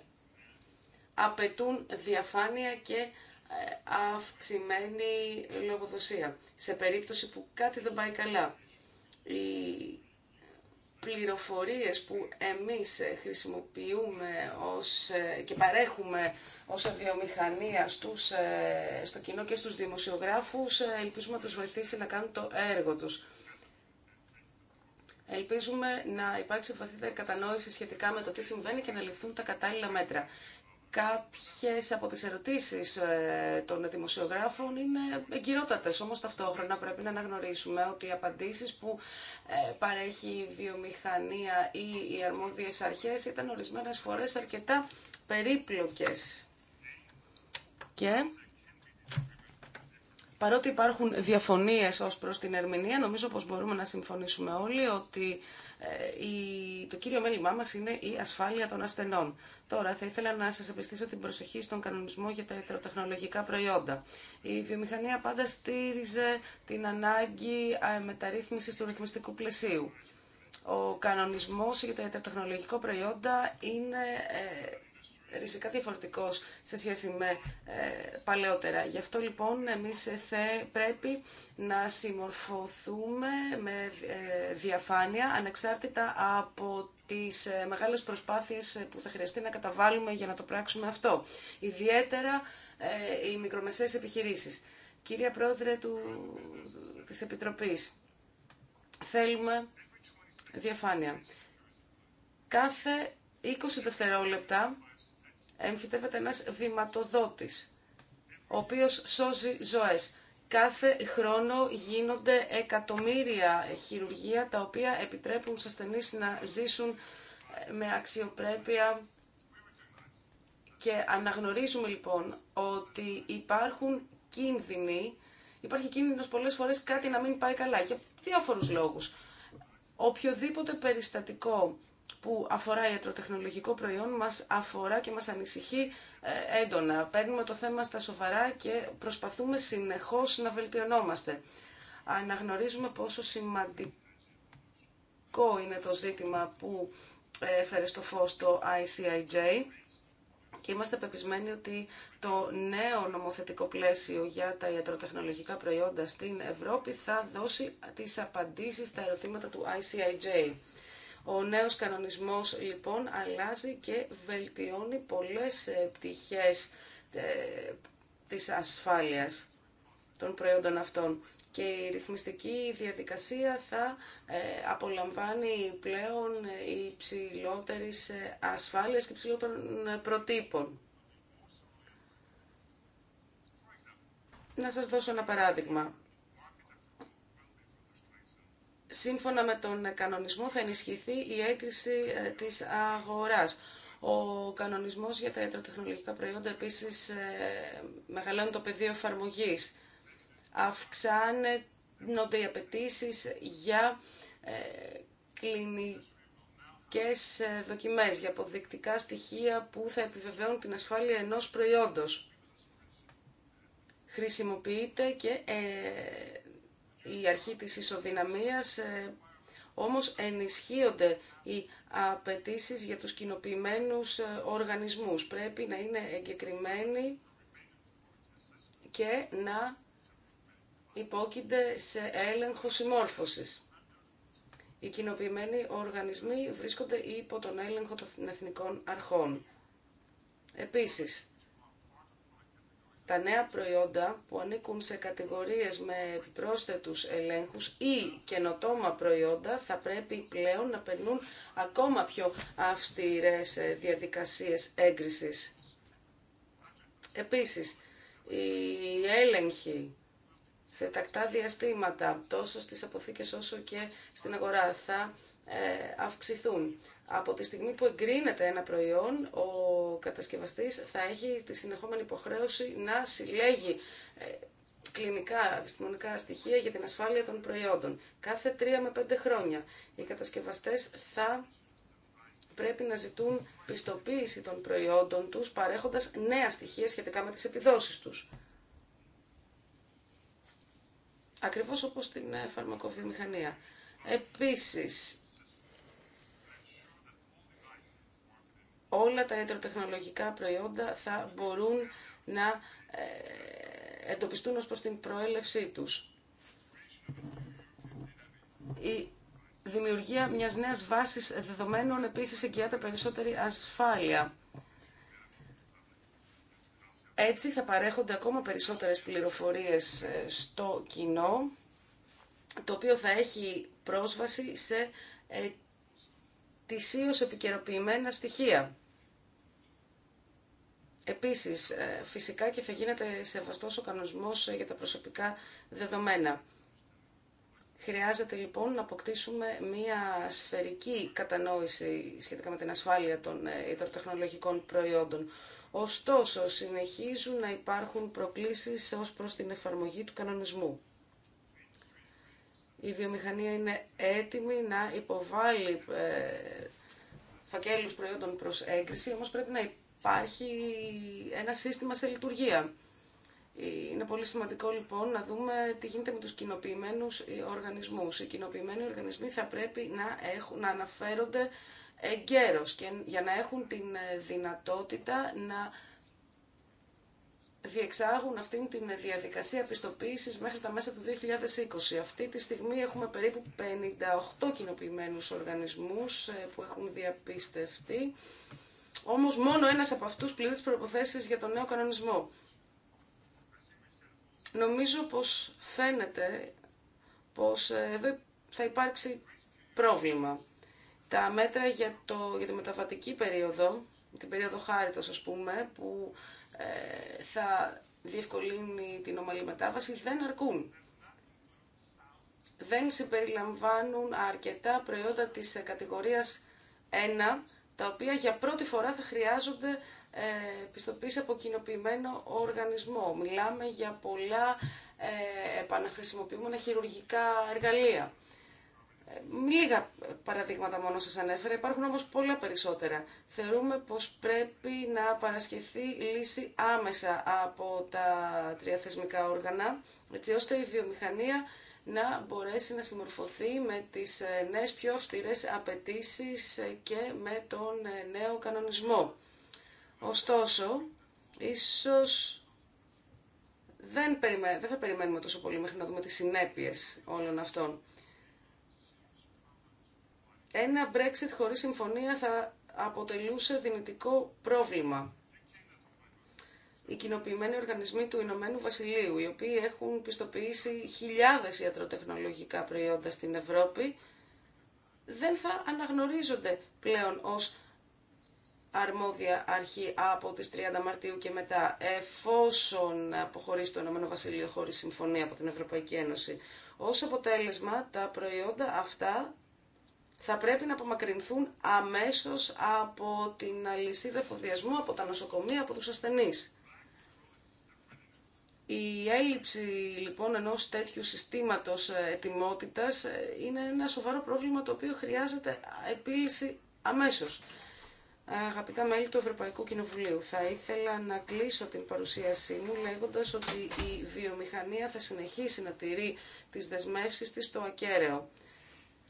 απαιτούν διαφάνεια και ε, αυξημένη λογοδοσία σε περίπτωση που κάτι δεν πάει καλά πληροφορίες που εμείς χρησιμοποιούμε ως, ε, και παρέχουμε ως βιομηχανία στους, ε, στο κοινό και στους δημοσιογράφους, ε, ελπίζουμε να τους βοηθήσει να κάνουν το έργο τους. Ελπίζουμε να υπάρξει βαθύτερη κατανόηση σχετικά με το τι συμβαίνει και να ληφθούν τα κατάλληλα μέτρα. Κάποιες από τις ερωτήσεις ε, των δημοσιογράφων είναι εγκυρότατες, όμως ταυτόχρονα πρέπει να αναγνωρίσουμε ότι οι απαντήσεις που ε, παρέχει η βιομηχανία ή οι αρμόδιες αρχές ήταν ορισμένες φορές αρκετά περίπλοκες. Και παρότι υπάρχουν διαφωνίες ως προς την ερμηνεία, νομίζω πως μπορούμε να συμφωνήσουμε όλοι ότι ε, το κύριο μέλημά μα είναι η ασφάλεια των ασθενών. Τώρα θα ήθελα να σας επιστήσω την προσοχή στον κανονισμό για τα ιατροτεχνολογικά προϊόντα. Η βιομηχανία πάντα στήριζε την ανάγκη ε, μεταρρύθμισης του ρυθμιστικού πλαισίου. Ο κανονισμός για τα ιατροτεχνολογικά προϊόντα είναι ε, ρισικά διαφορετικό σε σχέση με ε, παλαιότερα. Γι' αυτό λοιπόν εμείς ε, πρέπει να συμμορφωθούμε με ε, διαφάνεια ανεξάρτητα από τις ε, μεγάλες προσπάθειες ε, που θα χρειαστεί να καταβάλουμε για να το πράξουμε αυτό. Ιδιαίτερα οι μικρομεσαίες επιχειρήσεις. Κυρία Πρόεδρε του, της Επιτροπής, θέλουμε διαφάνεια. Κάθε 20 δευτερόλεπτα εμφυτεύεται ένας βηματοδότης, ο οποίος σώζει ζωές. Κάθε χρόνο γίνονται εκατομμύρια χειρουργία τα οποία επιτρέπουν στους ασθενείς να ζήσουν ε, με αξιοπρέπεια και αναγνωρίζουμε λοιπόν ότι υπάρχουν κίνδυνοι, υπάρχει κίνδυνος πολλές φορές κάτι να μην πάει καλά για διάφορους λόγους. Οποιοδήποτε περιστατικό που αφορά ιατροτεχνολογικό προϊόν μας αφορά και μας ανησυχεί ε, έντονα. Παίρνουμε το θέμα στα σοβαρά και προσπαθούμε συνεχώς να βελτιωνόμαστε. Αναγνωρίζουμε πόσο σημαντικό είναι το ζήτημα που έφερε στο φως το ICIJ και είμαστε πεπισμένοι ότι το νέο νομοθετικό πλαίσιο για τα ιατροτεχνολογικά προϊόντα στην Ευρώπη θα δώσει τις απαντήσεις στα ερωτήματα του ICIJ. Ο νέος κανονισμός λοιπόν αλλάζει και βελτιώνει πολλές ε, πτυχές ε, της ασφάλειας των προϊόντων αυτών και η ρυθμιστική διαδικασία θα ε, απολαμβάνει πλέον ψηλότερες ασφάλεια και υψηλότερων προτύπων. Να σας δώσω ένα παράδειγμα σύμφωνα με τον κανονισμό θα ενισχυθεί η έγκριση ε, της αγοράς. Ο κανονισμός για τα ιατροτεχνολογικά προϊόντα επίσης ε, μεγαλώνει το πεδίο εφαρμογής. Αυξάνονται οι απαιτήσει για ε, κλινικές δοκιμές, για αποδεικτικά στοιχεία που θα επιβεβαιώνουν την ασφάλεια ενός προϊόντος. Χρησιμοποιείται και η αρχή της ισοδυναμίας, ε, όμως ενισχύονται οι απαιτήσει για τους κοινοποιημένου ε, οργανισμούς. Πρέπει να είναι εγκεκριμένοι και να υπόκεινται σε έλεγχο συμμόρφωσης. Οι κοινοποιημένοι οργανισμοί βρίσκονται υπό τον έλεγχο των εθνικών αρχών. Επίσης, τα νέα προϊόντα που ανήκουν σε κατηγορίες με επιπρόσθετους ελέγχους ή καινοτόμα προϊόντα θα πρέπει πλέον να περνούν ακόμα πιο αυστηρές διαδικασίες έγκρισης. Επίσης, η ελεγχη σε τακτά διαστήματα, τόσο στις αποθήκες όσο και στην αγορά, θα ε, αυξηθούν. Από τη στιγμή που εγκρίνεται ένα προϊόν, ο κατασκευαστής θα έχει τη συνεχόμενη υποχρέωση να συλλέγει ε, κλινικά επιστημονικά στοιχεία για την ασφάλεια των προϊόντων. Κάθε τρία με πέντε χρόνια οι κατασκευαστές θα πρέπει να ζητούν πιστοποίηση των προϊόντων τους παρέχοντας νέα στοιχεία σχετικά με τις επιδόσεις τους. Ακριβώς όπως στην ε, φαρμακοβιομηχανία. Επίσης, όλα τα ιατροτεχνολογικά προϊόντα θα μπορούν να ε, εντοπιστούν ως προς την προέλευσή τους. Η δημιουργία μιας νέας βάσης δεδομένων επίσης εγγυάται περισσότερη ασφάλεια. Έτσι θα παρέχονται ακόμα περισσότερες πληροφορίες ε, στο κοινό, το οποίο θα έχει πρόσβαση σε ε, ετησίως επικαιροποιημένα στοιχεία. Επίσης, ε, φυσικά και θα γίνεται σεβαστός ο κανονισμός ε, για τα προσωπικά δεδομένα. Χρειάζεται λοιπόν να αποκτήσουμε μία σφαιρική κατανόηση σχετικά με την ασφάλεια των υδροτεχνολογικών ε, προϊόντων. Ωστόσο, συνεχίζουν να υπάρχουν προκλήσεις ως προς την εφαρμογή του κανονισμού η βιομηχανία είναι έτοιμη να υποβάλει ε, φακέλους προϊόντων προς έγκριση, όμως πρέπει να υπάρχει ένα σύστημα σε λειτουργία. Ε, είναι πολύ σημαντικό λοιπόν να δούμε τι γίνεται με τους κοινοποιημένου ε, οργανισμούς. Οι κοινοποιημένοι οργανισμοί θα πρέπει να, έχουν, να αναφέρονται εγκαίρως και για να έχουν την δυνατότητα να διεξάγουν αυτήν την διαδικασία πιστοποίησης μέχρι τα μέσα του 2020. Αυτή τη στιγμή έχουμε περίπου 58 κοινοποιημένου οργανισμούς ε, που έχουν διαπίστευτεί, όμως μόνο ένας από αυτούς πληρεί τις προποθέσεις για τον νέο κανονισμό. Νομίζω πως φαίνεται πως ε, εδώ θα υπάρξει πρόβλημα. Τα μέτρα για, το, για τη μεταβατική περίοδο, την περίοδο χάριτος ας πούμε, που ε, θα διευκολύνει την ομαλή μετάβαση δεν αρκούν. Δεν συμπεριλαμβάνουν αρκετά προϊόντα της ε, κατηγορίας 1, τα οποία για πρώτη φορά θα χρειάζονται ε, πιστοποίηση από κοινοποιημένο οργανισμό. Μιλάμε για πολλά επαναχρησιμοποιούμενα χειρουργικά εργαλεία. Λίγα παραδείγματα μόνο σας ανέφερα, υπάρχουν όμως πολλά περισσότερα. Θεωρούμε πως πρέπει να παρασχεθεί λύση άμεσα από τα τρία όργανα, έτσι ώστε η βιομηχανία να μπορέσει να συμμορφωθεί με τις ε, νέες πιο αυστηρές απαιτήσεις ε, και με τον ε, νέο κανονισμό. Ωστόσο, ίσως δεν, δεν θα περιμένουμε τόσο πολύ μέχρι να δούμε τις συνέπειες όλων αυτών. Ένα Brexit χωρίς συμφωνία θα αποτελούσε δυνητικό πρόβλημα. Οι κοινοποιημένοι οργανισμοί του Ηνωμένου Βασιλείου, οι οποίοι έχουν πιστοποιήσει χιλιάδες ιατροτεχνολογικά προϊόντα στην Ευρώπη, δεν θα αναγνωρίζονται πλέον ως αρμόδια αρχή από τις 30 Μαρτίου και μετά, εφόσον αποχωρήσει το Ηνωμένο Βασίλειο χωρίς συμφωνία από την Ευρωπαϊκή Ένωση. Ως αποτέλεσμα, τα προϊόντα αυτά θα πρέπει να απομακρυνθούν αμέσως από την αλυσίδα εφοδιασμού, από τα νοσοκομεία, από τους ασθενείς. Η έλλειψη λοιπόν ενός τέτοιου συστήματος ε, ετοιμότητας ε, είναι ένα σοβαρό πρόβλημα το οποίο χρειάζεται επίλυση αμέσως. Αγαπητά μέλη του Ευρωπαϊκού Κοινοβουλίου, θα ήθελα να κλείσω την παρουσίασή μου λέγοντας ότι η βιομηχανία θα συνεχίσει να τηρεί τις δεσμεύσεις της στο ακέραιο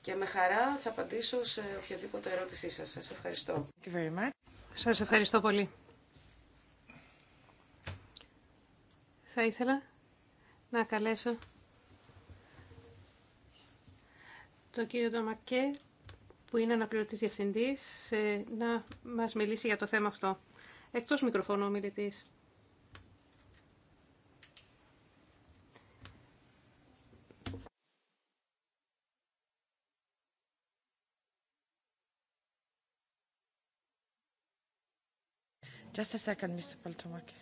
και με χαρά θα απαντήσω σε οποιαδήποτε ερώτησή σας. Σας ευχαριστώ. Thank you very much. Σας ευχαριστώ πολύ. Θα ήθελα να καλέσω τον κύριο Ντομακέ, που είναι αναπληρωτής διευθυντής, ε, να μας μιλήσει για το θέμα αυτό. Εκτός μικροφώνου ο μιλητής. Just a second, Mr. Paltomaki.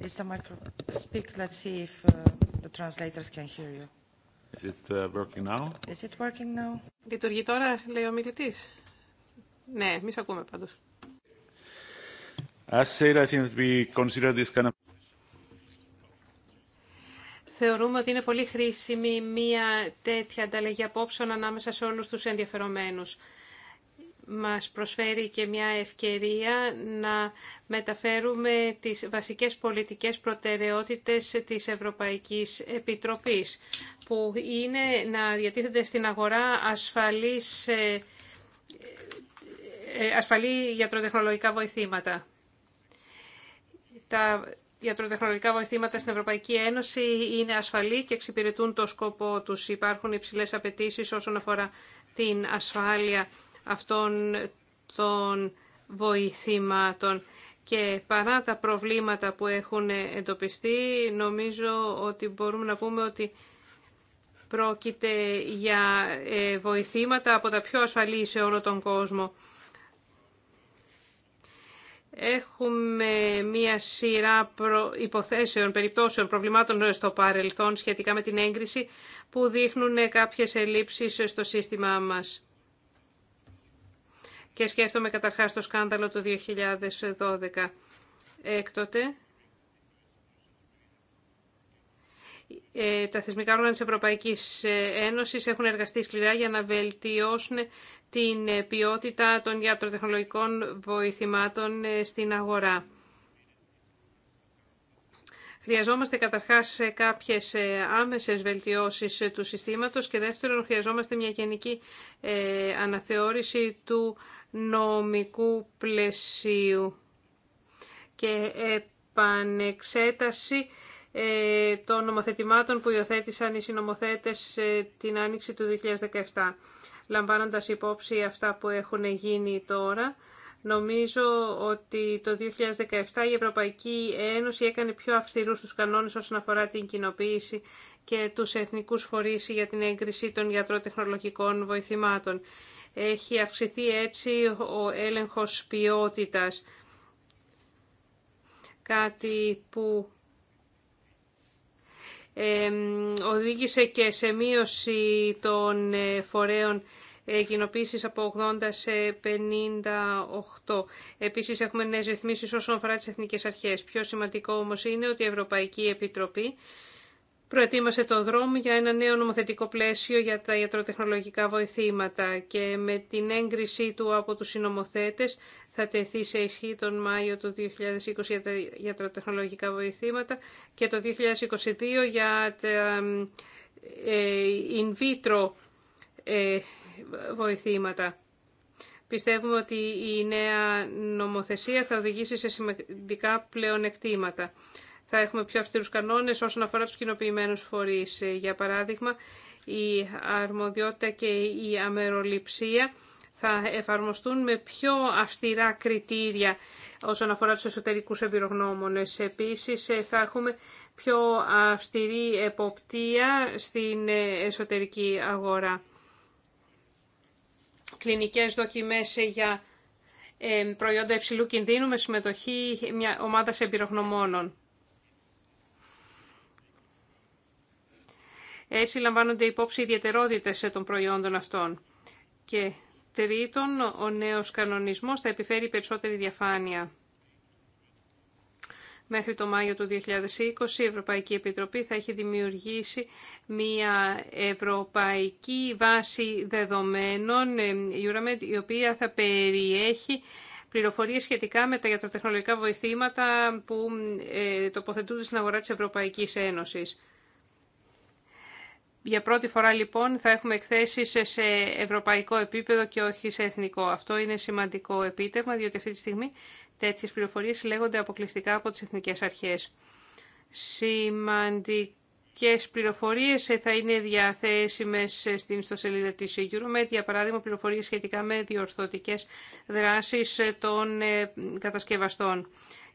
Is the micro speak? Let's see if uh, the translators can hear you. Is it uh, working now? Is it working now? Λειτουργεί τώρα, λέει ο μιλητής. Ναι, εμείς ακούμε πάντως. As said, I think that we consider this kind of... Θεωρούμε ότι είναι πολύ χρήσιμη μία τέτοια ανταλλαγή απόψεων ανάμεσα σε όλους τους ενδιαφερομένους. Μας προσφέρει και μια ευκαιρία να μεταφέρουμε τις βασικές πολιτικές προτεραιότητες της Ευρωπαϊκής Επιτροπής, που είναι να διατίθεται στην αγορά ασφαλής, ε, ε, ε, ασφαλή γιατροτεχνολογικά βοηθήματα. Τα ιατροτεχνολογικά βοηθήματα στην Ευρωπαϊκή Ένωση είναι ασφαλή και εξυπηρετούν το σκοπό του. Υπάρχουν υψηλέ απαιτήσει όσον αφορά την ασφάλεια αυτών των βοηθήματων. Και παρά τα προβλήματα που έχουν εντοπιστεί, νομίζω ότι μπορούμε να πούμε ότι πρόκειται για ε, βοηθήματα από τα πιο ασφαλή σε όλο τον κόσμο. Έχουμε μία σειρά υποθέσεων, περιπτώσεων, προβλημάτων στο παρελθόν σχετικά με την έγκριση που δείχνουν κάποιες ελλείψεις στο σύστημά μας. Και σκέφτομαι καταρχάς το σκάνδαλο του 2012. Έκτοτε, ε, τα θεσμικά όργανα της Ευρωπαϊκής Ένωσης έχουν εργαστεί σκληρά για να βελτιώσουν την ε, ποιότητα των γιατροτεχνολογικών βοηθημάτων ε, στην αγορά. Χρειαζόμαστε καταρχάς ε, κάποιες άμεσες βελτιώσεις του συστήματος και δεύτερον χρειαζόμαστε μια γενική αναθεώρηση του νομικού πλαισίου και επανεξέταση των νομοθετημάτων που υιοθέτησαν οι συνομοθέτες την άνοιξη του 2017 λαμβάνοντας υπόψη αυτά που έχουν γίνει τώρα, Νομίζω ότι το 2017 η Ευρωπαϊκή Ένωση έκανε πιο αυστηρούς τους κανόνες όσον αφορά την κοινοποίηση και τους εθνικούς φορείς για την έγκριση των γιατροτεχνολογικών βοηθημάτων. Έχει αυξηθεί έτσι ο έλεγχος ποιότητας, κάτι που οδήγησε και σε μείωση των ε, φορέων ε, κοινοποίηση από 80 σε 58. Επίσης έχουμε νέες ρυθμίσεις όσον αφορά τις εθνικές αρχές. Πιο σημαντικό όμως είναι ότι η Ευρωπαϊκή Επιτροπή προετοίμασε το δρόμο για ένα νέο νομοθετικό πλαίσιο για τα ιατροτεχνολογικά βοηθήματα και με την έγκρισή του από τους συνομοθέτες θα τεθεί σε ισχύ τον Μάιο του 2020 για τα ιατροτεχνολογικά βοηθήματα και το 2022 για τα ε, in vitro ε, βοηθήματα. Πιστεύουμε ότι η νέα νομοθεσία θα οδηγήσει σε σημαντικά πλεονεκτήματα. Θα έχουμε πιο αυστηρούς κανόνες όσον αφορά τους κοινοποιημένους φορείς. Ε, για παράδειγμα, η αρμοδιότητα και η αμεροληψία θα εφαρμοστούν με πιο αυστηρά κριτήρια όσον αφορά τους εσωτερικούς εμπειρογνώμονες. Επίσης, ε, θα έχουμε πιο αυστηρή εποπτεία στην ε, εσωτερική αγορά. Κλινικές δοκιμές ε, για προϊόντα υψηλού κινδύνου με συμμετοχή μια ομάδας εμπειρογνωμόνων. Έτσι λαμβάνονται υπόψη ιδιαιτερότητες των προϊόντων αυτών. Και Τρίτον, ο νέος κανονισμός θα επιφέρει περισσότερη διαφάνεια. Μέχρι το Μάιο του 2020 η Ευρωπαϊκή Επιτροπή θα έχει δημιουργήσει μια ευρωπαϊκή βάση δεδομένων, ε, η οποία θα περιέχει πληροφορίες σχετικά με τα γιατροτεχνολογικά βοηθήματα που ε, τοποθετούνται στην αγορά της Ευρωπαϊκής Ένωσης. Για πρώτη φορά λοιπόν θα έχουμε εκθέσεις σε ευρωπαϊκό επίπεδο και όχι σε εθνικό. Αυτό είναι σημαντικό επίτευγμα, διότι αυτή τη στιγμή τέτοιες πληροφορίες συλλέγονται αποκλειστικά από τις εθνικές αρχές. Σημαντικές πληροφορίες θα είναι διαθέσιμες στην ιστοσελίδα της Euromed, για παράδειγμα πληροφορίες σχετικά με διορθωτικές δράσεις των ε, κατασκευαστών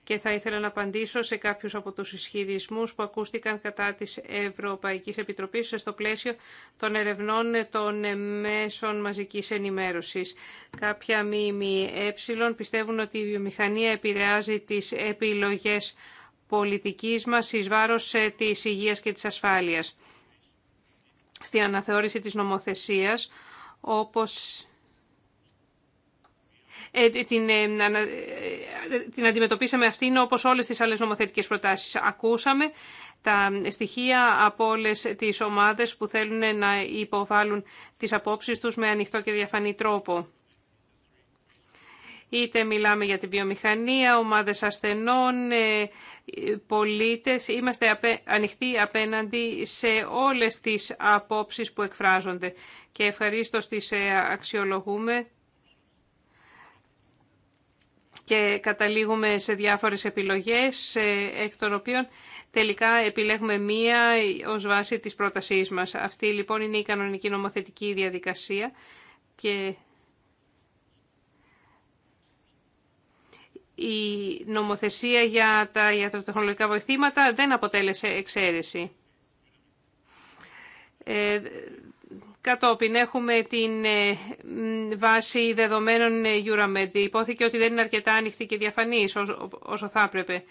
και θα ήθελα να απαντήσω σε κάποιους από τους ισχυρισμούς που ακούστηκαν κατά της Ευρωπαϊκής Επιτροπής στο πλαίσιο των ερευνών των μέσων μαζικής ενημέρωσης. Κάποια ΜΜΕ πιστεύουν ότι η βιομηχανία επηρεάζει τις επιλογές πολιτικής μας εις βάρος ε, της υγείας και της ασφάλειας. Στη αναθεώρηση της νομοθεσίας, όπως ε, την, ε, ε, την αντιμετωπίσαμε αυτήν όπως όλες τις άλλες νομοθετικές προτάσεις. Ακούσαμε τα στοιχεία από όλες τις ομάδες που θέλουν να υποβάλουν τις απόψεις τους με ανοιχτό και διαφανή τρόπο. Είτε μιλάμε για τη βιομηχανία, ομάδες ασθενών, πολίτες. Είμαστε ανοιχτοί απέναντι σε όλες τις απόψεις που εκφράζονται. Και ευχαρίστως τις αξιολογούμε και καταλήγουμε σε διάφορες επιλογές, εκ των οποίων τελικά επιλέγουμε μία ως βάση της πρότασής μας. Αυτή λοιπόν είναι η κανονική νομοθετική διαδικασία και η νομοθεσία για τα ιατροτεχνολογικά βοηθήματα δεν αποτέλεσε εξαίρεση. Ε, Κατόπιν έχουμε την ε, βάση δεδομένων ε, Euromed. Υπόθηκε ότι δεν είναι αρκετά ανοιχτή και διαφανής όσο θα έπρεπε.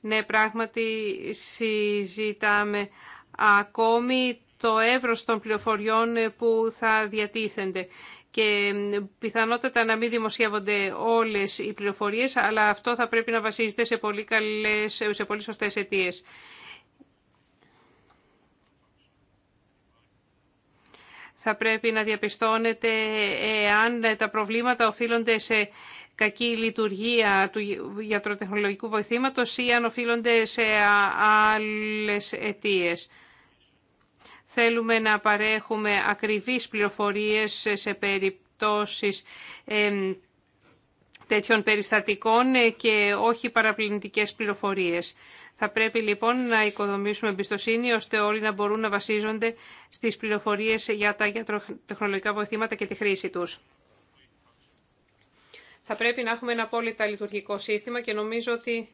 Ναι, πράγματι συζητάμε ακόμη το εύρος των πληροφοριών ε, που θα διατίθενται και πιθανότατα να μην δημοσιεύονται όλες οι πληροφορίες, αλλά αυτό θα πρέπει να βασίζεται σε πολύ, καλές, σε πολύ σωστές αιτίες. θα πρέπει να διαπιστώνεται εάν τα προβλήματα οφείλονται σε κακή λειτουργία του γιατροτεχνολογικού βοηθήματος ή αν οφείλονται σε άλλες αιτίες. Θέλουμε να παρέχουμε ακριβείς πληροφορίες σε περιπτώσεις τέτοιων περιστατικών και όχι παραπληνητικές πληροφορίες. Θα πρέπει λοιπόν να οικοδομήσουμε εμπιστοσύνη ώστε όλοι να μπορούν να βασίζονται στις πληροφορίες για τα τεχνολογικά βοηθήματα και τη χρήση τους. Θα πρέπει να έχουμε ένα απόλυτα λειτουργικό σύστημα και νομίζω ότι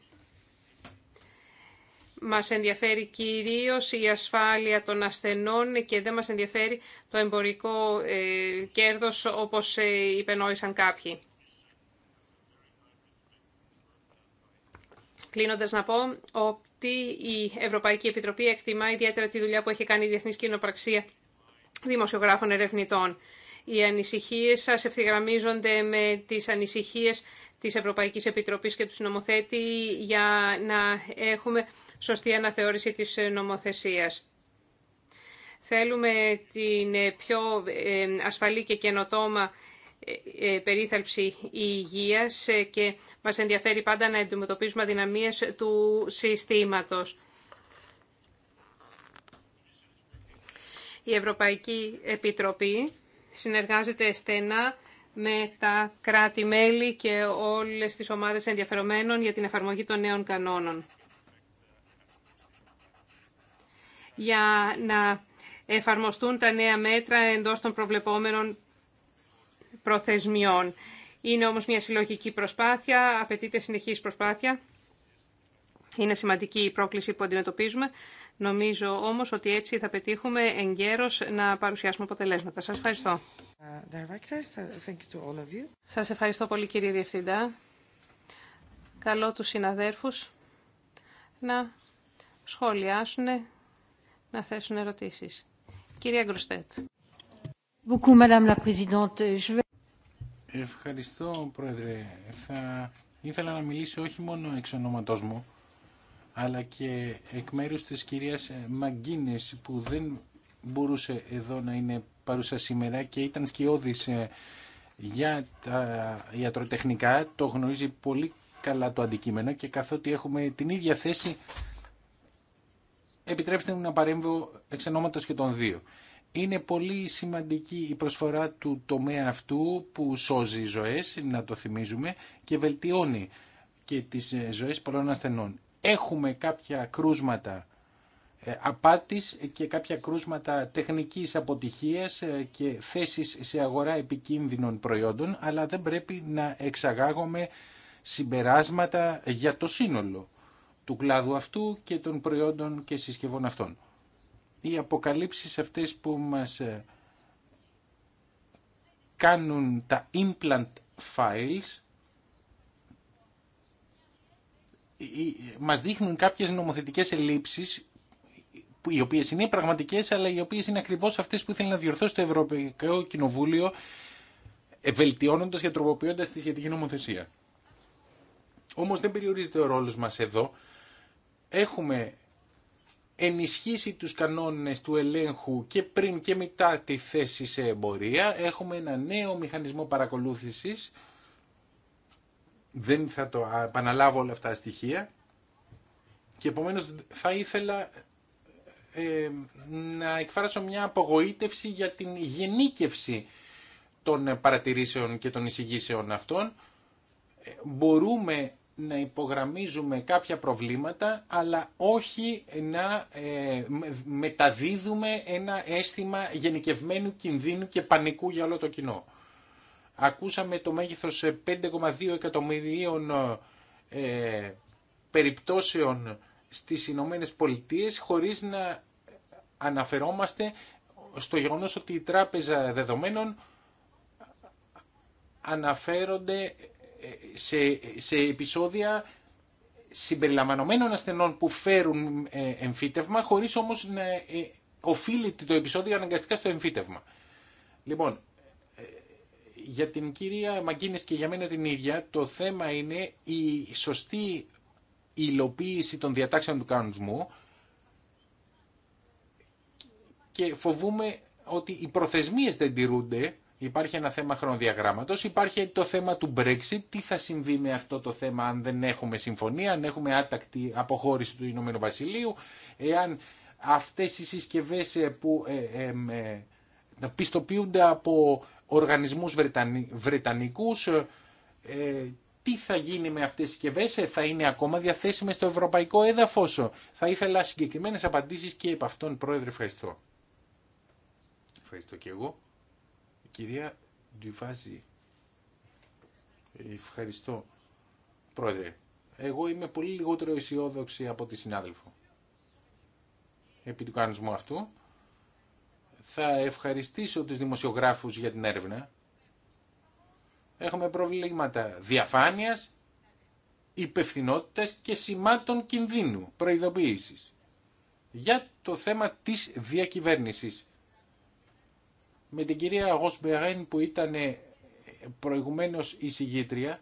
μας ενδιαφέρει κυρίως η ασφάλεια των ασθενών και δεν μας ενδιαφέρει το εμπορικό ε, κέρδος όπως ε, υπενόησαν κάποιοι. Κλείνοντα να πω ότι η Ευρωπαϊκή Επιτροπή εκτιμά ιδιαίτερα τη δουλειά που έχει κάνει η διεθνή Κοινοπραξία Δημοσιογράφων Ερευνητών. Οι ανησυχίε σα ευθυγραμμίζονται με τις ανησυχίε της Ευρωπαϊκής Επιτροπής και του νομοθέτη για να έχουμε σωστή αναθεώρηση της νομοθεσίας. Θέλουμε την πιο ε, ασφαλή και καινοτόμα ε, ε, περίθαλψη υγείας ε, και μας ενδιαφέρει πάντα να αντιμετωπίζουμε αδυναμίες του συστήματος. Η Ευρωπαϊκή Επιτροπή συνεργάζεται στενά με τα κράτη-μέλη και όλες τις ομάδες ενδιαφερομένων για την εφαρμογή των νέων κανόνων. Για να εφαρμοστούν τα νέα μέτρα εντός των προβλεπόμενων προθεσμιών. Είναι όμως μια συλλογική προσπάθεια, απαιτείται συνεχής προσπάθεια. Είναι σημαντική η πρόκληση που αντιμετωπίζουμε. Νομίζω όμως ότι έτσι θα πετύχουμε εγκαίρως να παρουσιάσουμε αποτελέσματα. Σας ευχαριστώ. Uh, uh, Σας ευχαριστώ πολύ κύριε Διευθυντά. Καλό τους συναδέρφους να σχολιάσουν, να θέσουν ερωτήσεις. Κυρία Γκροστέτ. Ευχαριστώ, Πρόεδρε. Θα ήθελα να μιλήσω όχι μόνο εξ ονόματός μου, αλλά και εκ μέρους της κυρίας Μαγκίνης, που δεν μπορούσε εδώ να είναι παρούσα σήμερα και ήταν σκιώδης ε, για τα ιατροτεχνικά. Το γνωρίζει πολύ καλά το αντικείμενο και καθότι έχουμε την ίδια θέση, επιτρέψτε μου να παρέμβω εξ και των δύο. Είναι πολύ σημαντική η προσφορά του τομέα αυτού που σώζει ζωές, να το θυμίζουμε, και βελτιώνει και τις ε, ζωές πολλών ασθενών. Έχουμε κάποια κρούσματα ε, απάτης και κάποια κρούσματα τεχνικής αποτυχίας ε, και θέσεις σε αγορά επικίνδυνων προϊόντων, αλλά δεν πρέπει να εξαγάγουμε συμπεράσματα για το σύνολο του κλάδου αυτού και των προϊόντων και συσκευών αυτών οι αποκαλύψεις αυτές που μας ε, κάνουν τα implant files μας δείχνουν κάποιες νομοθετικές ελλείψεις οι οποίες είναι πραγματικές αλλά οι οποίες είναι ακριβώς αυτές που ήθελε να διορθώσει το Ευρωπαϊκό Κοινοβούλιο ε, βελτιώνοντα και τροποποιώντας τη σχετική νομοθεσία. Όμως δεν περιορίζεται ο ρόλος μας εδώ. Έχουμε ενισχύσει τους κανόνες του ελέγχου και πριν και μετά τη θέση σε εμπορία. Έχουμε ένα νέο μηχανισμό παρακολούθησης. Δεν θα το επαναλάβω όλα αυτά τα στοιχεία. Και επομένως θα ήθελα ε, να εκφράσω μια απογοήτευση για την γενίκευση των παρατηρήσεων και των εισηγήσεων αυτών. Ε, μπορούμε να υπογραμμίζουμε κάποια προβλήματα, αλλά όχι να ε, μεταδίδουμε ένα αίσθημα γενικευμένου κινδύνου και πανικού για όλο το κοινό. Ακούσαμε το μέγεθος 5,2 εκατομμυρίων ε, περιπτώσεων στις Ηνωμένε Πολιτείε χωρίς να αναφερόμαστε στο γεγονός ότι η τράπεζα δεδομένων αναφέρονται σε, σε επεισόδια συμπεριλαμβανομένων ασθενών που φέρουν ε, εμφύτευμα, χωρίς όμως να ε, οφείλεται το επεισόδιο αναγκαστικά στο εμφύτευμα. Λοιπόν, ε, για την κυρία Μαγκίνες και για μένα την ίδια, το θέμα είναι η σωστή υλοποίηση των διατάξεων του κανονισμού και φοβούμε ότι οι προθεσμίες δεν τηρούνται Υπάρχει ένα θέμα χρονοδιαγράμματος, υπάρχει το θέμα του Brexit, τι θα συμβεί με αυτό το θέμα αν δεν έχουμε συμφωνία, αν έχουμε άτακτη αποχώρηση του Ηνωμένου Βασιλείου, εάν αυτές οι συσκευές ε, που ε, ε, πιστοποιούνται από οργανισμούς Βρετανι, βρετανικούς, τι θα γίνει με αυτές τις συσκευές, θα είναι ακόμα διαθέσιμες στο ευρωπαϊκό έδαφος. Θα ήθελα συγκεκριμένες απαντήσεις και επ' αυτόν, Πρόεδρε, ευχαριστώ. Ευχαριστώ και εγώ. Κυρία Ντιουφάζη, ευχαριστώ. Πρόεδρε, εγώ είμαι πολύ λιγότερο αισιόδοξη από τη συνάδελφο. Επί του κανονισμού αυτού, θα ευχαριστήσω τους δημοσιογράφους για την έρευνα. Έχουμε προβλήματα διαφάνειας, υπευθυνότητας και σημάτων κινδύνου, προειδοποίησης. Για το θέμα της διακυβέρνησης με την κυρία Γοσμπερέν που ήταν προηγουμένως εισηγήτρια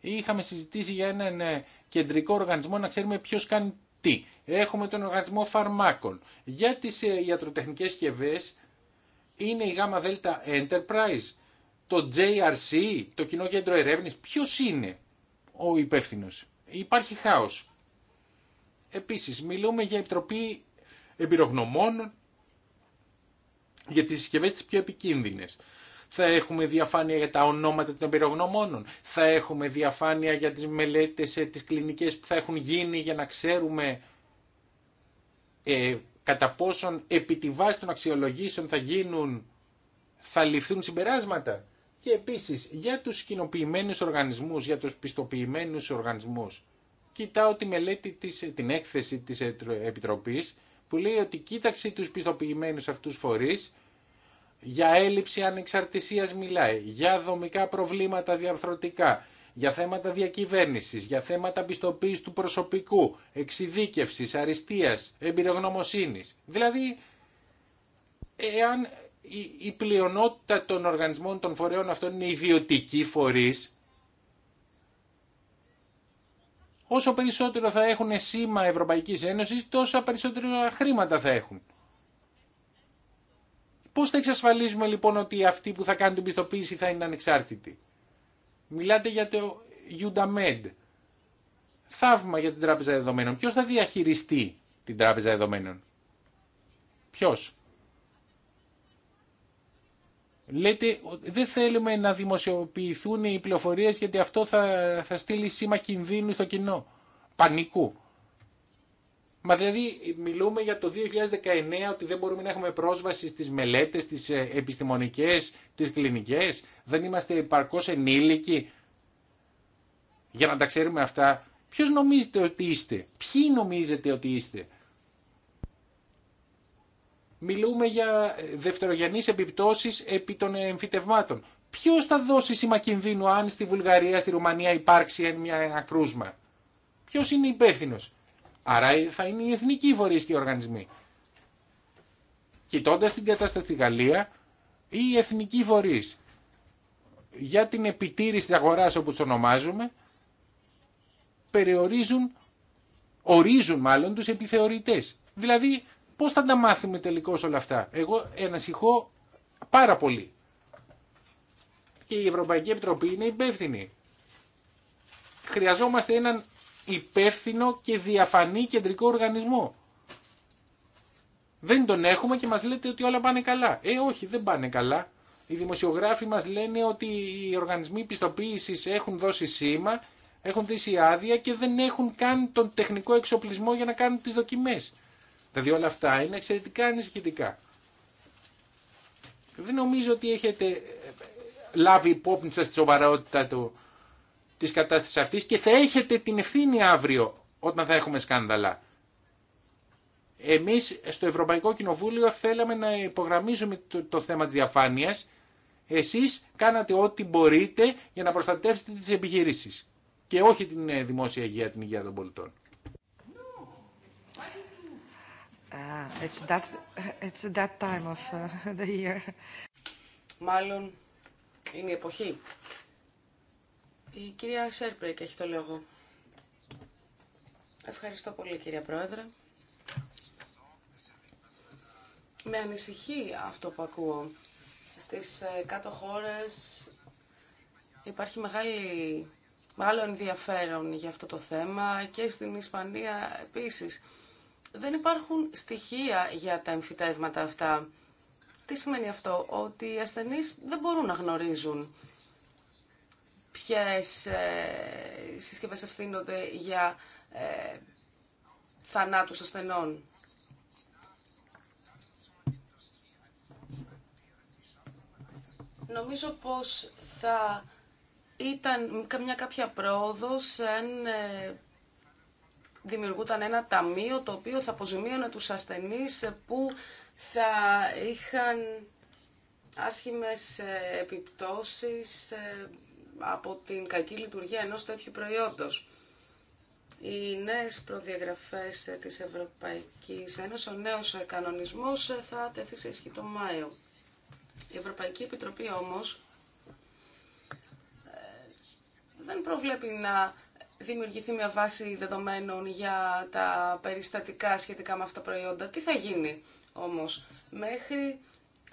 είχαμε συζητήσει για έναν ε, κεντρικό οργανισμό να ξέρουμε ποιος κάνει τι. Έχουμε τον οργανισμό φαρμάκων. Για τις ε, ιατροτεχνικές συσκευέ είναι η ΓΑΜΑ ΔΕΛΤΑ Enterprise, το JRC, το Κοινό Κέντρο Ερεύνης. Ποιος είναι ο υπεύθυνο. Υπάρχει χάος. Επίσης, μιλούμε για επιτροπή εμπειρογνωμόνων για τις συσκευές τις πιο επικίνδυνες. Θα έχουμε διαφάνεια για τα ονόματα των εμπειρογνωμόνων. Θα έχουμε διαφάνεια για τις μελέτες, ε, τις κλινικές που θα έχουν γίνει για να ξέρουμε ε, κατά πόσον επί τη βάση των αξιολογήσεων θα γίνουν, θα ληφθούν συμπεράσματα. Και επίσης για τους κοινοποιημένου οργανισμούς, για τους πιστοποιημένους οργανισμούς, κοιτάω τη μελέτη ε, την έκθεση της Επιτροπής που λέει ότι κοίταξε τους πιστοποιημένους αυτούς φορείς, για έλλειψη ανεξαρτησίας μιλάει, για δομικά προβλήματα διαρθρωτικά, για θέματα διακυβέρνησης, για θέματα πιστοποίησης του προσωπικού, εξειδίκευσης, αριστείας, εμπειρογνωμοσύνης. Δηλαδή, εάν η πλειονότητα των οργανισμών των φορέων αυτών είναι ιδιωτικοί φορείς, όσο περισσότερο θα έχουν σήμα Ευρωπαϊκής Ένωσης, τόσα περισσότερα χρήματα θα έχουν. Πώς θα εξασφαλίσουμε λοιπόν ότι αυτοί που θα κάνουν την πιστοποίηση θα είναι ανεξάρτητοι. Μιλάτε για το Udamed. Θαύμα για την τράπεζα δεδομένων. Ποιος θα διαχειριστεί την τράπεζα δεδομένων. Ποιος. Λέτε δεν θέλουμε να δημοσιοποιηθούν οι πληροφορίες γιατί αυτό θα, θα στείλει σήμα κινδύνου στο κοινό. Πανικού. Μα δηλαδή μιλούμε για το 2019 ότι δεν μπορούμε να έχουμε πρόσβαση στις μελέτες, στις ε, επιστημονικές, στις κλινικές. Δεν είμαστε υπαρκώς ενήλικοι για να τα ξέρουμε αυτά. Ποιος νομίζετε ότι είστε, ποιοι νομίζετε ότι είστε μιλούμε για δευτερογενείς επιπτώσεις επί των εμφυτευμάτων. Ποιος θα δώσει σήμα κινδύνου αν στη Βουλγαρία, στη Ρουμανία υπάρξει μια, ένα κρούσμα. Ποιος είναι υπεύθυνο. Άρα θα είναι οι εθνικοί φορείς και οι οργανισμοί. Κοιτώντα την κατάσταση στη Γαλλία, οι εθνικοί φορείς για την επιτήρηση της αγοράς όπως τους ονομάζουμε, περιορίζουν, ορίζουν μάλλον τους επιθεωρητές. Δηλαδή Πώ θα τα μάθουμε τελικώς όλα αυτά. Εγώ ενασυχώ πάρα πολύ. Και η Ευρωπαϊκή Επιτροπή είναι υπεύθυνη. Χρειαζόμαστε έναν υπεύθυνο και διαφανή κεντρικό οργανισμό. Δεν τον έχουμε και μας λέτε ότι όλα πάνε καλά. Ε, όχι, δεν πάνε καλά. Οι δημοσιογράφοι μας λένε ότι οι οργανισμοί πιστοποίησης έχουν δώσει σήμα, έχουν δώσει άδεια και δεν έχουν κάνει τον τεχνικό εξοπλισμό για να κάνουν τις δοκιμές. Δηλαδή όλα αυτά είναι εξαιρετικά ανησυχητικά. Δεν νομίζω ότι έχετε ε, ε, λάβει υπόψη σας τη σοβαρότητα του, της κατάστασης αυτής και θα έχετε την ευθύνη αύριο όταν θα έχουμε σκάνδαλα. Εμείς στο Ευρωπαϊκό Κοινοβούλιο θέλαμε να υπογραμμίζουμε το, θέμα της διαφάνειας. Εσείς κάνατε ό,τι μπορείτε για να προστατεύσετε τις επιχειρήσεις και όχι την ε, δημόσια υγεία, την υγεία των πολιτών. Ah, it's time of uh, the year. Μάλλον είναι η εποχή. Η κυρία Σέρπρεκ έχει το λόγο. Ευχαριστώ πολύ κυρία Πρόεδρε. Με ανησυχεί αυτό που ακούω. Στις ε, κάτω χώρες υπάρχει μεγάλη, μεγάλο ενδιαφέρον για αυτό το θέμα και στην Ισπανία επίσης δεν υπάρχουν στοιχεία για τα εμφυτεύματα αυτά. Τι σημαίνει αυτό, ότι οι ασθενείς δεν μπορούν να γνωρίζουν ποιες ε, συσκευές ευθύνονται για ε, θανάτους ασθενών. Νομίζω πως θα ήταν καμιά κάποια πρόοδος αν ε, δημιουργούταν ένα ταμείο το οποίο θα αποζημίωνε τους ασθενείς που θα είχαν άσχημες ε, επιπτώσεις ε, από την κακή λειτουργία ενός τέτοιου προϊόντος. Οι νέες προδιαγραφές ε, της Ευρωπαϊκής Ένωσης, ο νέος κανονισμός θα τεθεί σε ισχύ το Μάιο. Η Ευρωπαϊκή Επιτροπή όμως δεν προβλέπει να δημιουργηθεί μια βάση δεδομένων για τα περιστατικά σχετικά με αυτά τα προϊόντα. Τι θα γίνει όμως μέχρι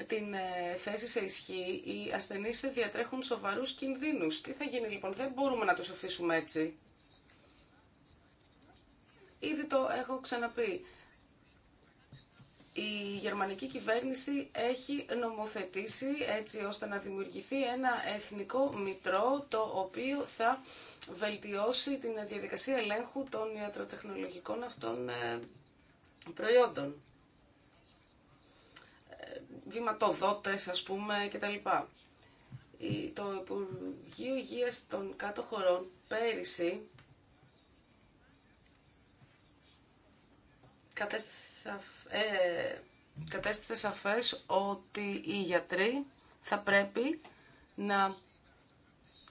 την ε, θέση σε ισχύ οι ασθενείς διατρέχουν σοβαρούς κινδύνους. Τι θα γίνει λοιπόν, δεν μπορούμε να τους αφήσουμε έτσι. Ήδη το έχω ξαναπεί η γερμανική κυβέρνηση έχει νομοθετήσει έτσι ώστε να δημιουργηθεί ένα εθνικό μητρό το οποίο θα βελτιώσει την διαδικασία ελέγχου των ιατροτεχνολογικών αυτών ε, προϊόντων. Ε, βηματοδότες ας πούμε κτλ. Το Υπουργείο Υγείας των Κάτω Χωρών πέρυσι Ε, κατέστησε σαφές ότι οι γιατροί θα πρέπει να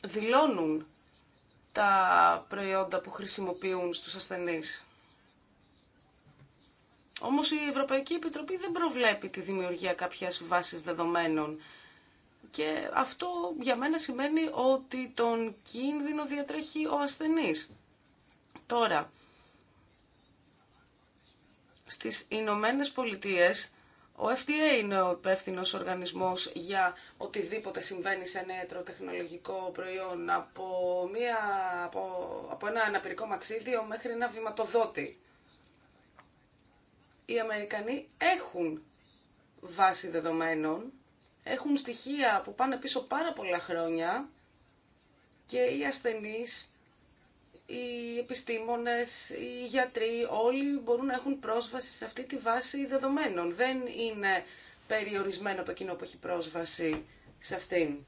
δηλώνουν τα προϊόντα που χρησιμοποιούν στους ασθενείς. Όμως η Ευρωπαϊκή Επιτροπή δεν προβλέπει τη δημιουργία κάποιας βάσης δεδομένων. Και αυτό για μένα σημαίνει ότι τον κίνδυνο διατρέχει ο ασθενής. Τώρα, στις Ηνωμένε Πολιτείε, ο FDA είναι ο υπεύθυνο οργανισμός για οτιδήποτε συμβαίνει σε ένα τεχνολογικό προϊόν από, μια, από, από ένα αναπηρικό μαξίδιο μέχρι ένα βηματοδότη. Οι Αμερικανοί έχουν βάση δεδομένων, έχουν στοιχεία που πάνε πίσω πάρα πολλά χρόνια και οι ασθενείς οι επιστήμονες, οι γιατροί, όλοι μπορούν να έχουν πρόσβαση σε αυτή τη βάση δεδομένων. Δεν είναι περιορισμένο το κοινό που έχει πρόσβαση σε αυτήν.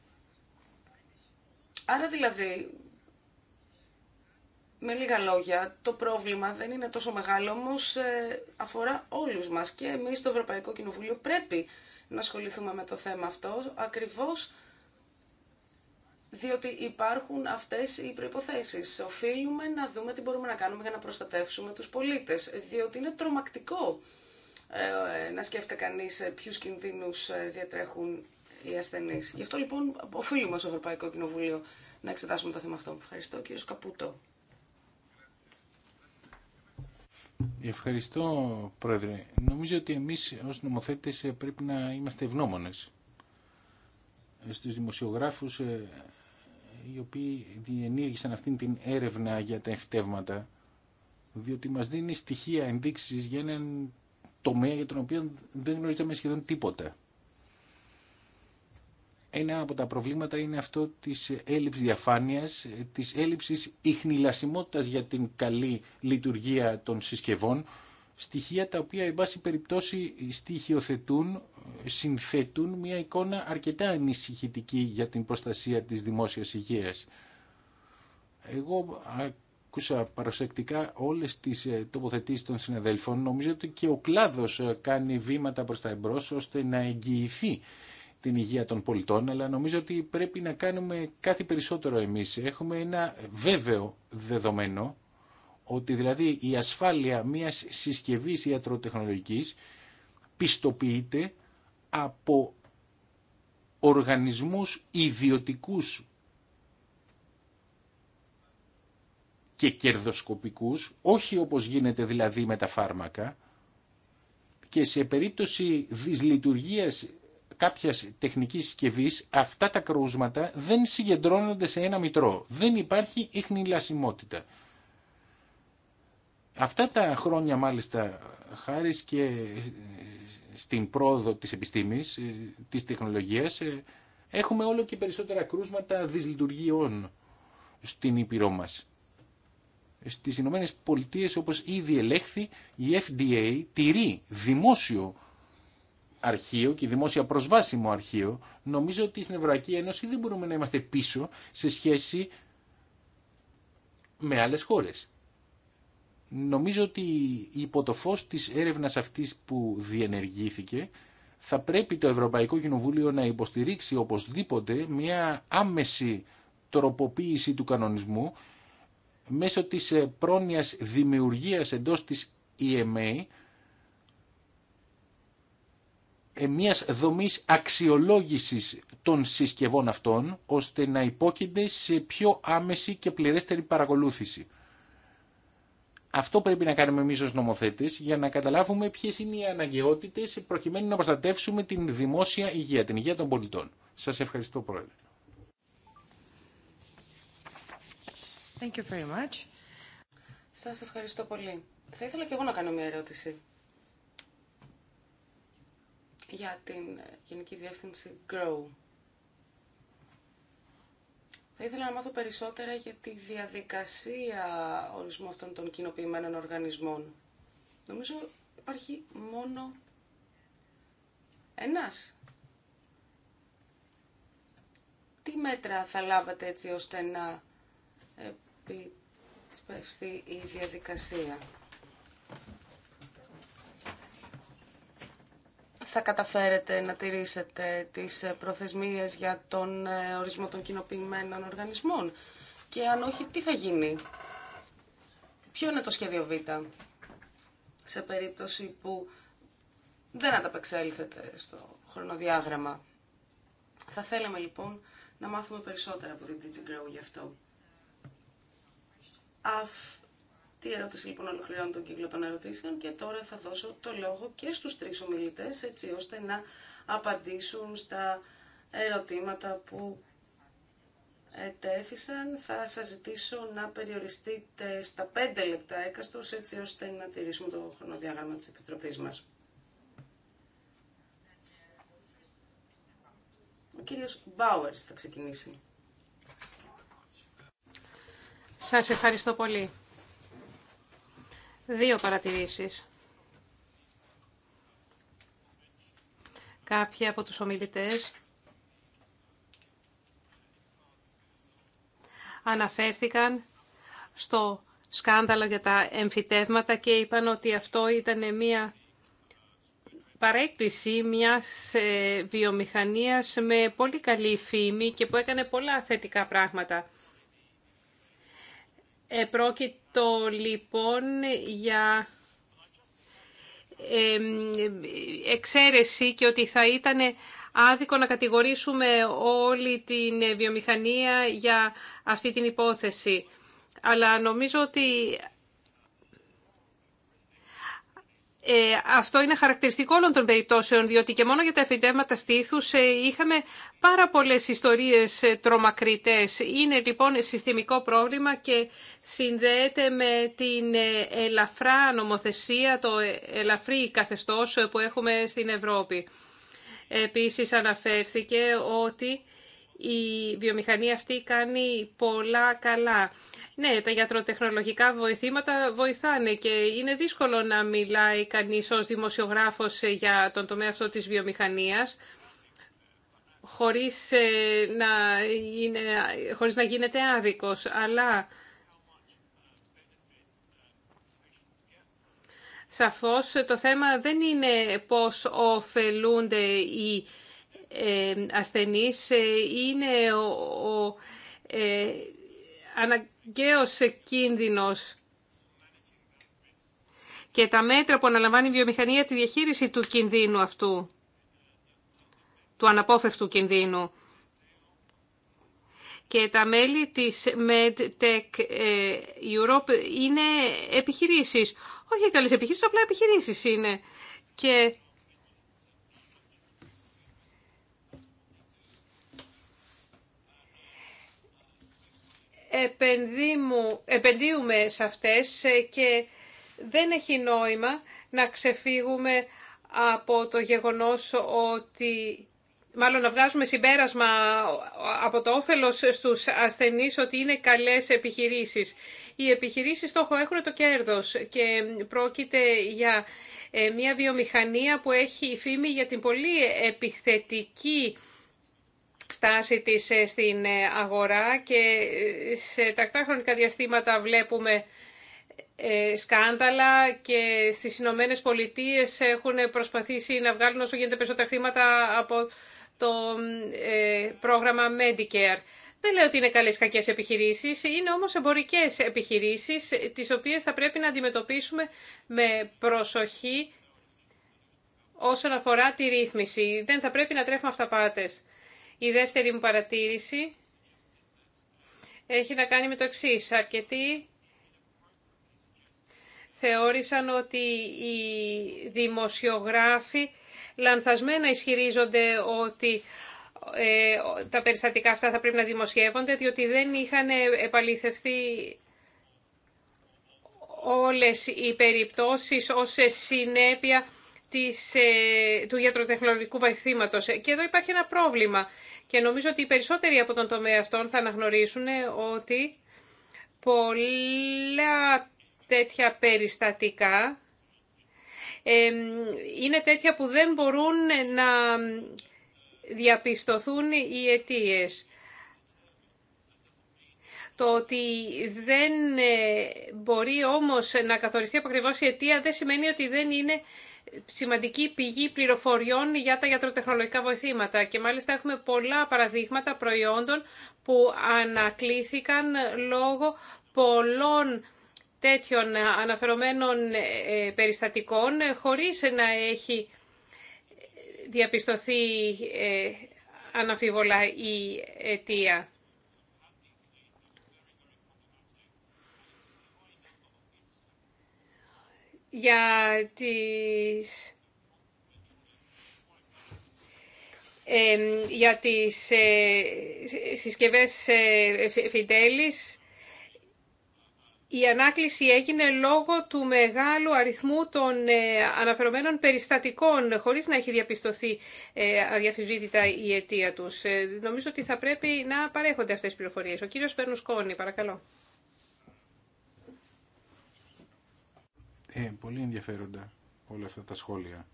Άρα δηλαδή, με λίγα λόγια, το πρόβλημα δεν είναι τόσο μεγάλο, όμως ε, αφορά όλους μας και εμείς στο Ευρωπαϊκό Κοινοβούλιο πρέπει να ασχοληθούμε με το θέμα αυτό, ακριβώς διότι υπάρχουν αυτές οι προϋποθέσεις. Οφείλουμε να δούμε τι μπορούμε να κάνουμε για να προστατεύσουμε τους πολίτες, διότι είναι τρομακτικό ε, να σκέφτεται κανείς ε, ποιου κινδύνους ε, διατρέχουν οι ασθενείς. Γι' αυτό λοιπόν οφείλουμε ως Ευρωπαϊκό Κοινοβούλιο να εξετάσουμε το θέμα αυτό. Ευχαριστώ κύριο Καπούτο. Ευχαριστώ Πρόεδρε. Νομίζω ότι εμείς ως νομοθέτες πρέπει να είμαστε ευγνώμονες στους δημοσιογράφους οι οποίοι διενήργησαν αυτήν την έρευνα για τα εφτεύματα, διότι μας δίνει στοιχεία, ενδείξεις για έναν τομέα για τον οποίο δεν γνωρίζαμε σχεδόν τίποτα. Ένα από τα προβλήματα είναι αυτό της έλλειψης διαφάνειας, της έλλειψης ιχνηλασιμότητας για την καλή λειτουργία των συσκευών, στοιχεία τα οποία, εν πάση περιπτώσει, στοιχειοθετούν, συνθέτουν μια εικόνα αρκετά ανησυχητική για την προστασία της δημόσιας υγείας. Εγώ άκουσα παροσεκτικά όλες τις ε, τοποθετήσεις των συναδέλφων. Νομίζω ότι και ο κλάδος ε, κάνει βήματα προς τα εμπρός ώστε να εγγυηθεί την υγεία των πολιτών, αλλά νομίζω ότι πρέπει να κάνουμε κάτι περισσότερο εμείς. Έχουμε ένα βέβαιο δεδομένο ότι δηλαδή η ασφάλεια μιας συσκευής ιατροτεχνολογικής πιστοποιείται από οργανισμούς ιδιωτικούς και κερδοσκοπικούς, όχι όπως γίνεται δηλαδή με τα φάρμακα, και σε περίπτωση δυσλειτουργίας κάποιας τεχνικής συσκευή, αυτά τα κρούσματα δεν συγκεντρώνονται σε ένα μητρό. Δεν υπάρχει λασιμότητα. Αυτά τα χρόνια μάλιστα χάρη και ε, στην πρόοδο της επιστήμης, ε, της τεχνολογίας, ε, έχουμε όλο και περισσότερα κρούσματα δυσλειτουργιών στην Ήπειρό μας. Στις Ηνωμένες Πολιτείες, όπως ήδη ελέγχθη, η FDA τηρεί δημόσιο αρχείο και δημόσια προσβάσιμο αρχείο. Νομίζω ότι στην Ευρωπαϊκή Ένωση δεν μπορούμε να είμαστε πίσω σε σχέση με άλλες χώρες. Νομίζω ότι υπό το φως της έρευνας αυτής που διενεργήθηκε θα πρέπει το Ευρωπαϊκό Κοινοβούλιο να υποστηρίξει οπωσδήποτε μια άμεση τροποποίηση του κανονισμού μέσω της ε, πρόνοιας δημιουργίας εντός της EMA ε, μιας δομής αξιολόγησης των συσκευών αυτών ώστε να υπόκεινται σε πιο άμεση και πληρέστερη παρακολούθηση. Αυτό πρέπει να κάνουμε εμεί ω νομοθέτε για να καταλάβουμε ποιε είναι οι αναγκαιότητε προκειμένου να προστατεύσουμε την δημόσια υγεία, την υγεία των πολιτών. Σα ευχαριστώ, Πρόεδρε. Thank you very much. Σας ευχαριστώ πολύ. Θα ήθελα και εγώ να κάνω μια ερώτηση για την Γενική Διεύθυνση GROW. Θα ήθελα να μάθω περισσότερα για τη διαδικασία ορισμού αυτών των κοινοποιημένων οργανισμών. Νομίζω υπάρχει μόνο ένας. Τι μέτρα θα λάβετε έτσι ώστε να επισπευστεί η διαδικασία. θα καταφέρετε να τηρήσετε τις ε, προθεσμίες για τον ε, ορισμό των κοινοποιημένων οργανισμών και αν όχι τι θα γίνει. Ποιο είναι το σχέδιο Β σε περίπτωση που δεν ανταπεξέλθετε στο χρονοδιάγραμμα. Θα θέλαμε λοιπόν να μάθουμε περισσότερα από την DigiGrow γι' αυτό. Τη ερώτηση λοιπόν ολοκληρώνει τον κύκλο των ερωτήσεων και τώρα θα δώσω το λόγο και στους τρεις ομιλητές έτσι ώστε να απαντήσουν στα ερωτήματα που ετέθησαν. Θα σας ζητήσω να περιοριστείτε στα πέντε λεπτά έκαστος έτσι ώστε να τηρήσουμε το χρονοδιάγραμμα της Επιτροπής μας. Ο κύριος Μπάουερς θα ξεκινήσει. Σας ευχαριστώ πολύ. Δύο παρατηρήσεις. Κάποιοι από τους ομιλητές αναφέρθηκαν στο σκάνδαλο για τα εμφυτεύματα και είπαν ότι αυτό ήταν μια παρέκτηση μιας ε, βιομηχανίας με πολύ καλή φήμη και που έκανε πολλά θετικά πράγματα. Ε, λοιπόν για εξαίρεση και ότι θα ήταν άδικο να κατηγορήσουμε όλη την βιομηχανία για αυτή την υπόθεση. Αλλά νομίζω ότι Ε, αυτό είναι χαρακτηριστικό όλων των περιπτώσεων, διότι και μόνο για τα στήθου στήθους ε, είχαμε πάρα πολλές ιστορίες ε, τρομακριτές. Είναι λοιπόν συστημικό πρόβλημα και συνδέεται με την ελαφρά νομοθεσία, το ελαφρύ καθεστώς που έχουμε στην Ευρώπη. Επίσης αναφέρθηκε ότι η βιομηχανία αυτή κάνει πολλά καλά. Ναι, τα γιατροτεχνολογικά βοηθήματα βοηθάνε και είναι δύσκολο να μιλάει κανείς ως δημοσιογράφος για τον τομέα αυτό της βιομηχανίας χωρίς ε, να, είναι, να γίνεται άδικος, αλλά... Σαφώς το θέμα δεν είναι πώς ωφελούνται οι ε, ασθενείς ε, είναι ο, ο ε, αναγκαίος κίνδυνος και τα μέτρα που αναλαμβάνει η βιομηχανία τη διαχείριση του κινδύνου αυτού, του αναπόφευτου κινδύνου. Και τα μέλη της MedTech ε, Europe είναι επιχειρήσεις. Όχι καλές επιχειρήσεις, απλά επιχειρήσεις είναι. Και επενδύουμε σε αυτές ε, και δεν έχει νόημα να ξεφύγουμε από το γεγονός ότι μάλλον να βγάζουμε συμπέρασμα από το όφελος στους ασθενείς ότι είναι καλές επιχειρήσεις. Οι επιχειρήσεις στόχο έχουν το κέρδος και πρόκειται για ε, μια βιομηχανία που έχει φήμη για την πολύ επιθετική στάση της ε, στην ε, αγορά και ε, σε τακτά χρονικά διαστήματα βλέπουμε σκάνδαλα και στις Ηνωμένε Πολιτείε έχουν προσπαθήσει να βγάλουν όσο γίνεται περισσότερα χρήματα από το πρόγραμμα Medicare. Δεν λέω ότι είναι καλές κακές επιχειρήσεις, είναι όμως εμπορικές επιχειρήσεις τις οποίες θα πρέπει να αντιμετωπίσουμε με προσοχή όσον αφορά τη ρύθμιση. Δεν θα πρέπει να τρέφουμε αυταπάτες. Η δεύτερη μου παρατήρηση έχει να κάνει με το εξή. Αρκετοί θεώρησαν ότι οι δημοσιογράφοι λανθασμένα ισχυρίζονται ότι ε, τα περιστατικά αυτά θα πρέπει να δημοσιεύονται, διότι δεν είχαν επαληθευτεί όλες οι περιπτώσεις ως συνέπεια ε, του γιατροτεχνολογικού βαθύματος. Και εδώ υπάρχει ένα πρόβλημα. Και νομίζω ότι οι περισσότεροι από τον τομέα αυτών θα αναγνωρίσουν ε, ότι πολλά τέτοια περιστατικά ε, είναι τέτοια που δεν μπορούν να διαπιστωθούν οι αιτίες. Το ότι δεν μπορεί όμως να καθοριστεί από ακριβώς η αιτία δεν σημαίνει ότι δεν είναι σημαντική πηγή πληροφοριών για τα γιατροτεχνολογικά βοηθήματα και μάλιστα έχουμε πολλά παραδείγματα προϊόντων που ανακλήθηκαν λόγω πολλών τέτοιων αναφερομένων ε, περιστατικών χωρίς να έχει διαπιστωθεί ε, αναφίβολα η αιτία. για τις... για τις ε, συσκευές ε, Φιντέλης η ανάκληση έγινε λόγω του μεγάλου αριθμού των ε, αναφερομένων περιστατικών χωρίς να έχει διαπιστωθεί αδιαφυσβήτητα η αιτία τους. Νομίζω ότι θα πρέπει να παρέχονται αυτές τις πληροφορίες. Ο κύριος Περνουσκόνη, παρακαλώ. Ε, πολύ ενδιαφέροντα όλα αυτά τα σχόλια.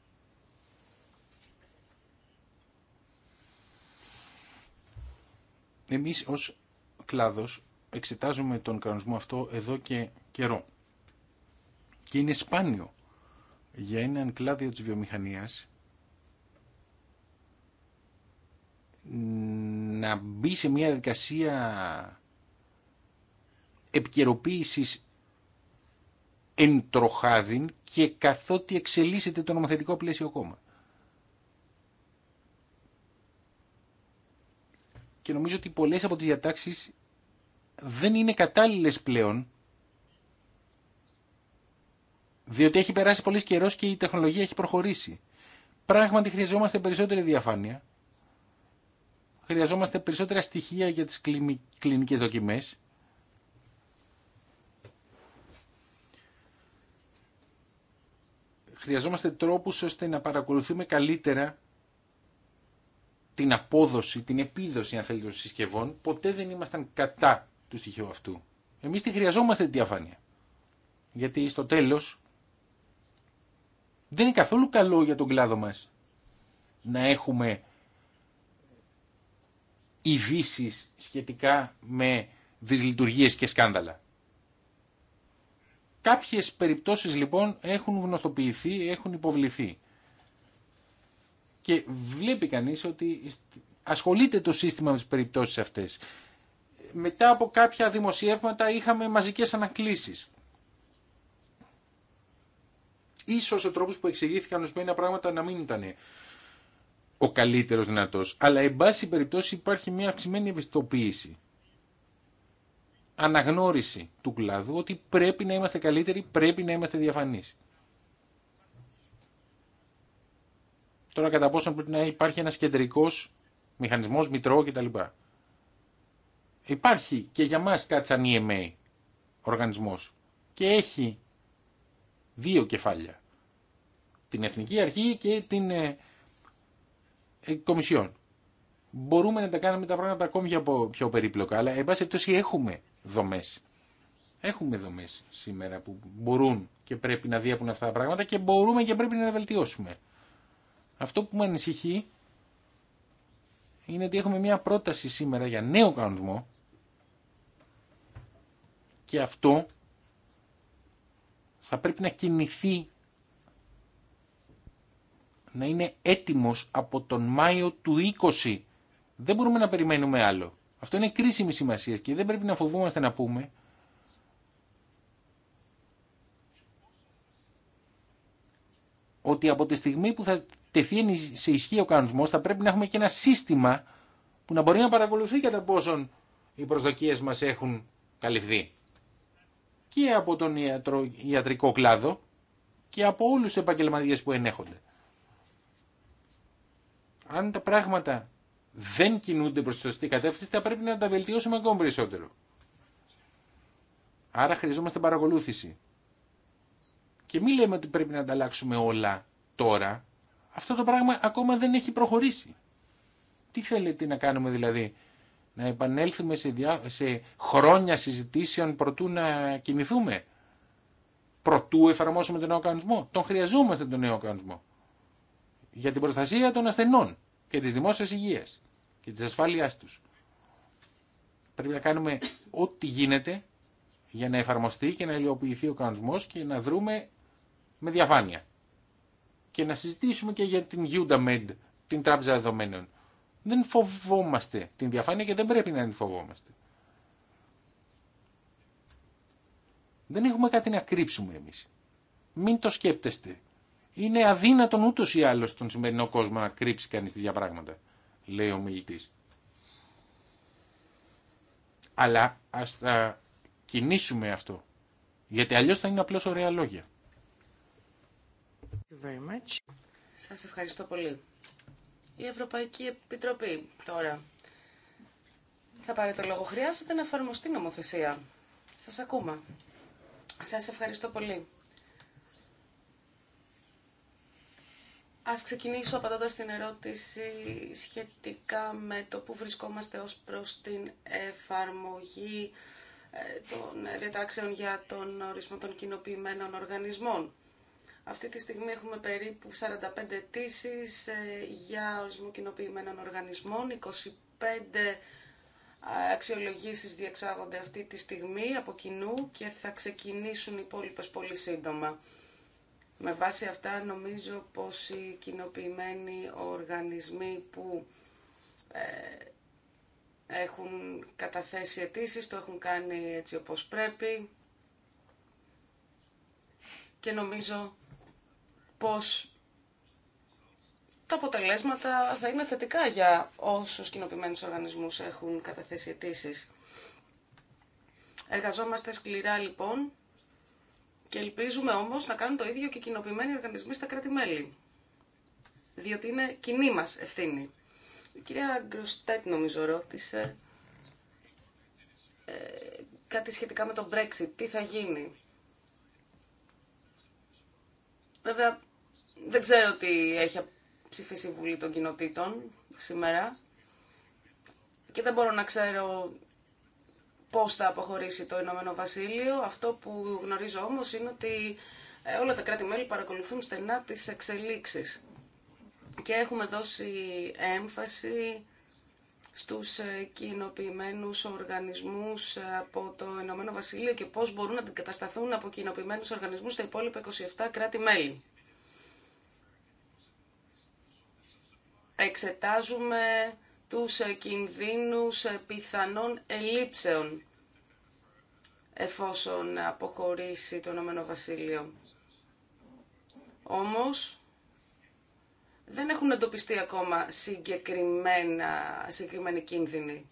Εμείς ως κλάδος εξετάζουμε τον κανονισμό αυτό εδώ και καιρό. Και είναι σπάνιο για έναν κλάδιο της βιομηχανίας να μπει σε μια διαδικασία επικαιροποίησης τροχάδιν και καθότι εξελίσσεται το νομοθετικό πλαίσιο κόμμα. Και νομίζω ότι πολλές από τις διατάξεις δεν είναι κατάλληλες πλέον διότι έχει περάσει πολύ καιρός και η τεχνολογία έχει προχωρήσει. Πράγματι χρειαζόμαστε περισσότερη διαφάνεια, χρειαζόμαστε περισσότερα στοιχεία για τις κλινικές δοκιμές χρειαζόμαστε τρόπους ώστε να παρακολουθούμε καλύτερα την απόδοση, την επίδοση αν θέλετε των συσκευών. Ποτέ δεν ήμασταν κατά του στοιχείου αυτού. Εμείς τη χρειαζόμαστε τη διαφάνεια. Γιατί στο τέλος δεν είναι καθόλου καλό για τον κλάδο μας να έχουμε ειδήσει σχετικά με δυσλειτουργίες και σκάνδαλα. Κάποιες περιπτώσεις λοιπόν έχουν γνωστοποιηθεί, έχουν υποβληθεί. Και βλέπει κανείς ότι ασχολείται το σύστημα με τις περιπτώσεις αυτές. Μετά από κάποια δημοσιεύματα είχαμε μαζικές ανακλήσεις. Ίσως ο τρόπος που εξηγήθηκαν ορισμένα πράγματα να μην ήταν ο καλύτερος δυνατός. Αλλά εν πάση περιπτώσει υπάρχει μια αυξημένη ευαισθητοποίηση αναγνώριση του κλάδου ότι πρέπει να είμαστε καλύτεροι, πρέπει να είμαστε διαφανείς. Τώρα κατά πόσο πρέπει να υπάρχει ένας κεντρικός μηχανισμός, μητρό κτλ. Υπάρχει και για μας κάτι σαν EMA οργανισμός και έχει δύο κεφάλια. Την Εθνική Αρχή και την ε, ε Κομισιόν. Μπορούμε να τα κάνουμε τα πράγματα ακόμη πιο, περίπλοκα, αλλά εν πάση έχουμε δομές. Έχουμε δομές σήμερα που μπορούν και πρέπει να διέπουν αυτά τα πράγματα και μπορούμε και πρέπει να τα βελτιώσουμε. Αυτό που με ανησυχεί είναι ότι έχουμε μια πρόταση σήμερα για νέο κανονισμό και αυτό θα πρέπει να κινηθεί να είναι έτοιμος από τον Μάιο του 20. Δεν μπορούμε να περιμένουμε άλλο. Αυτό είναι κρίσιμη σημασία και δεν πρέπει να φοβούμαστε να πούμε ότι από τη στιγμή που θα τεθεί σε ισχύ ο κανονισμός θα πρέπει να έχουμε και ένα σύστημα που να μπορεί να παρακολουθεί κατά πόσον οι προσδοκίες μας έχουν καλυφθεί και από τον ιατρο, ιατρικό κλάδο και από όλους τους επαγγελματίες που ενέχονται. Αν τα πράγματα δεν κινούνται προ τη σωστή κατεύθυνση, θα πρέπει να τα βελτιώσουμε ακόμα περισσότερο. Άρα χρειαζόμαστε παρακολούθηση. Και μην λέμε ότι πρέπει να τα αλλάξουμε όλα τώρα. Αυτό το πράγμα ακόμα δεν έχει προχωρήσει. Τι θέλετε να κάνουμε δηλαδή, να επανέλθουμε σε, σε χρόνια συζητήσεων προτού να κινηθούμε. Προτού εφαρμόσουμε τον νέο κανονισμό. Τον χρειαζόμαστε τον νέο κανονισμό. Για την προστασία των ασθενών και της δημόσιας υγείας και της ασφάλειάς τους. Πρέπει να κάνουμε ό,τι γίνεται για να εφαρμοστεί και να υλοποιηθεί ο κανονισμός και να δρούμε με διαφάνεια. Και να συζητήσουμε και για την UDAMED, την τράπεζα δεδομένων. Δεν φοβόμαστε την διαφάνεια και δεν πρέπει να την φοβόμαστε. Δεν έχουμε κάτι να κρύψουμε εμείς. Μην το σκέπτεστε. Είναι αδύνατον ούτως ή άλλως στον σημερινό κόσμο να κρύψει κανείς τη διαπράγματα λέει ο μιλητής. Αλλά ας τα κινήσουμε αυτό. Γιατί αλλιώς θα είναι απλώς ωραία λόγια. Very much. Σας ευχαριστώ πολύ. Η Ευρωπαϊκή Επιτροπή τώρα θα πάρει το λόγο. Χρειάζεται να εφαρμοστεί νομοθεσία. Σας ακούμε. Σας ευχαριστώ πολύ. Ας ξεκινήσω απαντώντας την ερώτηση σχετικά με το που βρισκόμαστε ως προς την εφαρμογή ε, των διατάξεων για τον ορισμό των κοινοποιημένων οργανισμών. Αυτή τη στιγμή έχουμε περίπου 45 αιτήσει ε, για ορισμό κοινοποιημένων οργανισμών, 25 ε, αξιολογήσεις διεξάγονται αυτή τη στιγμή από κοινού και θα ξεκινήσουν οι υπόλοιπες πολύ σύντομα. Με βάση αυτά νομίζω πως οι κοινοποιημένοι οργανισμοί που ε, έχουν καταθέσει αιτήσει, το έχουν κάνει έτσι όπως πρέπει και νομίζω πως τα αποτελέσματα θα είναι θετικά για όσους κοινοποιημένους οργανισμούς έχουν καταθέσει αιτήσει. Εργαζόμαστε σκληρά λοιπόν και ελπίζουμε όμως να κάνουν το ίδιο και οι κοινοποιημένοι οργανισμοί στα κράτη-μέλη. Διότι είναι κοινή μα ευθύνη. Η κυρία Γκροστέτ νομίζω ρώτησε ε, κάτι σχετικά με το Brexit. Τι θα γίνει. Βέβαια, δεν ξέρω τι έχει ψηφίσει η Βουλή των Κοινοτήτων σήμερα και δεν μπορώ να ξέρω πώς θα αποχωρήσει το Ηνωμένο Βασίλειο. Αυτό που γνωρίζω όμως είναι ότι ε, όλα τα κράτη-μέλη παρακολουθούν στενά τις εξελίξεις και έχουμε δώσει έμφαση στους ε, κοινοποιημένους οργανισμούς ε, από το Ηνωμένο Βασίλειο και πώς μπορούν να αντικατασταθούν από κοινοποιημένους οργανισμούς στα υπόλοιπα 27 κράτη-μέλη. Εξετάζουμε τους ε, κινδύνους ε, πιθανών ελήψεων, εφόσον αποχωρήσει το Ηνωμένο Βασίλειο. Όμως, δεν έχουν εντοπιστεί ακόμα συγκεκριμένα, συγκεκριμένη κίνδυνοι.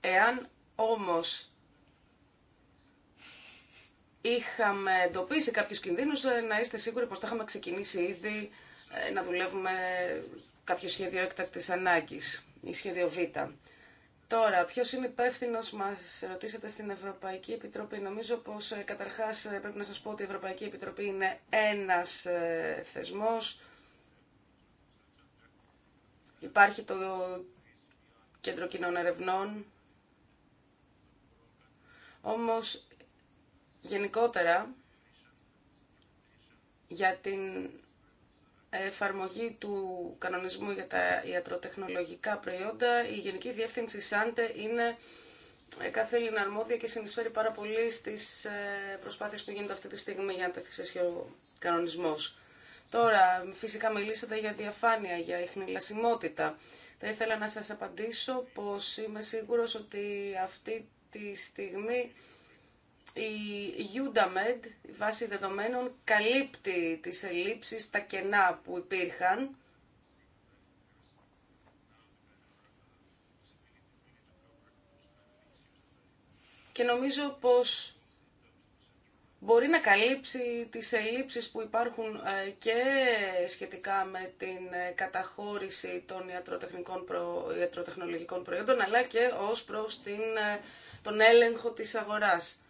Εάν όμως είχαμε εντοπίσει κάποιους κινδύνους, ε, να είστε σίγουροι πως θα είχαμε ξεκινήσει ήδη ε, να δουλεύουμε κάποιο σχέδιο έκτακτης ανάγκης ή σχέδιο Β. Τώρα, ποιο είναι υπεύθυνο, μα ρωτήσατε στην Ευρωπαϊκή Επιτροπή. Νομίζω πω ε, καταρχά πρέπει να σα πω ότι η Ευρωπαϊκή Επιτροπή είναι ένα θεσμό. Υπάρχει το Κέντρο Κοινών Ερευνών. Όμως γενικότερα για την εφαρμογή του κανονισμού για τα ιατροτεχνολογικά προϊόντα, η Γενική Διεύθυνση ΣΑΝΤΕ είναι κάθε αρμόδια και συνεισφέρει πάρα πολύ στις ε, προσπάθειες που γίνονται αυτή τη στιγμή για να τεθεί σε ο κανονισμός. Τώρα, φυσικά μιλήσατε για διαφάνεια, για εχνηλασιμότητα. Θα ήθελα να σας απαντήσω πως είμαι σίγουρος ότι αυτή τη στιγμή η UDAMED, η βάση δεδομένων, καλύπτει τις ελλείψεις, τα κενά που υπήρχαν. Και νομίζω πως μπορεί να καλύψει τις ελλείψεις που υπάρχουν ε, και σχετικά με την ε, καταχώρηση των ιατροτεχνικών ιατροτεχνολογικών προϊόντων, αλλά και ως προς την... Ε, τον έλεγχο της αγοράς.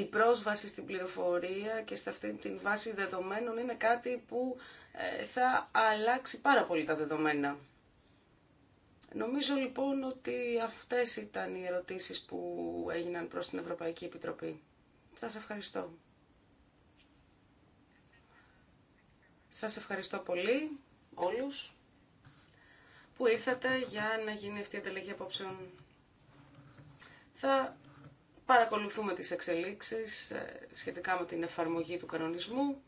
η πρόσβαση στην πληροφορία και σε αυτή την βάση δεδομένων είναι κάτι που ε, θα αλλάξει πάρα πολύ τα δεδομένα. Νομίζω λοιπόν ότι αυτές ήταν οι ερωτήσεις που έγιναν προς την Ευρωπαϊκή Επιτροπή. Σας ευχαριστώ. Σας ευχαριστώ πολύ όλους που ήρθατε για να γίνει αυτή η ανταλλαγή απόψεων. Θα Παρακολουθούμε τις εξελίξεις ε, σχετικά με την εφαρμογή του κανονισμού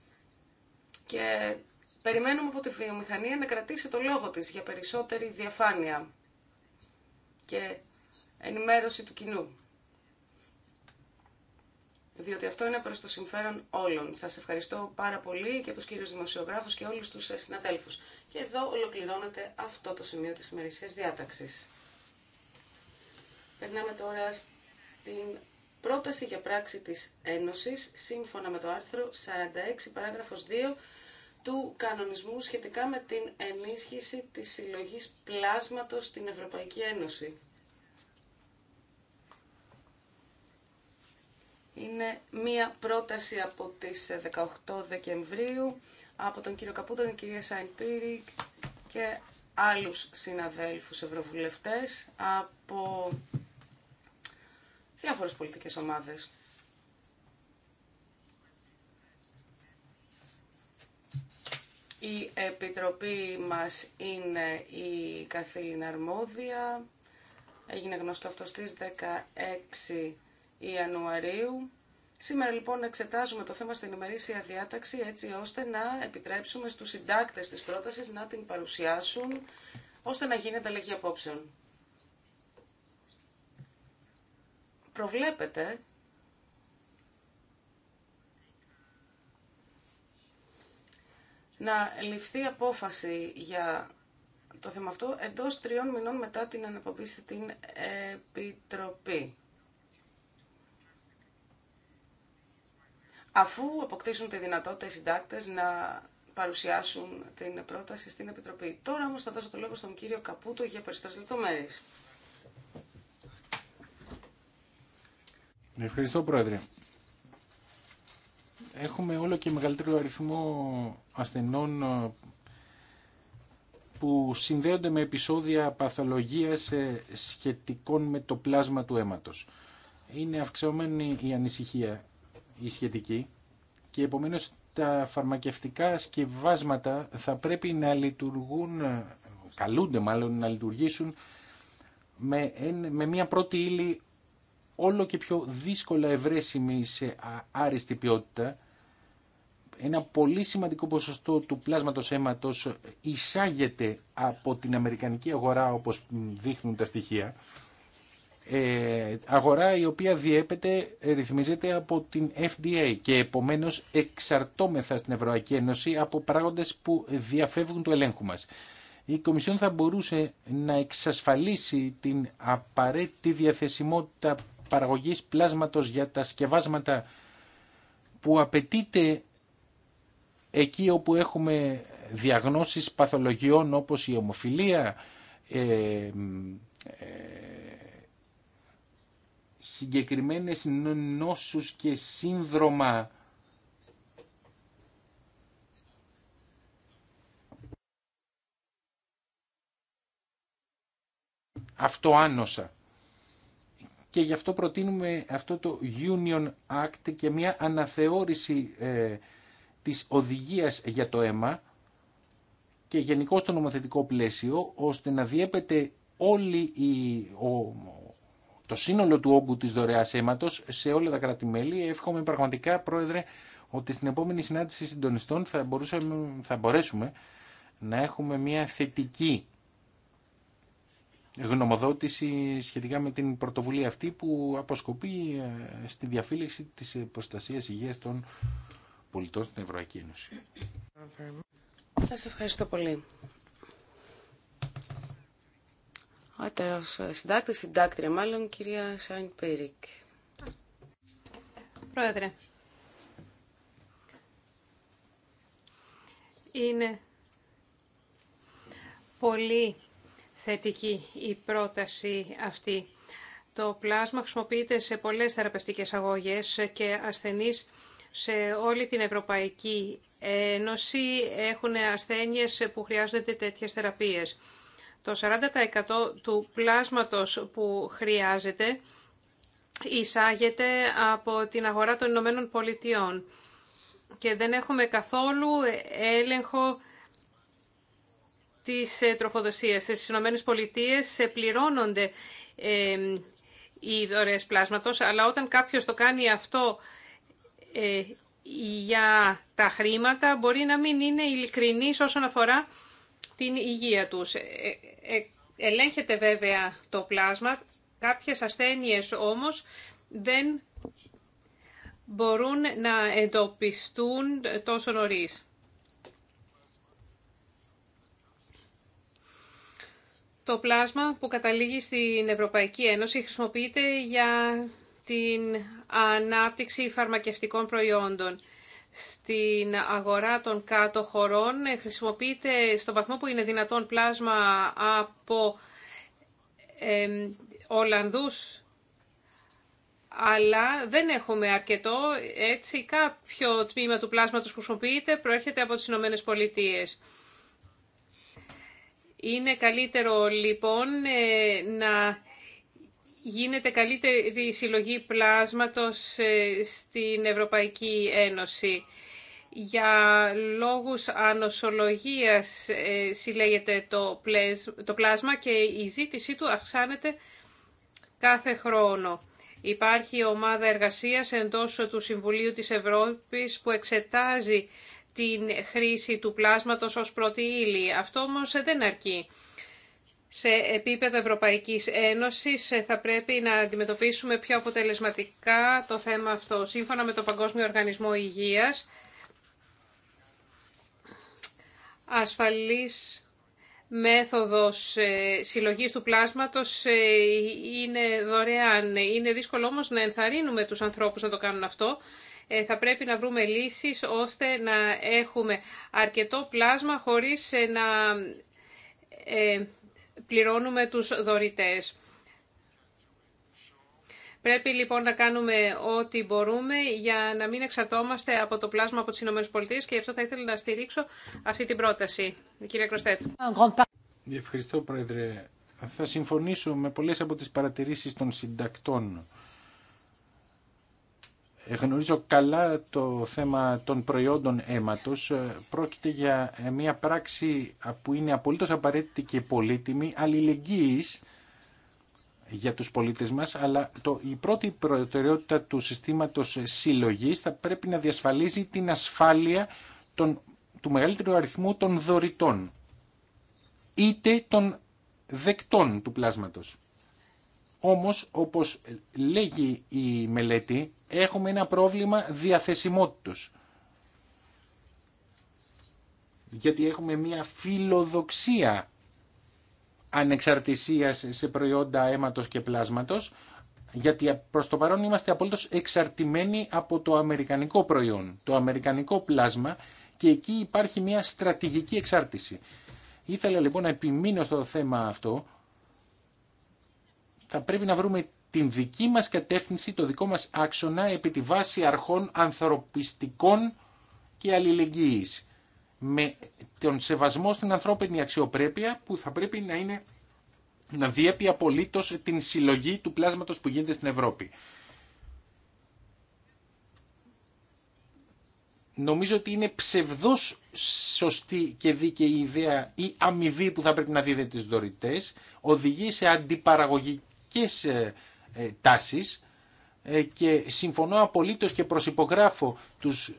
και περιμένουμε από τη βιομηχανία να κρατήσει το λόγο της για περισσότερη διαφάνεια και ενημέρωση του κοινού. Διότι αυτό είναι προς το συμφέρον όλων. Σας ευχαριστώ πάρα πολύ και τους κύριους δημοσιογράφους και όλους τους ε, συναδέλφους. Και εδώ ολοκληρώνεται αυτό το σημείο της ημερησίας διάταξης. Περνάμε τώρα στην πρόταση για πράξη της Ένωσης σύμφωνα με το άρθρο 46 παράγραφος 2 του κανονισμού σχετικά με την ενίσχυση της συλλογής πλάσματος στην Ευρωπαϊκή Ένωση. Είναι μία πρόταση από τις 18 Δεκεμβρίου από τον κύριο Καπούτο, την κυρία Πίρικ και άλλους συναδέλφους ευρωβουλευτές από διάφορες πολιτικές ομάδες. Η Επιτροπή μας είναι η καθήλυνα αρμόδια. Έγινε γνωστό αυτό στις 16 Ιανουαρίου. Σήμερα λοιπόν εξετάζουμε το θέμα στην ημερήσια διάταξη έτσι ώστε να επιτρέψουμε στους συντάκτες της πρότασης να την παρουσιάσουν ώστε να γίνει ανταλλαγή απόψεων. προβλέπετε να ληφθεί απόφαση για το θέμα αυτό εντός τριών μηνών μετά την αναπομπή στην Επιτροπή. Αφού αποκτήσουν τη δυνατότητα οι συντάκτες να παρουσιάσουν την πρόταση στην Επιτροπή. Τώρα όμως θα δώσω το λόγο στον κύριο Καπούτο για περισσότερες λεπτομέρειες. Ευχαριστώ Πρόεδρε. Έχουμε όλο και μεγαλύτερο αριθμό ασθενών ε, που συνδέονται με επεισόδια παθολογίας ε, σχετικών με το πλάσμα του αίματος. Είναι αυξημένη η ανησυχία η σχετική και επομένως τα φαρμακευτικά σκευάσματα θα πρέπει να λειτουργούν, ε, καλούνται μάλλον να λειτουργήσουν με, με μια πρώτη ύλη όλο και πιο δύσκολα ευρέσιμη σε άριστη ποιότητα. Ένα πολύ σημαντικό ποσοστό του πλάσματος αίματος εισάγεται από την Αμερικανική αγορά όπως δείχνουν τα στοιχεία. Ε, αγορά η οποία διέπεται, ρυθμίζεται από την FDA και επομένως εξαρτώμεθα στην Ευρωπαϊκή Ένωση από παράγοντες που διαφεύγουν του ελέγχου μας. Η Κομισιόν θα μπορούσε να εξασφαλίσει την απαραίτητη διαθεσιμότητα παραγωγής πλάσματος για τα σκευάσματα που απαιτείται εκεί όπου έχουμε διαγνώσεις παθολογιών όπως η ομοφιλία, ε, ε, συγκεκριμένες νόσους και σύνδρομα αυτοάνοσα και γι' αυτό προτείνουμε αυτό το Union Act και μια αναθεώρηση ε, της οδηγίας για το αίμα και γενικώ το νομοθετικό πλαίσιο, ώστε να διέπεται όλη η, το σύνολο του όγκου της δωρεάς αίματος σε όλα τα κράτη-μέλη. Εύχομαι πραγματικά, Πρόεδρε, ότι στην επόμενη συνάντηση συντονιστών θα, μπορούσαμε, θα μπορέσουμε να έχουμε μια θετική γνωμοδότηση σχετικά με την πρωτοβουλία αυτή που αποσκοπεί ε, στη διαφύλεξη της προστασίας υγείας των πολιτών στην Ευρωπαϊκή Ένωση. Σας ευχαριστώ πολύ. Ο ως συντάκτη, συντάκτρια μάλλον, κυρία Σάιν Πέρικ. Πρόεδρε. Είναι πολύ θετική η πρόταση αυτή. Το πλάσμα χρησιμοποιείται σε πολλές θεραπευτικές αγωγές και ασθενείς σε όλη την Ευρωπαϊκή Ένωση έχουν ασθένειες που χρειάζονται τέτοιες θεραπείες. Το 40% του πλάσματος που χρειάζεται εισάγεται από την αγορά των Ηνωμένων Πολιτειών και δεν έχουμε καθόλου έλεγχο τις ε, τροφοδοσίας. Στις Ηνωμένες Πολιτείες ε, πληρώνονται ε, οι δωρεές πλάσματος, αλλά όταν κάποιος το κάνει αυτό για τα χρήματα, μπορεί να μην είναι ειλικρινής όσον αφορά την υγεία τους. Ελέγχεται βέβαια το πλάσμα, κάποιες ασθένειες όμως δεν μπορούν να εντοπιστούν τόσο νωρίς. Το πλάσμα που καταλήγει στην Ευρωπαϊκή Ένωση χρησιμοποιείται για την ανάπτυξη φαρμακευτικών προϊόντων. Στην αγορά των κάτω χωρών χρησιμοποιείται στο βαθμό που είναι δυνατόν πλάσμα από ε, Ολλανδούς, αλλά δεν έχουμε αρκετό. Έτσι κάποιο τμήμα του πλάσματος που χρησιμοποιείται προέρχεται από τις Ηνωμένες Πολιτείες. Είναι καλύτερο λοιπόν ε, να γίνεται καλύτερη συλλογή πλάσματος ε, στην Ευρωπαϊκή Ένωση. Για λόγους ανοσολογίας ε, συλλέγεται το πλάσμα και η ζήτησή του αυξάνεται κάθε χρόνο. Υπάρχει ομάδα εργασίας εντός του Συμβουλίου της Ευρώπης που εξετάζει την χρήση του πλάσματος ως πρώτη ύλη. Αυτό όμως δεν αρκεί. Σε επίπεδο Ευρωπαϊκής Ένωσης ε, θα πρέπει να αντιμετωπίσουμε πιο αποτελεσματικά το θέμα αυτό. Σύμφωνα με το Παγκόσμιο Οργανισμό Υγείας, ασφαλής μέθοδος ε, συλλογής του πλάσματος ε, είναι δωρεάν. Είναι δύσκολο όμως να ενθαρρύνουμε τους ανθρώπους να το κάνουν αυτό ε, θα πρέπει να βρούμε λύσεις ώστε να έχουμε αρκετό πλάσμα χωρίς ε, να ε, πληρώνουμε τους δωρητές. Πρέπει λοιπόν να κάνουμε ό,τι μπορούμε για να μην εξαρτώμαστε από το πλάσμα από τις ΗΠΑ και γι' αυτό θα ήθελα να στηρίξω αυτή την πρόταση. Κύριε Κροστέτ. Ευχαριστώ Πρόεδρε. Θα συμφωνήσω με πολλές από τις παρατηρήσεις των συντακτών ε, γνωρίζω καλά το θέμα των προϊόντων αίματος. Ε, πρόκειται για ε, μια πράξη που είναι απολύτως απαραίτητη και πολύτιμη, αλληλεγγύης για τους πολίτες μας, αλλά το, η πρώτη προτεραιότητα του συστήματος συλλογής θα πρέπει να διασφαλίζει την ασφάλεια των, του μεγαλύτερου αριθμού των δωρητών, είτε των δεκτών του πλάσματος. Όμως, όπως λέγει η μελέτη, έχουμε ένα πρόβλημα διαθεσιμότητος. Γιατί έχουμε μια φιλοδοξία ανεξαρτησίας σε προϊόντα αίματος και πλάσματος, γιατί προς το παρόν είμαστε απολύτως εξαρτημένοι από το αμερικανικό προϊόν, το αμερικανικό πλάσμα και εκεί υπάρχει μια στρατηγική εξάρτηση. Ήθελα λοιπόν να επιμείνω στο θέμα αυτό. Θα πρέπει να βρούμε την δική μας κατεύθυνση, το δικό μας άξονα επί τη βάση αρχών ανθρωπιστικών και αλληλεγγύης με τον σεβασμό στην ανθρώπινη αξιοπρέπεια που θα πρέπει να είναι να διέπει απολύτως την συλλογή του πλάσματος που γίνεται στην Ευρώπη. Νομίζω ότι είναι ψευδός σωστή και δίκαιη ιδέα η αμοιβή που θα πρέπει να δίδεται στους δωρητές, οδηγεί σε αντιπαραγωγικές ε, ε, τάσεις ε, και συμφωνώ απολύτως και προσυπογράφω τους, ε,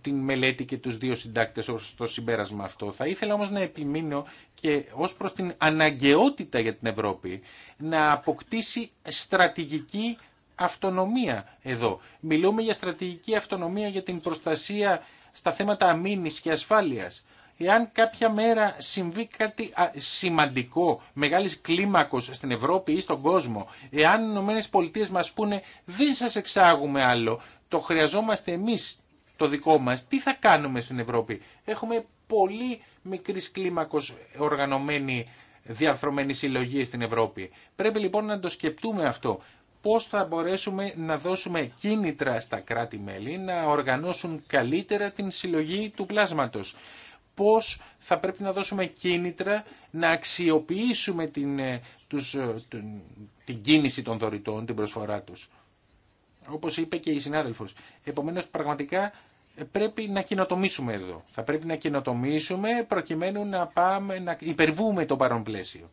την μελέτη και τους δύο συντάκτες το συμπέρασμα αυτό. Θα ήθελα όμως να επιμείνω και ως προς την αναγκαιότητα για την Ευρώπη να αποκτήσει στρατηγική αυτονομία εδώ. Μιλούμε για στρατηγική αυτονομία για την προστασία στα θέματα αμήνης και ασφάλειας εάν κάποια μέρα συμβεί κάτι σημαντικό, μεγάλης κλίμακος στην Ευρώπη ή στον κόσμο, εάν οι Ηνωμένε Πολιτείε μας πούνε δεν σας εξάγουμε άλλο, το χρειαζόμαστε εμείς το δικό μας, τι θα κάνουμε στην Ευρώπη. Έχουμε πολύ μικρής κλίμακος οργανωμένη διαρθρωμένη συλλογή στην Ευρώπη. Πρέπει λοιπόν να το σκεπτούμε αυτό. Πώς θα μπορέσουμε να δώσουμε κίνητρα στα κράτη-μέλη να οργανώσουν καλύτερα την συλλογή του πλάσματος πώς θα πρέπει να δώσουμε κίνητρα να αξιοποιήσουμε την, ε, τους, ε, την, την κίνηση των δωρητών, την προσφορά τους. Όπως είπε και η συνάδελφος. Επομένως πραγματικά ε, πρέπει να κοινοτομήσουμε εδώ. Θα πρέπει να κοινοτομήσουμε προκειμένου να, πάμε, να υπερβούμε το παρόν πλαίσιο.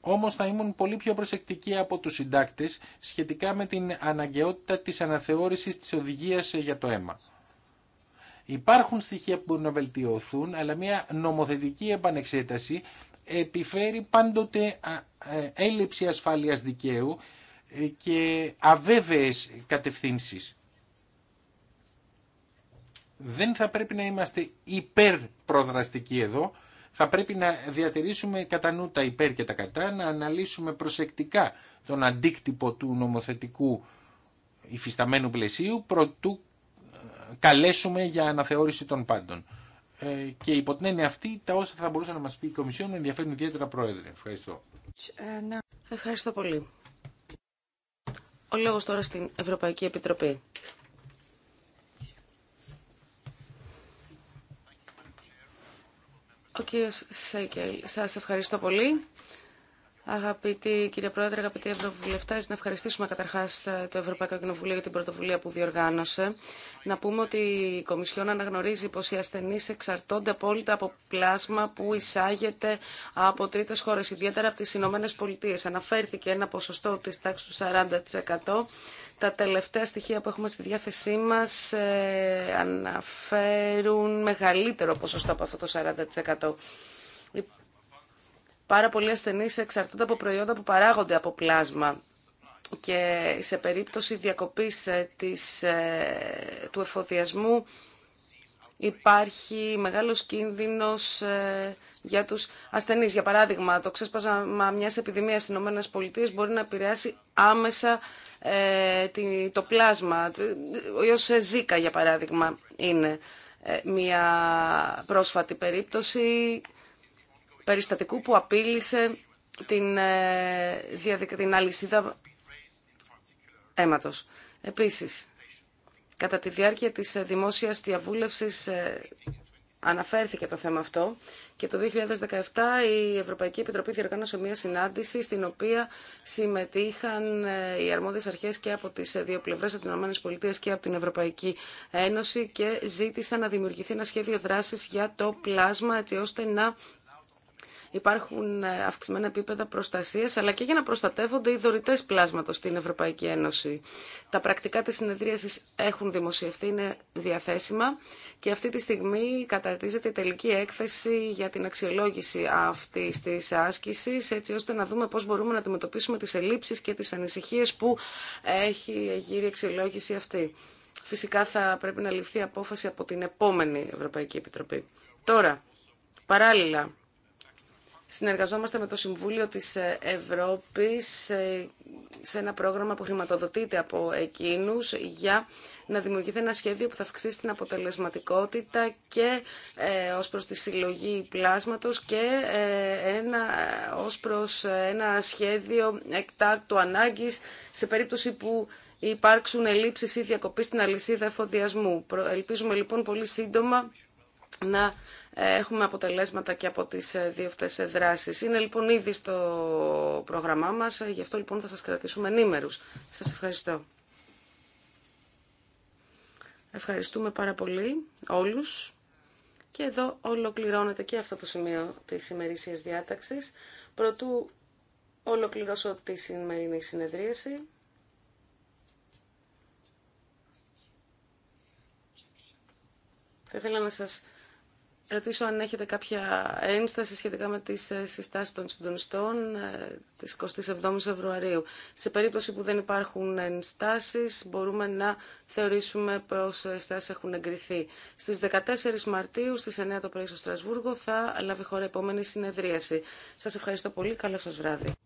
Όμως θα ήμουν πολύ πιο προσεκτική από τους συντάκτες σχετικά με την αναγκαιότητα της αναθεώρησης της οδηγίας για το αίμα. Υπάρχουν στοιχεία που μπορούν να βελτιωθούν, αλλά μια νομοθετική επανεξέταση επιφέρει πάντοτε ε, έλλειψη ασφάλειας δικαίου ε, και αβέβαιες κατευθύνσεις. Δεν θα πρέπει να είμαστε υπερπροδραστικοί εδώ, θα πρέπει να διατηρήσουμε κατά νου τα υπέρ και τα κατά, να αναλύσουμε προσεκτικά τον αντίκτυπο του νομοθετικού υφισταμένου πλαισίου, προτού καλέσουμε για αναθεώρηση των πάντων. Ε, και υπό την έννοια αυτή, τα όσα θα μπορούσε να μας πει η Κομισιόν με ενδιαφέρουν ιδιαίτερα, Πρόεδρε. Ευχαριστώ. Ευχαριστώ πολύ. Ο λόγο τώρα στην Ευρωπαϊκή Επιτροπή. Ο κύριος Σέικελ, σας ευχαριστώ πολύ. Αγαπητή κύριε Πρόεδρε, αγαπητοί Ευρωβουλευτέ, να ευχαριστήσουμε καταρχά ε, το Ευρωπαϊκό Κοινοβούλιο για την πρωτοβουλία που διοργάνωσε. Να πούμε ότι η Κομισιόν αναγνωρίζει πω οι ασθενεί εξαρτώνται απόλυτα από πλάσμα που εισάγεται από τρίτε χώρε, ιδιαίτερα από τι Ηνωμένε Πολιτείε. Αναφέρθηκε ένα ποσοστό τη τάξη του 40%. Τα τελευταία στοιχεία που έχουμε στη διάθεσή μα ε, αναφέρουν μεγαλύτερο ποσοστό από αυτό το 40% πάρα πολλοί ασθενείς εξαρτούνται από προϊόντα που παράγονται από πλάσμα και σε περίπτωση διακοπής ε, της, ε, του εφοδιασμού υπάρχει μεγάλος κίνδυνος ε, για τους ασθενείς. Για παράδειγμα, το ξέσπασμα μιας επιδημίας στις ΗΠΑ μπορεί να επηρεάσει άμεσα το πλάσμα. Ο ιός Ζήκα, για παράδειγμα, είναι μια πρόσφατη περίπτωση περιστατικού που απείλησε την, ε, την αλυσίδα αίματος. Επίσης, κατά τη διάρκεια της ε, δημόσιας διαβούλευσης ε, αναφέρθηκε το θέμα αυτό και το 2017 η Ευρωπαϊκή Επιτροπή διοργάνωσε μια συνάντηση στην οποία συμμετείχαν οι αρμόδιες αρχές και από τις δύο πλευρές από την ΗΠΑ και από την Ευρωπαϊκή Ένωση και ζήτησαν να δημιουργηθεί ένα σχέδιο δράσης για το πλάσμα έτσι ώστε να υπάρχουν ε, αυξημένα επίπεδα προστασία, αλλά και για να προστατεύονται οι δωρητέ πλάσματο στην Ευρωπαϊκή Ένωση. Τα πρακτικά τη συνεδρίασης έχουν δημοσιευθεί, είναι διαθέσιμα και αυτή τη στιγμή καταρτίζεται η τελική έκθεση για την αξιολόγηση αυτή τη άσκηση, έτσι ώστε να δούμε πώ μπορούμε να αντιμετωπίσουμε τις ελλείψεις και τι ανησυχίε που έχει γύρει η αξιολόγηση αυτή. Φυσικά θα πρέπει να ληφθεί απόφαση από την επόμενη Ευρωπαϊκή Επιτροπή. Τώρα, παράλληλα, Συνεργαζόμαστε με το Συμβούλιο της ε, Ευρώπης ε, σε ένα πρόγραμμα που χρηματοδοτείται από εκείνους για να δημιουργηθεί ένα σχέδιο που θα αυξήσει την αποτελεσματικότητα και ε, ως προς τη συλλογή πλάσματος και ένα, ως προς ένα σχέδιο εκτάκτου ανάγκης σε περίπτωση που υπάρξουν ελλείψεις ή διακοπή στην αλυσίδα εφοδιασμού. Ελπίζουμε λοιπόν πολύ σύντομα να έχουμε αποτελέσματα και από τις ε, δύο αυτές ε, δράσεις. Είναι λοιπόν ήδη στο πρόγραμμά μας, ε, γι' αυτό λοιπόν θα σας κρατήσουμε ενήμερους. Σας ευχαριστώ. Ευχαριστούμε πάρα πολύ όλους. Και εδώ ολοκληρώνεται και αυτό το σημείο της ημερήσιας διάταξης. Πρωτού ολοκληρώσω τη σημερινή συνεδρίαση. Θα ήθελα να σας ρωτήσω αν έχετε κάποια ένσταση σχετικά με τις ε, συστάσεις των συντονιστών ε, της 27 Φεβρουαρίου. Σε περίπτωση που δεν υπάρχουν ενστάσεις, μπορούμε να θεωρήσουμε πως στάσεις έχουν εγκριθεί. Στις 14 Μαρτίου, στις 9 το πρωί στο Στρασβούργο, θα λάβει χώρα επόμενη συνεδρίαση. Σας ευχαριστώ πολύ. Καλό σας βράδυ.